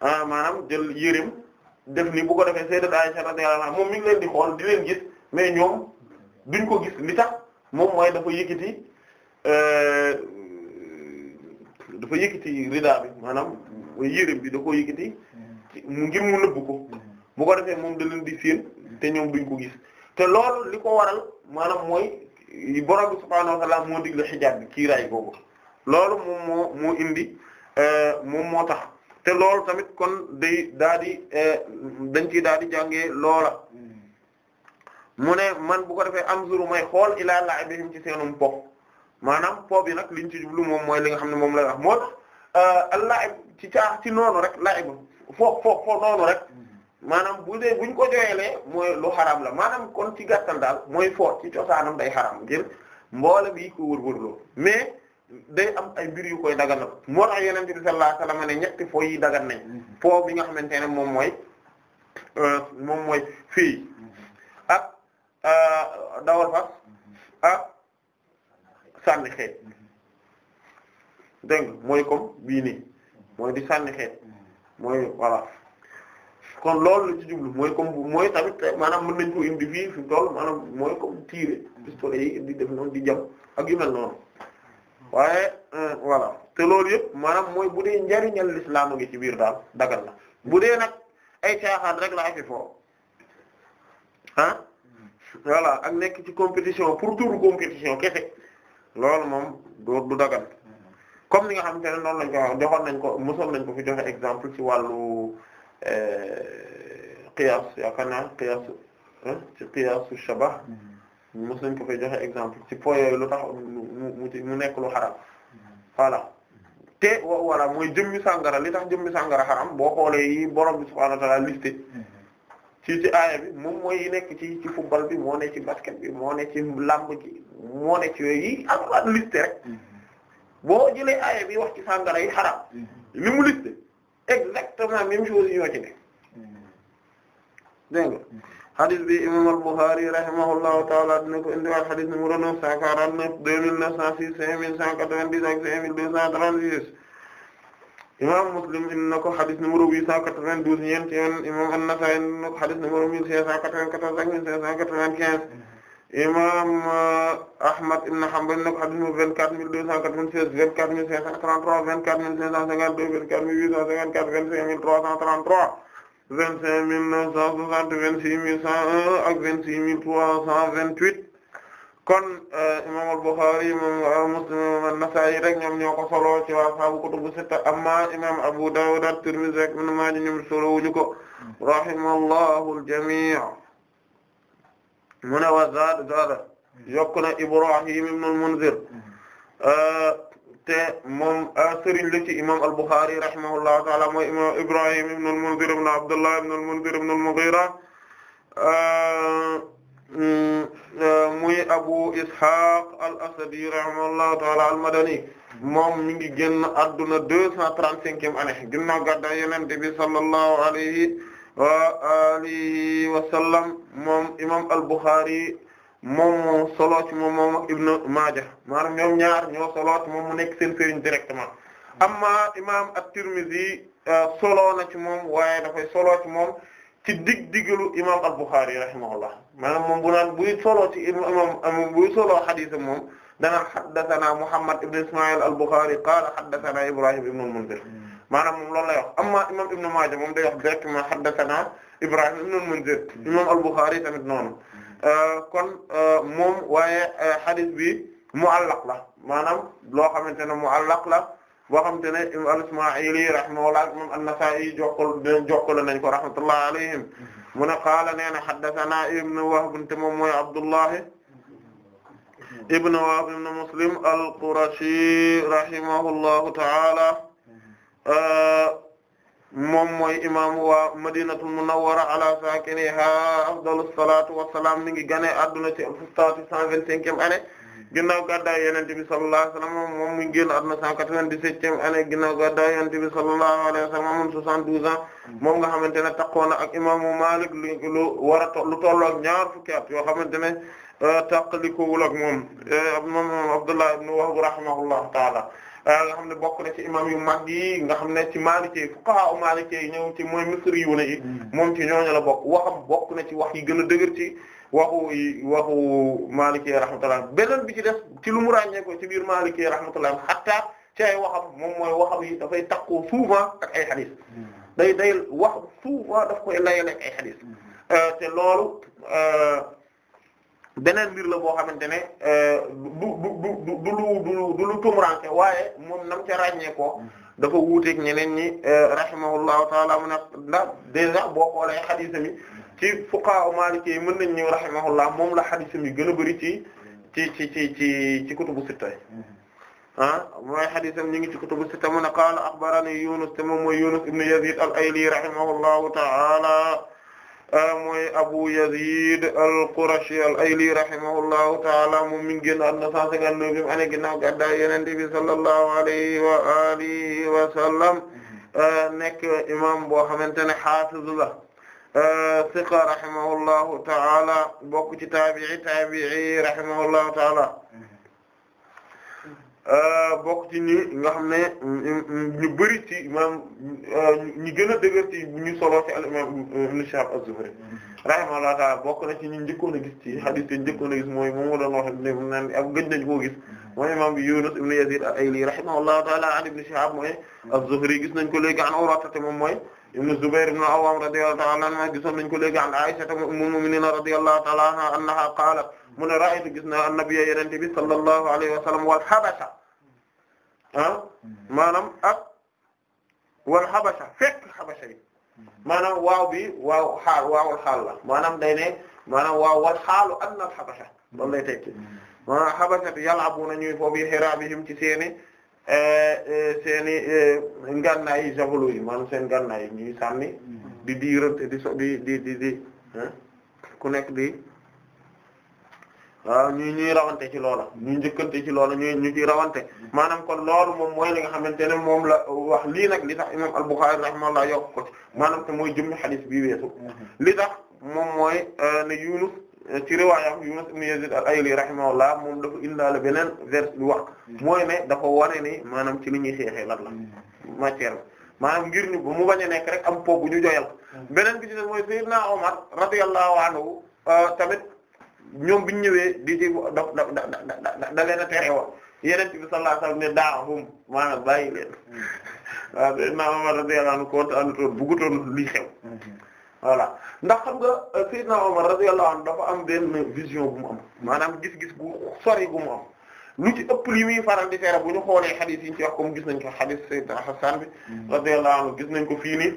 ah, maanaam jël yërim def nii bu ko defee sayyidat Aisha radiyallahu anha moom mi ngi leen di xool di leen gis mais ñoom duñ ko gis li tax moom mooy dafa yëkkati euh, dafa yëkkati rida bi maanaam yërim bi da ko yëkkati ngir mu nëbb ko bu ko defee moom da leen di séen te ñoom duñ ko gis te loolu li ko waral maanaam mooy borom bi subhaanahu wa ta'aala moo digle xijaab bi kiiraay boobu loolu moom moo moo indi eh, moom moo tax te loolu tamit kon day daa di eh, dañ ciy daa di jàngee loola mu ne man bu ko defee am zuru may xool ilaa la'ibihim ci seenum po maanaam po bi nag liñ ci jublu moom mooy li xam ne moom lay wax moo tax eh, al la'ib ci caax ci noonu rek la'ib fo fo noonu rek maanaam bu dee buñ ko jooyalee mooy lu xaram la maanaam kon ci gàttal daal mooy foot ci cosaanam day xaram ngir mboole bi ko wër-wërloo mais day am ay mbir yu koy daganal moo tax yonent bi sallallahu alayhi ñetti foo yi dagan nañ mm-hmm. foo bi nga xamante ne moom mooy euh, moom mooy fii mm-hmm. ak euh, dawal fas mm-hmm. ak sànni xeet dégg mooy comme bii nii mooy di sànni xeet mooy voilà kon loolu la ci jublu mooy comme mooy tamit maanaam mën nañ ko indi fii fi tool maanaam mooy comme tirer pistolet yi di def noonu di jam ak yu mel noonu waaye euh, voilà te loolu yëpp maanaam mooy bu dee njariñal lislaam a ngi ci biir daal dagal na bu dee nag ay caaxaan rek la afi foo ah voilà ak nekk ci compétition pour tour compétition kese loolu moom doo du dagal comme ni nga xamante ne noonu lañ ko joxoon nañ ko mosoon nañ ko fi joxe exemple ci wàllu Euh, qiyaas yaakaar naa qiyaas ci qiyaasu shabah mm-hmm. mos nañ ko fay joxe exemple ci point lu tax mu nekk lu xaram mm-hmm. voilà te voilà mooy jëmmi sàngara li tax jëmmi sàngara xaram boo xoolee yi borom bi subhaanahu wa ta'aala mm-hmm. ci ci aaya bi moom mooy nekk ci ci football bi moo ne ci basket bi moo ne ci làmb gi moo ne ci yi am listé rek boo jëlee aaya bi wax ci sàngara yi xaram li mu listé exactement même chose yi ñoo ci ne hmm. dégg nga hmm. bi imam al-Bukhari rahimahullahu taala dina ko indiwaat hadith numéro 949 2906 5190 ak 5236 imam Muslim indi na ko hadith numéro 892 ñeent yoon imam An-Nasa'i indi na ko hadith numéro 1594 ak 1595 imam uh, Ahmad ibn Hanbal nag hadith numéro 24296 24533 24552 24854 25333 25960 26101 ak 26328 kon uh, imam al-Bukhari imam uh, Muslim imam an-Nasa'i rek ñoom ñoo ko solo ci waa saabu kutubu sitta amma imam Abu Dawud at-Tirmidhi ak Ibn Maaja ñoom solowuñu ko hmm. mu ne wa zaad zaada yokk na Ibrahim ibn al-Munzir mm-hmm. euh, te moom euh, sëriñ la ci imam al-Bukhari rahimahullahu taala mooy imam Ibrahim ibn al-Munzir ibn Abdullah ibn al-Munzir ibn al-Mughira euh, mm, muy Abu Ishaq al-Asadi rahimahullahu taala al-Madani moom mi ngi génn adduna deux cent trente-cinquième année ginnaaw gàddaay Yonent bi sallallahu alayhi wa alihi wa sallam moom imam al-Bukhari moom moo solo ci moom moom ak Ibn Maaja maanaam ñoom ñaar ñoo solo ci moom mu nekk seen sëriñ directement amma imam at-Tirmidhi euh, solo na ci moom waaye dafay solo ci moom ci dig digalu imam al-Bukhari rahimahullah maanaam moom bu naan buy solo ci imam buy solo xadiisam moom dana haddathana Muhammad ibn Isma'il al-Bukhari qaala haddathana Ibrahim ibn al-Mundhir maanaam moom loolu lay wax amma imam Ibn Maaja moom day wax directement haddathana Ibrahim ibn al-Munzir imam al-Bukhari tamit noonu euh, kon euh, moom waaye euh, hadith bi mu'allaq la maanaam loo xamante ne mu'allaq la boo xamante ne al-Isma'ili rahimahullah imam an-Nasa'i jokkal jokkal nañ ko rahmatullah alayhim mu ne qaala nee na haddathana ibn Wahb te moom mooy Abdullah ibn Wahb ibn Muslim al-Qurashi rahimahullahu ta'ala Euh, moom mooy imam waa madinatul munawwara ala sakiniha afdalus salatu wassalam mi ngi gane adduna ci stati cent vingt-cinquième année ginnaaw gàddaay yonent bi sallallahu alayhi wa sallam moom muy génn àdduna cent quatre-vingt-dix-septième année ginnaaw gàddaay yonent bi sallallahu alayhi wa sallam amoon moom nga xamante ne takkoon na ak imaamu Maalik lu war lu tolloo ak ñaar fukki at yoo xamante ne euh, taqali ak moom euh, moom Abdullah ibn Wahb rahimahullahu ta'ala Euh, nga xam ne bokk na ci imam yu mag yi nga xam ne ci Maliki fuqaha u Maliki yi ñëw ci mooy misri yu ne yi hmm. moom ci ñooñu la bokk waxam bokk na ci wax yi gën a dëgër ci waxu yi waxu Maliki rahmatullah beneen bi ci def ci lu mu ràññee ko ci biir Maliki rahmatullah hatta ci ay waxam moom mooy waxam yi dafay takkoo souvent ak ay hadith hmm. day day wax souvent daf koy layale ak ay hadith hmm. euh, te loolu euh, beneen mbir la boo xamante ne euh, du du du du du lu du lu tumuranke waaye moom nam ca ràññee ko mm-hmm. dafa wuuteeg ñeneen ñi euh, rahimahullahu taala mu ne ndax dèjà boo xoolee xadis mi mm-hmm. ci fuqaha maliki yi mën nañ ñëw rahimahullah moom la xadis mi gën a bëri ci ci ci ci ci ci kutubu sitta mm-hmm. ah mooy xadisam ñu ngi ci kutubu sitta mu ne qaala axbarani Yunus te moom mooy Yunus ibn Yazid al-Ayli rahimahullahu taala mooy Abu Yazid al-Qurashi al-Ayli rahimahullahu ta'ala moom mi ngi génn àdduna 159 année ginnaaw gàddaay Yonent bi sallallahu alayhi wa alihi wa sallam mm-hmm. euh, nekk imam boo xamante ne hafiz la euh, thiqa rahimahullahu ta'ala bokk ci tabi'i tabi'i rahimahullahu ta'ala mm-hmm. Euh, bokk ci ñi nga xam ne ñu bari ci maanaam euh, ñi gën a dëgër ci ñu solo ci al-imam euh, Ibn Shihab az-Zuhri rahimahullahu ta'ala bokk na ci ñu a gis ci hadith yi njëkkoon a gis mooy moom moo doon wax ne naan ak nañ koo gis mooy imam bi Yunus ibn Yazid al-Ayli rahimahullahu ta'ala an Ibn Shihab mooy az-Zuhri gis nañ ko léegi an Urwa te moom mooy ibn Zubayr ibn al-Awwam radiyallahu ta'ala anhu gisoon nañ ko léegi an Aisha ummul mu'minin radiyallahu ta'ala anha annaha qaalat mu ne ra'aytu gis naa an-nabiyya yenente bi sallallahu alayhi wa sallam wal habasha ah mm-hmm. maanaam ak wal mm-hmm. waaw bi waaw xaal waawul xaal la maanaam day ne maanaam waaw wal xaalu adna al xabasa loolu lay tekki mm-hmm. maanaam xabasa bi na ñuy foofu bi xiraabihim ci seeni eh, eh, seeni eh, ngànnaay yi javelot yi maanaam seen ngànnaay yi ñuy sànni di diirante di so di di di di ku nekk di waaw ñu ñuy rawante ci loola ñu njëkkante ci loola ñu ñu ciy rawante maanaam kon loolu moom mooy li nga xamante ne moom la wax lii nag li tax imam al-Bukhari rahimahullah yokk ko maanaam te mooy jëmmi xadis bi weesu mhm. li tax moom mooy euh, ne Yunus euh, ci riwaayam Yunus ibn Yazid al-Ayli rahimahullah moom dafa indaale beneen vers bi wax mhm. mooy ne dafa wane ni maanaam ci li ñuy xeexee lan la mhm. matière maanaam ngir ñu mu bañ nekk rek am po ñu joyal beneen bi ci des mooy Sayyidna Umar radiyallahu euh, ñoom biñ ñëwee di ci da da da leen a tere woon yeneen bi sallallahu alayhi wasallam ne daahum maanaam bàyyi leen mm-hmm. waaw Seydina Omar radiyallahu anhu kontaanatoon bëggutoon lii xew mm-hmm. voilà ndax xam nga euh, Seydina Omar radiyallahu anhu dafa am benn vision bu mu am maanaam gis-gis gu sori gu mu am lu ci ëpp li muy faral di tere bu ñu xoolee xadiis yi ñu comme gis nañ ko xadiis Seydina Hasan bi mm-hmm. radiyallahu anhu gis nañ ko fii nii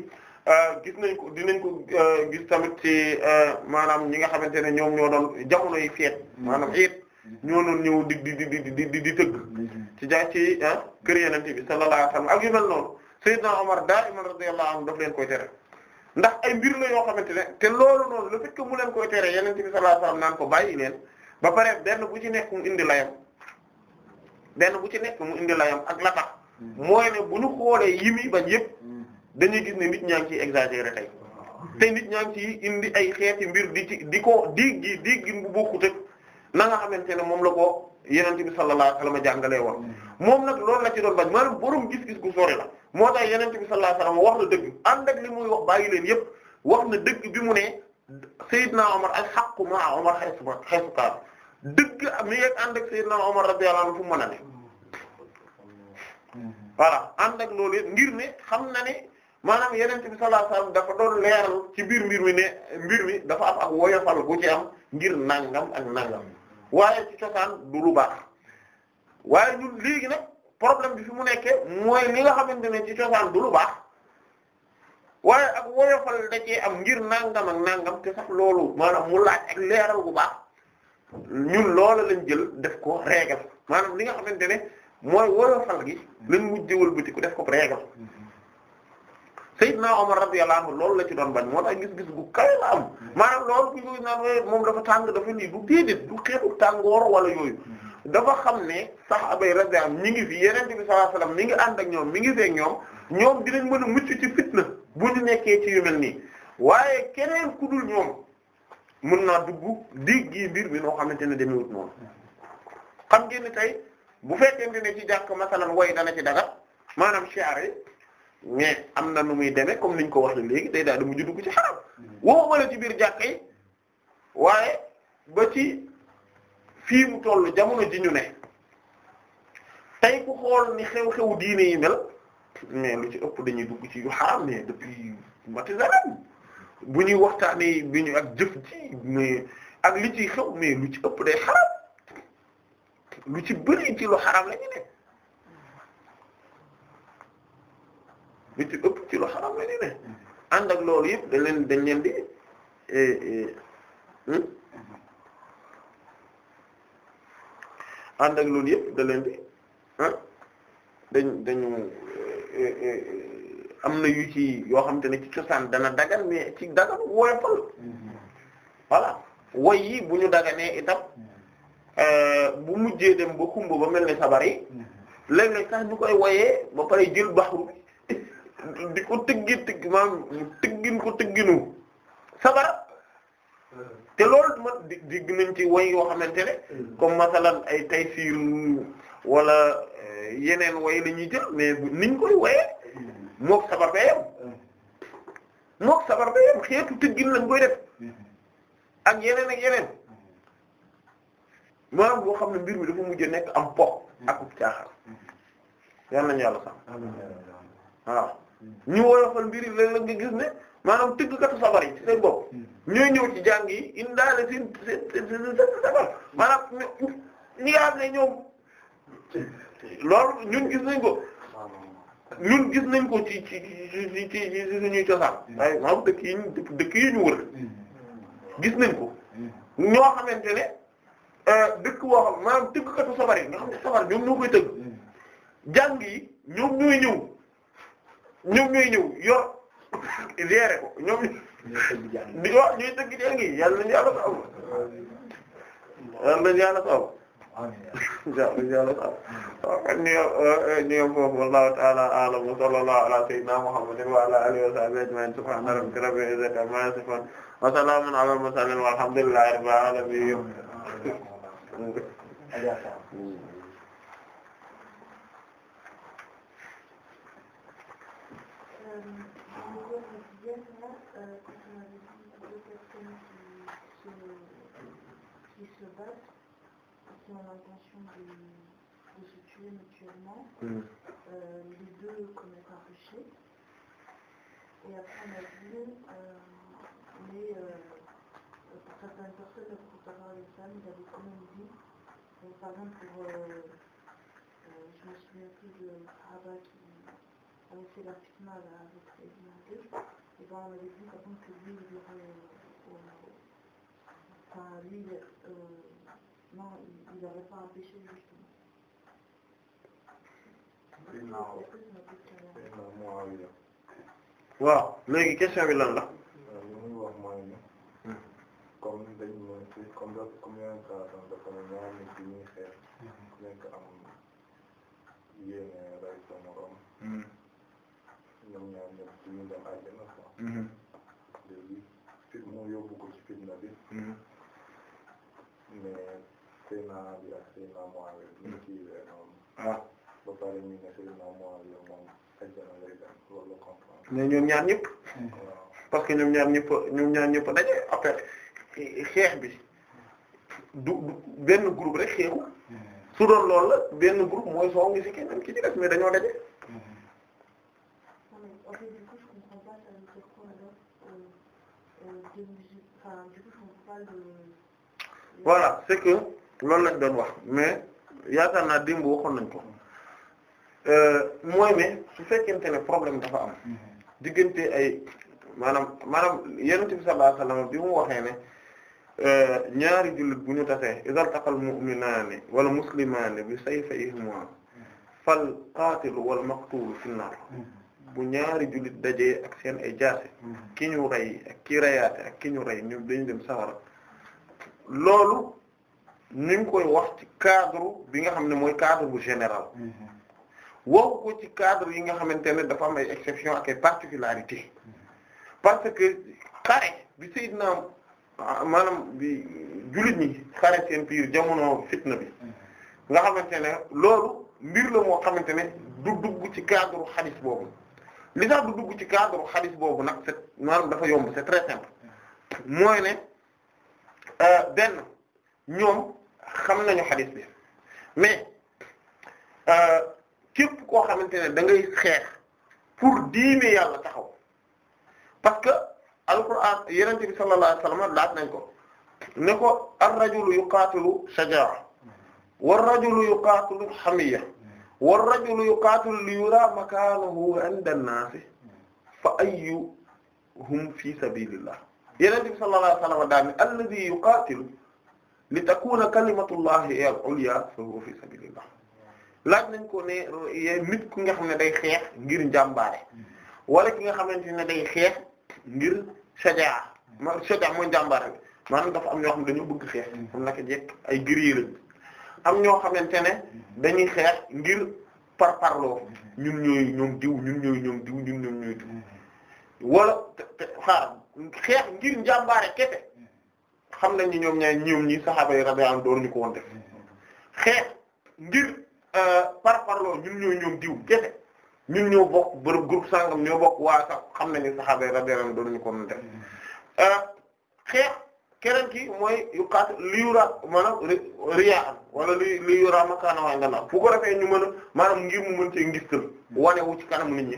Euh, gis nañ ko dinañ ko euh, gis tamit ci euh, maanaam ñi nga xamante ne ñoom ñoo doon jamono yi feet mm-hmm. maanaam iit ñoo doon ñëw di di di di di di tëgg mm-hmm. ci jaay ci ah kër Yonent bi sallallahu alayhi wasallam ak yu mel noonu Seydina Omar da'iman radiyallahu anhu daf leen koy tere ndax ay mbir la yoo xamante ne ten loolu noonu le fait que mu leen koy tere yeneen bi sallallahu alayhi wasallam naan ko bàyyi leen ba pare benn bu ci nekk mu indi layam benn bu ci nekk mu indi layam ak la tax mm-hmm. mooy ne bu ñu xoolee yi muy bañ yëpp. dañuy gis ne nit ñaa ngi ciy exagéré tey te nit ñaa ngi indi ay xeeti mbir di di ko di gi di gi bu bokkut ak na nga xamante ne moom la ko yenente bi sallallahu alayhi wasallam jàngalee woon moom nag loolu la ci doon bañ maanaam borom gis la moo tax yenente bi sallallahu wax na dëgg ànd ak li muy wax bàyyi leen yépp wax na dëgg bi mu ne na Omar ak xaqu ma Omar xeesu xeesu dëgg mi yegg ànd ak Seydina Omar radiyallahu anhu fu mu mën a ne mm-hmm. voilà ànd ak loolu ngir ne xam na ne maanaam yeneen bi sallallahu alayhi dafa doon leeral ci biir mbir mi ne mbir mi dafa am ak woyofal bu ci am ngir nangam ak nangam waaye ci cosaan du lu baax waaye ñun léegi nag problème bi fi mu nekkee mooy li nga xamante ne ci cosaan du lu baax waaye ak woyofal da cee am ngir nangam ak nangam te sax loolu maanaam mu laaj ak leeral bu baax ñun loola lañ jël def ko régal maanaam li nga xamante ne mooy woyofal gi lañ mujjewal bëti ku def ko régal naa Omar radiyallahu anhu loolu la ci doon bañ moo tax gis-gis gu kawe la am maanaam loolu ki gis naan eh, moom dafa tàng dafa nii du déedéet du xeetu tàngoor wala yooyu dafa xam ne saxaaba yi radiyallahu ñi ngi fi yeneen bi sallallahu alayhi wasallam mi ngi ànd ak ñoom mi ngi feek ñoom ñoom dinañ mën a mucc ci fitna bu ñu nekkee ci yu mel nii waaye keneen ku dul ñoom mën naa dugg dig mbir bi noo xamante ne demewut noonu xam ngeen ne tey bu fekkee fekkente ne ci jàkk masalan way dana ci dagat maanaam siyaare mais am na nu muy demee comme niñ ko waxee léegi day daal di mujj dugg ci xaram woo wala ci biir jàkka yi waaye ba ci fii mu toll jamono ji ñu ne tey ku xool ni xew-xew diine yi mel mais lu ci ëpp dañuy dugg ci yu xaram mais depuis Mathusalem bu ñuy waxtaanee bi ñu ak jëf ji mais ak li ciy xew lu ci ëpp day xaram lu ci bëri ci lu xaram la ne lu ci ëpp ci lu xaram la ànd ak loolu yëpp dañ leen dañ leen di eh, eh, hmm? da leen di ah dañ dañu eh, am na yu ci yoo xamante ne ci cosaan dana dagan mais ci dagan woyofal voilà woy yi bu ñu daganee itam bu mujjee dem ba kumba ba mel ni sabar yi hmm. léeg-léeg sax ñu koy woyee ba pare jël baxru di ko tëggi tëgg maam tëggin ko tëgginu sabar te loolu ma digg nañ ci way yoo xamante ne hmm. comme masalan ay taysiir wala eh, yeneen way la ñuy jël mais niñ koy waye hmm. mook sabar ba hmm. mook sabar ba xeetu tëggin lañ koy def ak yeneen ak yeneen maanaam boo xam ne mbir mi dafa mujj nekk am pox ak caaxaan yal nañu yàlla sax waaw ñu woyofal mbir yi léeg-léeg nga gis ne maanaam tëggkatu sabar yi ci seen bopp hmm. ñooy ñëw ci jàng yi indaale seen seen seen sabar maanaam ñi nga ne ñoom loolu ñun gis nañ ko ñun gis nañ ko ci ci ci ci cosaan hmm. waaye dëkk yi ñu wër hmm. gis nañ ko ñoo xamante ne euh, dëkk boo xam maanaam tëggkatu sabar yi nga xam ne sabar ñoom ñoo koy tëgg jàng yi ñoom ñooy ñëw ñoom ñooy ñëw yor gérer ko ñoom di wax ñuy tëgg jàng yi yàlla nañu yàlla saabu yàlla nañu yàlla saabu yàlla nañu yàlla saabu waaw kon ñu ñu yem foofu wallahu ta'ala a'lam wa sallallahu ala sayyidina muhammadin wa ala alihi wa sahbihi ajma'in subhana rabbika rabbil izzati amma yasifun wa salamun ala al mursalin walhamdulillahi rabbil alamin au niveau quotidien, là, quand on avait dit deux personnes qui, qui, qui se battent, qui ont l'intention de, de se les deux commettent un péché. Et après, on a mais pour certaines personnes, pour savoir les femmes, ils dit, donc, pour, je me souviens de Rabat qui avec ses graphismes à la votre et ben on avait vu par contre que lui il aurait enfin lui euh, non il n'aurait pas un péché justement waaw léegi question bi lan la. wax mooy ni comme dañ comme comme yeneen façon dafa ne ñaar nit ñi ñuy xeex ku nekk am yéene rey sa morom ñoom ñaar bi. Mhm. Mhm. mais Seyna bi ak Seyna Muawiya ñu mhm. ah. ñoom ñaar ñëpp. parce que ñoom ñaar ñëpp ñoom ñaar ñëpp daje après xeex bi du benn groupe rek xeexu. su doon loolu la benn groupe mooy soo ngi ci ki ci def mais dañoo daje. ok euh, euh, euh, c'est que loolu lañ doon wax mais yaakaar naa démb waxoon nañ ko mooy ne su fekkente ne problème dafa am mhm. diggante ay maanaam maanaam yonent bi sallallahu bi mu waxee ne. ñaari jullit bu ñu tasee isaltaqal mu'minaani wala muslimaani bi sayfayhimaa mhm. fal qaatilu wal maqtuulu fi bu ñaari jullit dajee ak seen ay jaase ki ñu rey ak ki reyaate ak ki ñu rey ñu dañu dem sawara loolu ñu ngi koy wax ci cadre bi nga xam ne mooy cadre bu général waxu ko ci cadre yi nga xamante ne dafa am ay exception ak ay particularité parce que xare bi Seydina maanaam bi jullit ñi xare seen biir jamono fitna bi nga xamante ne loolu mbir la moo xamante ne du dugg ci cadre hadith boobu li tax du dugg ci cadre xadis boobu nax c'est maanaam dafa yombu c'est très mooy ne euh, benn ñoom xam nañu xadis bi mais euh, képp koo xamante ne da xeex pour diine yàlla taxaw parce que alquran yenente bi sallallahu alayhi wasallam laaj nañ ko ne ko ar rajulu yuqaatilu shajaa war yu yuqaatilu hamiya war rajulu yuqaatilu li yura makaanuhu inda an-naasi fa ayyuhum fi sabilillah yonent bi sallallahu alayhi wa sallam daal ne alladhi yuqaatilu li takuna kalimatullahi hiya al-ulya fa huwa fi sabilillah laaj nañ ko ne nit ki nga xam ne day xeex ngir njàmbaare wala ki nga xamante ne day xeex ngir shajaa ma shajaa mooy njàmbaare bi maanaam dafa am ñoo xam ne dañoo bëgg xeex xam naka jekk ay guerriers lañ am ñoo xamante ne dañuy xeex ngir par parloo ñun ñooy ñoom diw ñun ñooy ñoom diw ñun ñoom wala xeex ngir njàmbaare kete xam nañ ni ñoom ñaar ñoom ñi saxaaba yi radiyallahu anhum ñu ko woon xeex ngir euh, par parloo ñun ñooy ñoom diw kete ñun ñoo bokk bërëb groupe sangam ñoo bokk waa xam nañu ni saxaaba yi radiyallahu anhum ñu ko woon euh, xeex. keneen ki mooy yu xaat li yura maanaam riyaa am wala li li yura makaana waa ngannaaw fu ko defee ñu mën a maanaam ngir mu mën cee ngistal wane wu ci kanam nit ñi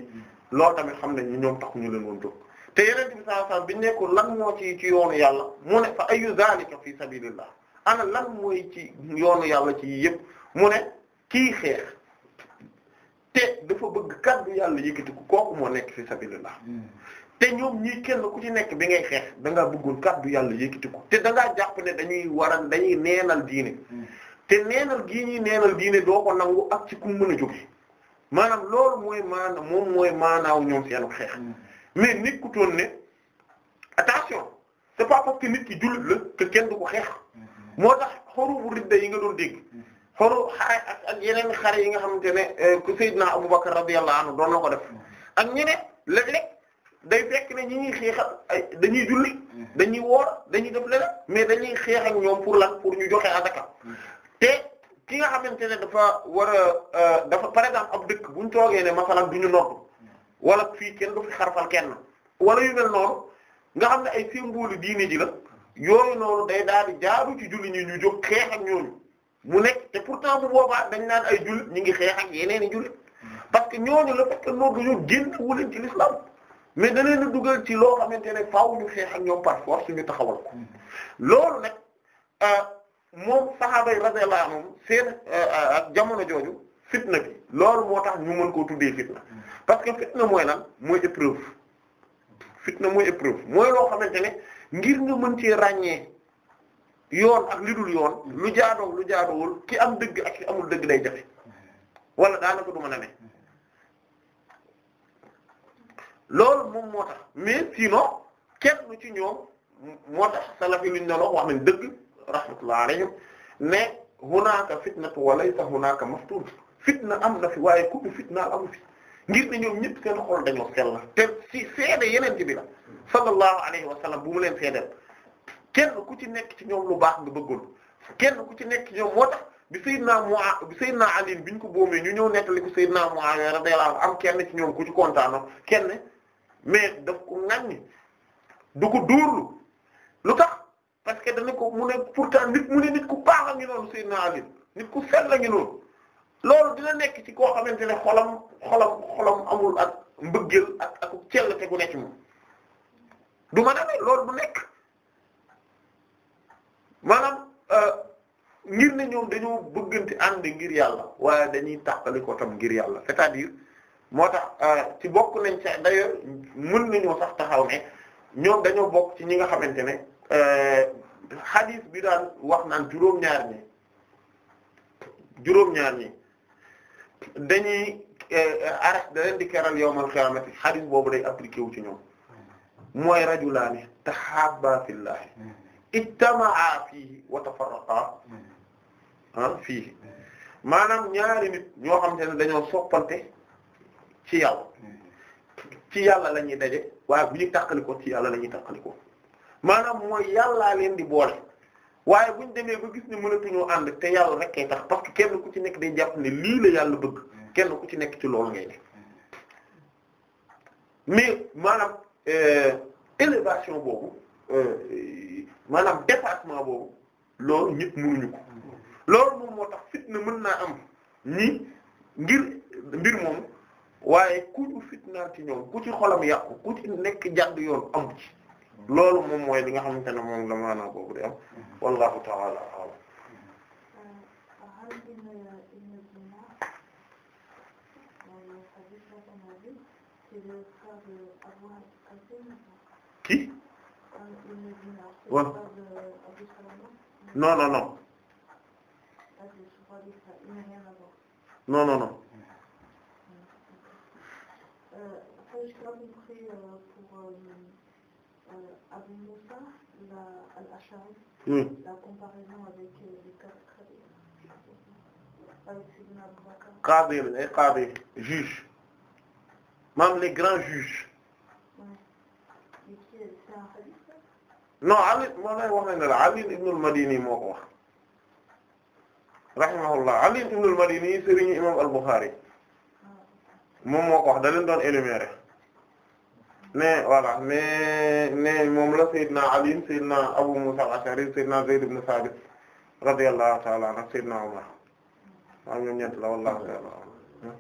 loolu tamit xam nañ ñoom tax ñu leen woon jóg te yeneen bi saa saa biñ nekkul lan moo ci ci yoonu yàlla mu ne fa ayu zalika fi sabilillah ana lan mooy ci yoonu yàlla ci yépp mu ne kii xeex te dafa bëgg kaddu yàlla yëkkati ko kooku moo nekk fi sabilillah te ñoom ñii kenn ku ci nekk bi ngay xeex da ngaa bëggoon kàddu yàlla yëkkati ko te da jàpp ne dañuy waral dañuy neenal diine hmm. te neenal gii ñuy neenal diine doo ko nangu ak ci ku mën a jóge maanaam loolu mooy maanaam moom mooy maanaaw ñoom seenu xeex hmm. mais nit ku toon ne attention c'est pas parce que nit ki jullit la que kenn du ko xeex hmm. moo tax xoru bu ridda yi nga doon dégg xoru xare ak ak yeneen yi nga xamante ne ku euh, Seydina Abubakar radiyallahu anhu doon na ko def ak ñeneen léeg day fekk ne ñi ñuy xeexal ay dañuy julli mm-hmm. dañuy woor dañuy def leneen mais dañuy xeex ak ñoom pour la pour ñu joxe asaka mm-hmm. te ki nga xamante ne dafa war a euh, dafa par exemple ab dëkk bu ñu toogee ne masalan du ñu nodd mm-hmm. wala fii kenn du kenn wala yu mel nga xam ne ay symbole diine ji la yooyu noonu day daal di jaadu ci julli ñi ñu jóg xeex ak ñooñu mu nekk te pourtant bu boobaa dañ naan ay jullit ñu ngi xeex ak yeneen i parce que ñooñu la fekk nodd ñu génn wuleen ci l'islam mais dana leen a dugal ci loo xamante ne faaw lu xeex ak ñoom par force ñu loolu nag euh, moom saxaaba yi radiyallahu seen euh, ak jamono jooju fitna bi loolu moo tax ñu mën koo tuddee fitna parce que fitna mooy lan mooy épreuve fitna mooy épreuve mooy loo xamante ne ngir nga mën ci ràññee yoon ak li dul yoon lu jaadoo lu jaadoowul ki am dëgg ak ki amul dëgg day jafe wala daanaka du mën a loolu moom moo tax mais sinon kenn ci ñoom moo tax salaf yi li ñu doon wax wax nañ dëgg rahmatullahi alayhim mais hunaaka fitnatu wa laysa hunaaka maftuun fitna am na fi waaye ku fi fitna amu fi ngir ne ñoom ñëpp seen xol dañoo sell te si seede yeneen ci bi la sallallahu alayhi wa sallam bu mu leen seedeel kenn ku ci nekk ci ñoom lu baax nga bëggoon kenn ku ci nekk ci ñoom moo tax bi Seydina Muawiya bi Seydina Ali biñ ko boomee ñu ñëw nettali ko Seydina Muawiya radiyallahu am kenn ci ñoom ku kontaanoo kenn. mais daf ko ŋàññ du ko dóorlu lu tax parce que dana ko mu ne pourtant nit mu ne nit ku baax a ngi noonu Seydina Ali nit ku sell a ngi noonu loolu dina nekk ci koo xamante ne xolam xolam xolam amul ak mbëggeel ak ak cell te gu nekk moom du ma ne loolu du nekk maanaam euh, ngir ne ñoom dañoo bëggante ànd ngir yàlla waaye dañuy tàqali ko tam ngir yàlla c'est-à-dire moo tax euh, ci bokk nañ ca d'ailleurs mën nañoo sax taxaw ne ñoom dañoo bokk ci ñi nga xamante ne hadith euh, bi daan wax naan juróom-ñaar ñi juróom-ñaar ñi dañuy euh, arrêté da leen di keral yawmal qiyaamati hadith boobu day appliqué wu ci ñoom mooy rajulaani tahabba fillahi ijtama'a fihi wa tafarraqa fii maanaam ñaari nit ñoo xamante ne dañoo soppante ci yàlla ci yàlla la ñuy daje waaye bu ñu tàqalikoo ci yàlla lañuy ñuy tàqalikoo maanaam mooy yàllaa leen di boole waaye bu ñu demee ba gis ne mënatuñoo ànd te yàlla rek kay tax parce que kenn ku ci nekk day jàpp ne lii la yàlla bëgg kenn ku ci nekk ci loolu ngay nekk mais maanaam euh, élévation boobu euh, maanaam dépassement boobu loolu ñëpp mënuñu ko loolu moom moo tax fitna mën naa am ni ngir mbir moom waaye ku ñu fitnaa ci ñoom ku ci xolam yàqu ku ci nekk jàdd yoon am loolu moom mooy li nga xamante ne moom la maanaam boobu di am wallahu ta'ala a'lam ki waaw non non non Abu Moussa al-Ash'ari, la comparaison avec euh, les qadi lañ ay qadi juge maam les grands juges non Ali moo lay wax ne la Ali ibn al-Madini moo ko wax rahimahullah Ali ibn al-Madini sëriñu imam al-Bukhari ah, moom moo ko wax da leen doon énumérer mais voilà mais mais moom la Ali Seydina Abu Musa al-Ash'ari Seydina Zayd ibn Thabit radiyallahu ta'ala anhu Seydina Umar waaw ñoom ñett la wallahu ta'ala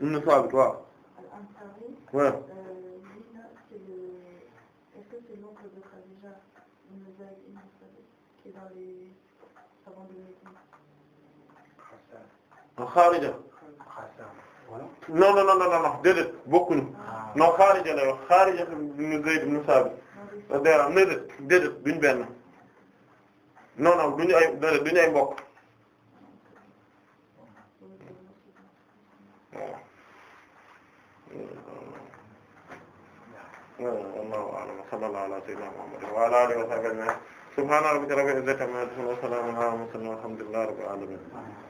ibn Thabit waaw ouais euh, Kharija non non non non non déedéet bokkuñu non xaarija lay wax xaarija ibn Zayd ibn Sabit déedéet déedéet déedéet duñ benn non non duñu ay déedéet duñu ay mbokk wallahu a'lam sallallahu ala sayyidina Muhammad wa ala alihi wa sahbihi subhana rabbika rabbil izzati amma yasifun wa salamun ala al mursalin walhamdulillahi rabbil alamin